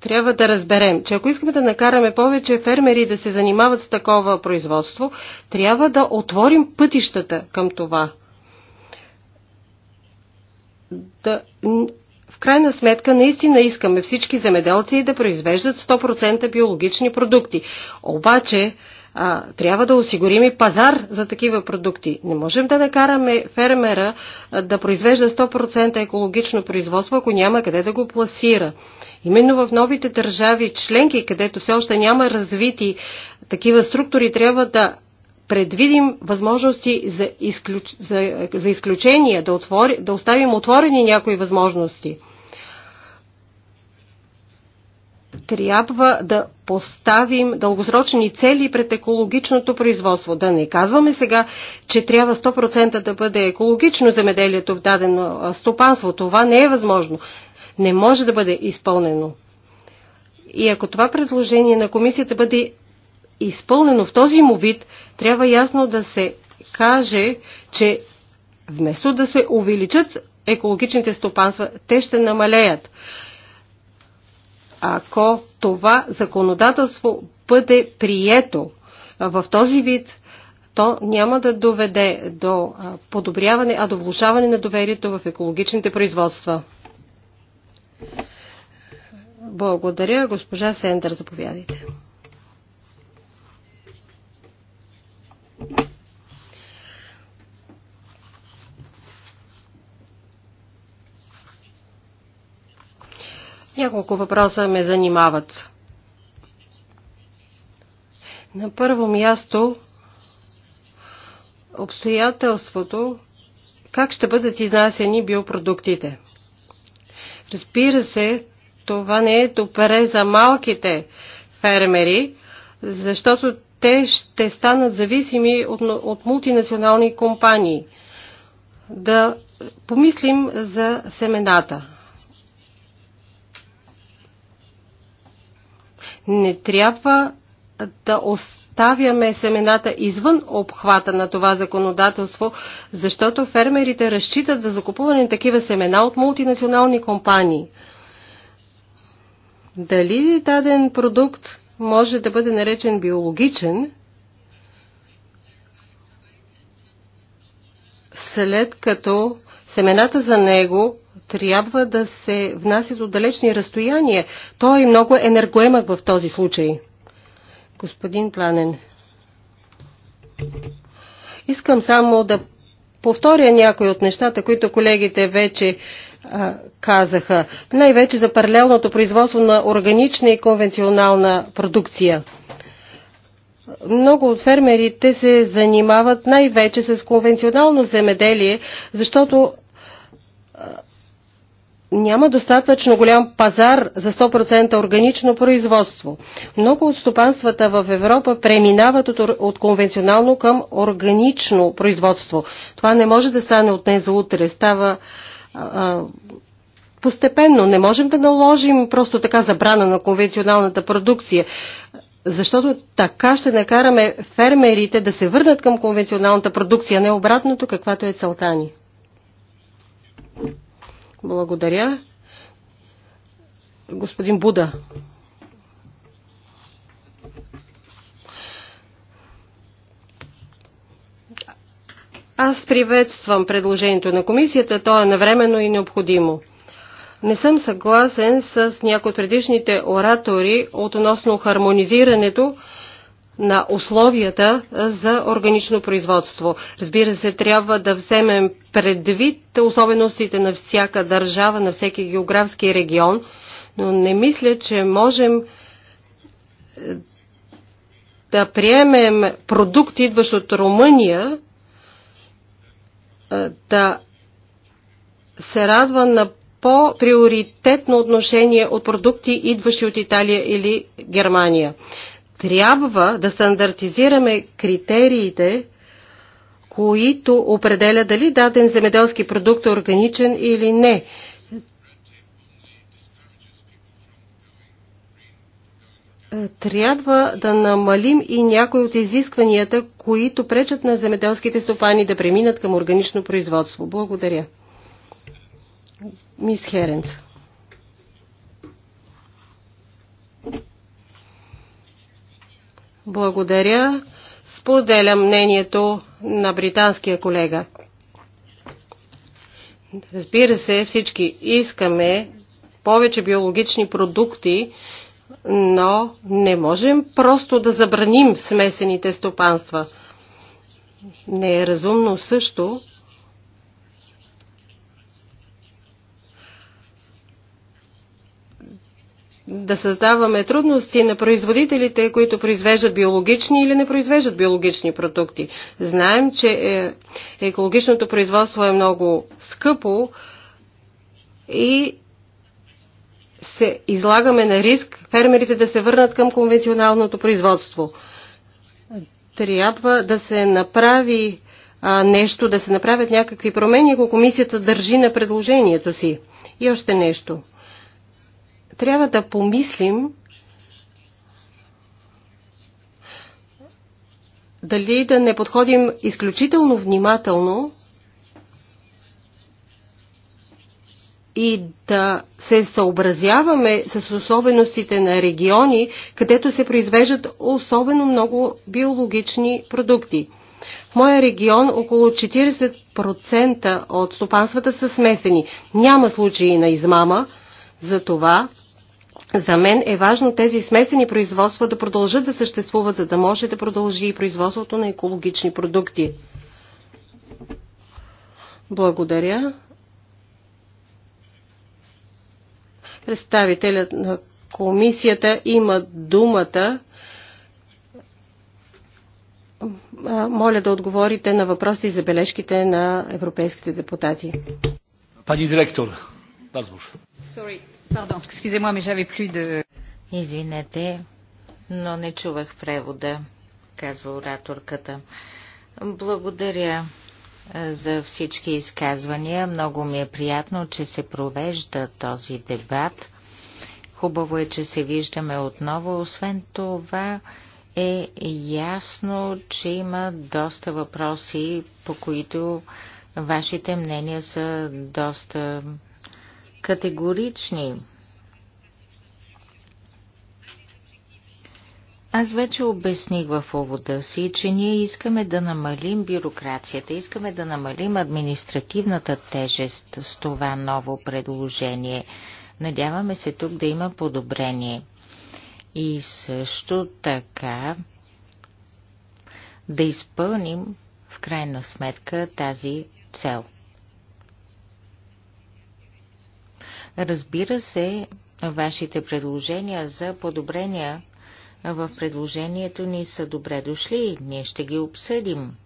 трябва да разберем, че ако искаме да накараме повече фермери да се занимават с такова производство, трябва да отворим пътищата към това. Да, в крайна сметка наистина искаме всички земеделци да произвеждат 100% биологични продукти. Обаче а, трябва да осигурим и пазар за такива продукти. Не можем да накараме фермера да произвежда 100% екологично производство, ако няма къде да го пласира. Именно в новите държави членки, където все още няма развити такива структури, трябва да предвидим възможности за, изключ... за, за изключения, да, отвори... да оставим отворени някои възможности. трябва да поставим дългосрочни цели пред екологичното производство. Да не казваме сега, че трябва 100% да бъде екологично земеделието в дадено стопанство. Това не е възможно. Не може да бъде изпълнено. И ако това предложение на комисията бъде изпълнено в този му вид, трябва ясно да се каже, че вместо да се увеличат екологичните стопанства, те ще намалеят ако това законодателство бъде прието в този вид, то няма да доведе до подобряване, а до влушаване на доверието в екологичните производства. Благодаря, госпожа Сендър, заповядайте. Няколко въпроса ме занимават. На първо място обстоятелството как ще бъдат изнасяни биопродуктите. Разбира се, това не е допере за малките фермери, защото те ще станат зависими от, от мултинационални компании. Да помислим за семената. Не трябва да оставяме семената извън обхвата на това законодателство, защото фермерите разчитат за закупуване на такива семена от мултинационални компании. Дали даден продукт може да бъде наречен биологичен, след като семената за него трябва да се внасят от далечни разстояния. Той е много енергоемък в този случай. Господин Планен. Искам само да повторя някои от нещата, които колегите вече а, казаха. Най-вече за паралелното производство на органична и конвенционална продукция. Много от фермерите се занимават най-вече с конвенционално земеделие, защото няма достатъчно голям пазар за 100% органично производство. Много от стопанствата в Европа преминават от, от конвенционално към органично производство. Това не може да стане от днес за утре. Става а, постепенно. Не можем да наложим просто така забрана на конвенционалната продукция, защото така ще накараме фермерите да се върнат към конвенционалната продукция, не обратното, каквато е целта ни. Благодаря. Господин Буда. Аз приветствам предложението на комисията. То е навременно и необходимо. Не съм съгласен с някои от предишните оратори относно хармонизирането на условията за органично производство. Разбира се, трябва да вземем предвид особеностите на всяка държава, на всеки географски регион, но не мисля, че можем да приемем продукт, идващ от Румъния, да се радва на по-приоритетно отношение от продукти, идващи от Италия или Германия трябва да стандартизираме критериите, които определя дали даден земеделски продукт е органичен или не. Трябва да намалим и някои от изискванията, които пречат на земеделските стопани да преминат към органично производство. Благодаря. Мис Херенц. Благодаря. Споделя мнението на британския колега. Разбира се, всички искаме повече биологични продукти, но не можем просто да забраним смесените стопанства. Не е разумно също да създаваме трудности на производителите, които произвеждат биологични или не произвеждат биологични продукти. Знаем, че е, екологичното производство е много скъпо и се излагаме на риск фермерите да се върнат към конвенционалното производство. Трябва да се направи а, нещо, да се направят някакви промени, ако комисията държи на предложението си. И още нещо – трябва да помислим дали да не подходим изключително внимателно и да се съобразяваме с особеностите на региони, където се произвеждат особено много биологични продукти. В моя регион около 40% от стопанствата са смесени. Няма случаи на измама, затова за мен е важно тези смесени производства да продължат да съществуват, за да може да продължи и производството на екологични продукти. Благодаря. Представителят на комисията има думата. Моля да отговорите на въпроси и забележките на европейските депутати. Пани директор, Sorry. Pardon, excusez-moi, mais j'avais plus de... Извинете, но не чувах превода, казва ораторката. Благодаря е, за всички изказвания. Много ми е приятно, че се провежда този дебат. Хубаво е, че се виждаме отново. Освен това е ясно, че има доста въпроси, по които вашите мнения са доста категорични. Аз вече обясних в увода си, че ние искаме да намалим бюрокрацията, искаме да намалим административната тежест с това ново предложение. Надяваме се тук да има подобрение. И също така да изпълним в крайна сметка тази цел – Разбира се, вашите предложения за подобрения в предложението ни са добре дошли. Ние ще ги обсъдим.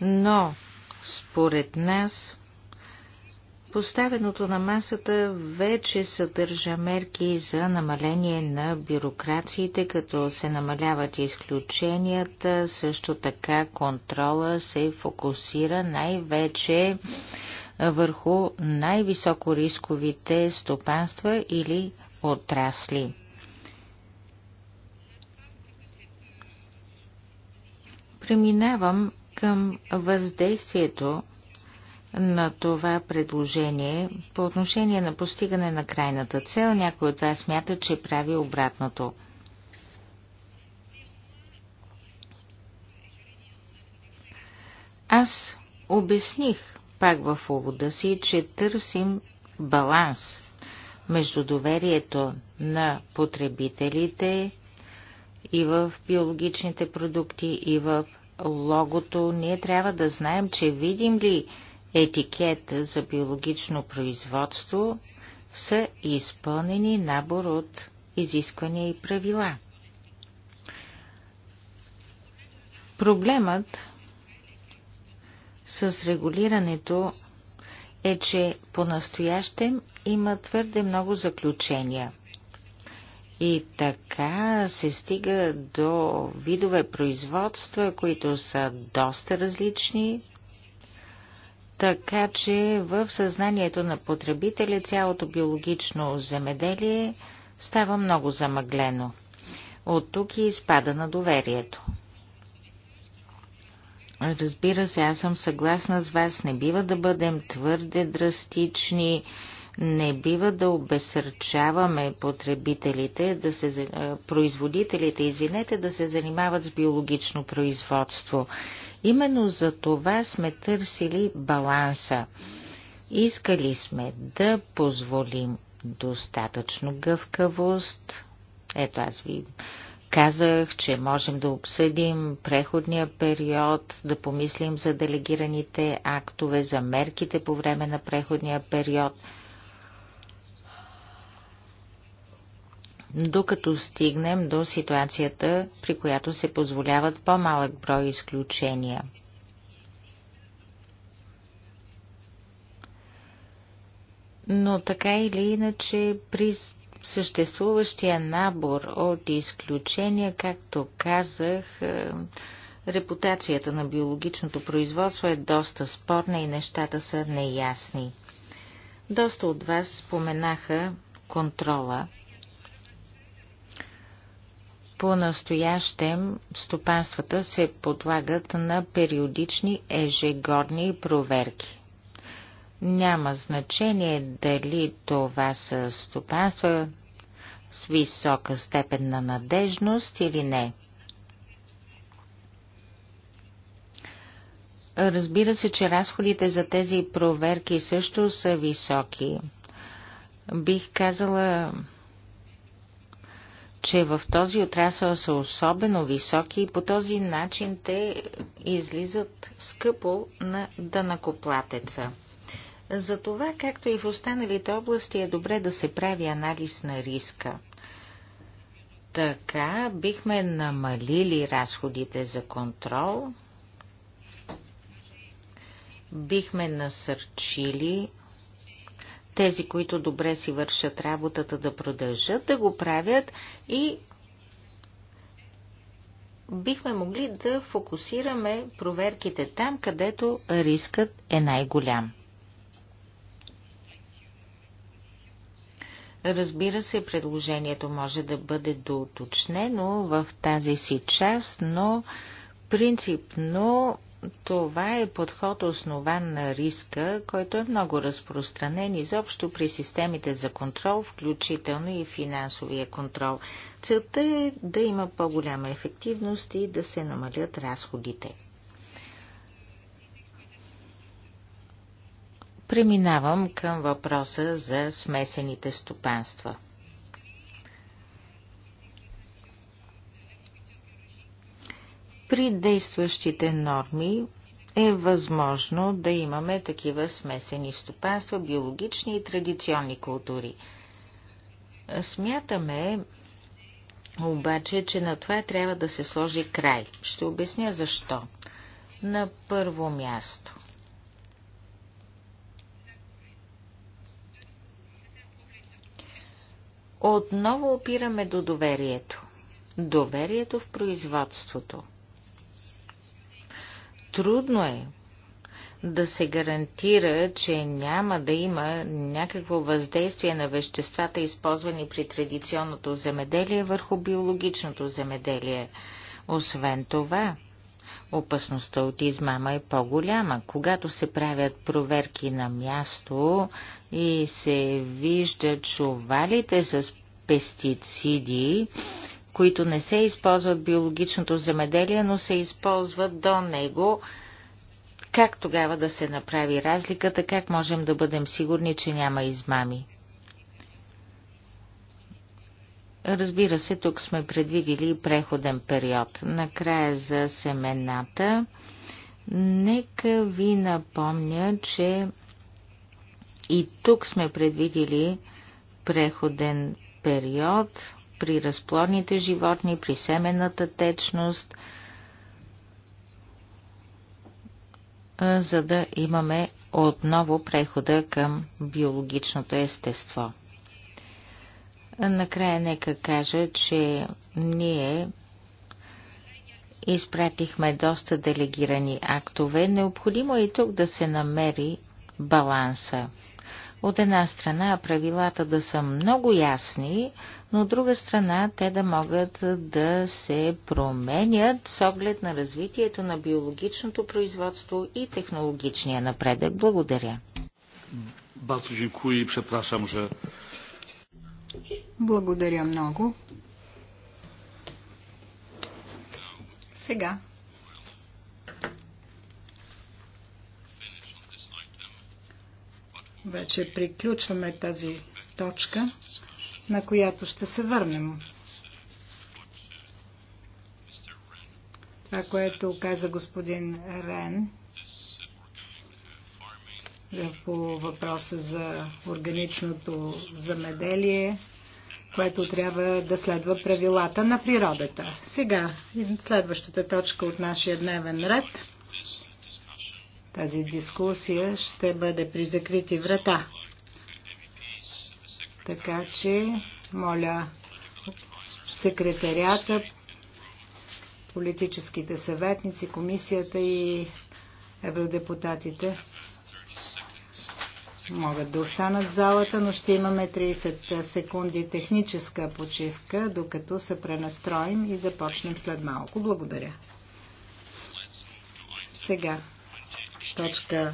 Но, според нас, Поставеното на масата вече съдържа мерки за намаление на бюрокрациите, като се намаляват изключенията, също така контрола се фокусира най-вече върху най-високо рисковите стопанства или отрасли. Преминавам към въздействието на това предложение по отношение на постигане на крайната цел. Някой от вас смята, че прави обратното. Аз обясних пак в увода си, че търсим баланс между доверието на потребителите и в биологичните продукти, и в логото. Ние трябва да знаем, че видим ли етикет за биологично производство, са изпълнени набор от изисквания и правила. Проблемът с регулирането е, че по-настоящем има твърде много заключения. И така се стига до видове производства, които са доста различни, така че в съзнанието на потребителя цялото биологично земеделие става много замъглено. От тук и изпада на доверието. Разбира се, аз съм съгласна с вас. Не бива да бъдем твърде драстични. Не бива да обесърчаваме потребителите, да се, производителите, извинете, да се занимават с биологично производство. Именно за това сме търсили баланса. Искали сме да позволим достатъчно гъвкавост. Ето аз ви Казах, че можем да обсъдим преходния период, да помислим за делегираните актове, за мерките по време на преходния период. Докато стигнем до ситуацията, при която се позволяват по-малък брой изключения. Но така или иначе, при съществуващия набор от изключения, както казах, е, репутацията на биологичното производство е доста спорна и нещата са неясни. Доста от вас споменаха контрола. По-настоящем стопанствата се подлагат на периодични ежегодни проверки. Няма значение дали това са стопанства, с висока степен на надежност или не. Разбира се, че разходите за тези проверки също са високи. Бих казала, че в този отрасъл са особено високи и по този начин те излизат скъпо на дънакоплатеца. За това, както и в останалите области, е добре да се прави анализ на риска. Така бихме намалили разходите за контрол, бихме насърчили тези, които добре си вършат работата, да продължат да го правят и бихме могли да фокусираме проверките там, където рискът е най-голям. Разбира се, предложението може да бъде доуточнено в тази си част, но принципно това е подход основан на риска, който е много разпространен изобщо при системите за контрол, включително и финансовия контрол. Целта е да има по-голяма ефективност и да се намалят разходите. Преминавам към въпроса за смесените стопанства. При действащите норми е възможно да имаме такива смесени стопанства, биологични и традиционни култури. Смятаме обаче, че на това трябва да се сложи край. Ще обясня защо. На първо място Отново опираме до доверието. Доверието в производството. Трудно е да се гарантира, че няма да има някакво въздействие на веществата, използвани при традиционното земеделие върху биологичното земеделие. Освен това, опасността от измама е по-голяма. Когато се правят проверки на място и се виждат чувалите с пестициди, които не се използват в биологичното земеделие, но се използват до него, как тогава да се направи разликата, как можем да бъдем сигурни, че няма измами? Разбира се, тук сме предвидили и преходен период. Накрая за семената. Нека ви напомня, че и тук сме предвидили преходен период при разплодните животни, при семената течност, за да имаме отново прехода към биологичното естество. Накрая нека кажа, че ние изпратихме доста делегирани актове. Необходимо е и тук да се намери баланса. От една страна правилата да са много ясни, но от друга страна те да могат да се променят с оглед на развитието на биологичното производство и технологичния напредък. Благодаря. że благодаря много. Сега. Вече приключваме тази точка, на която ще се върнем. Това, което каза господин Рен, по въпроса за органичното замеделие, което трябва да следва правилата на природата. Сега, следващата точка от нашия дневен ред. Тази дискусия ще бъде при закрити врата. Така че, моля секретарията, политическите съветници, комисията и евродепутатите могат да останат в залата, но ще имаме 30 секунди техническа почивка, докато се пренастроим и започнем след малко. Благодаря. Сега, точка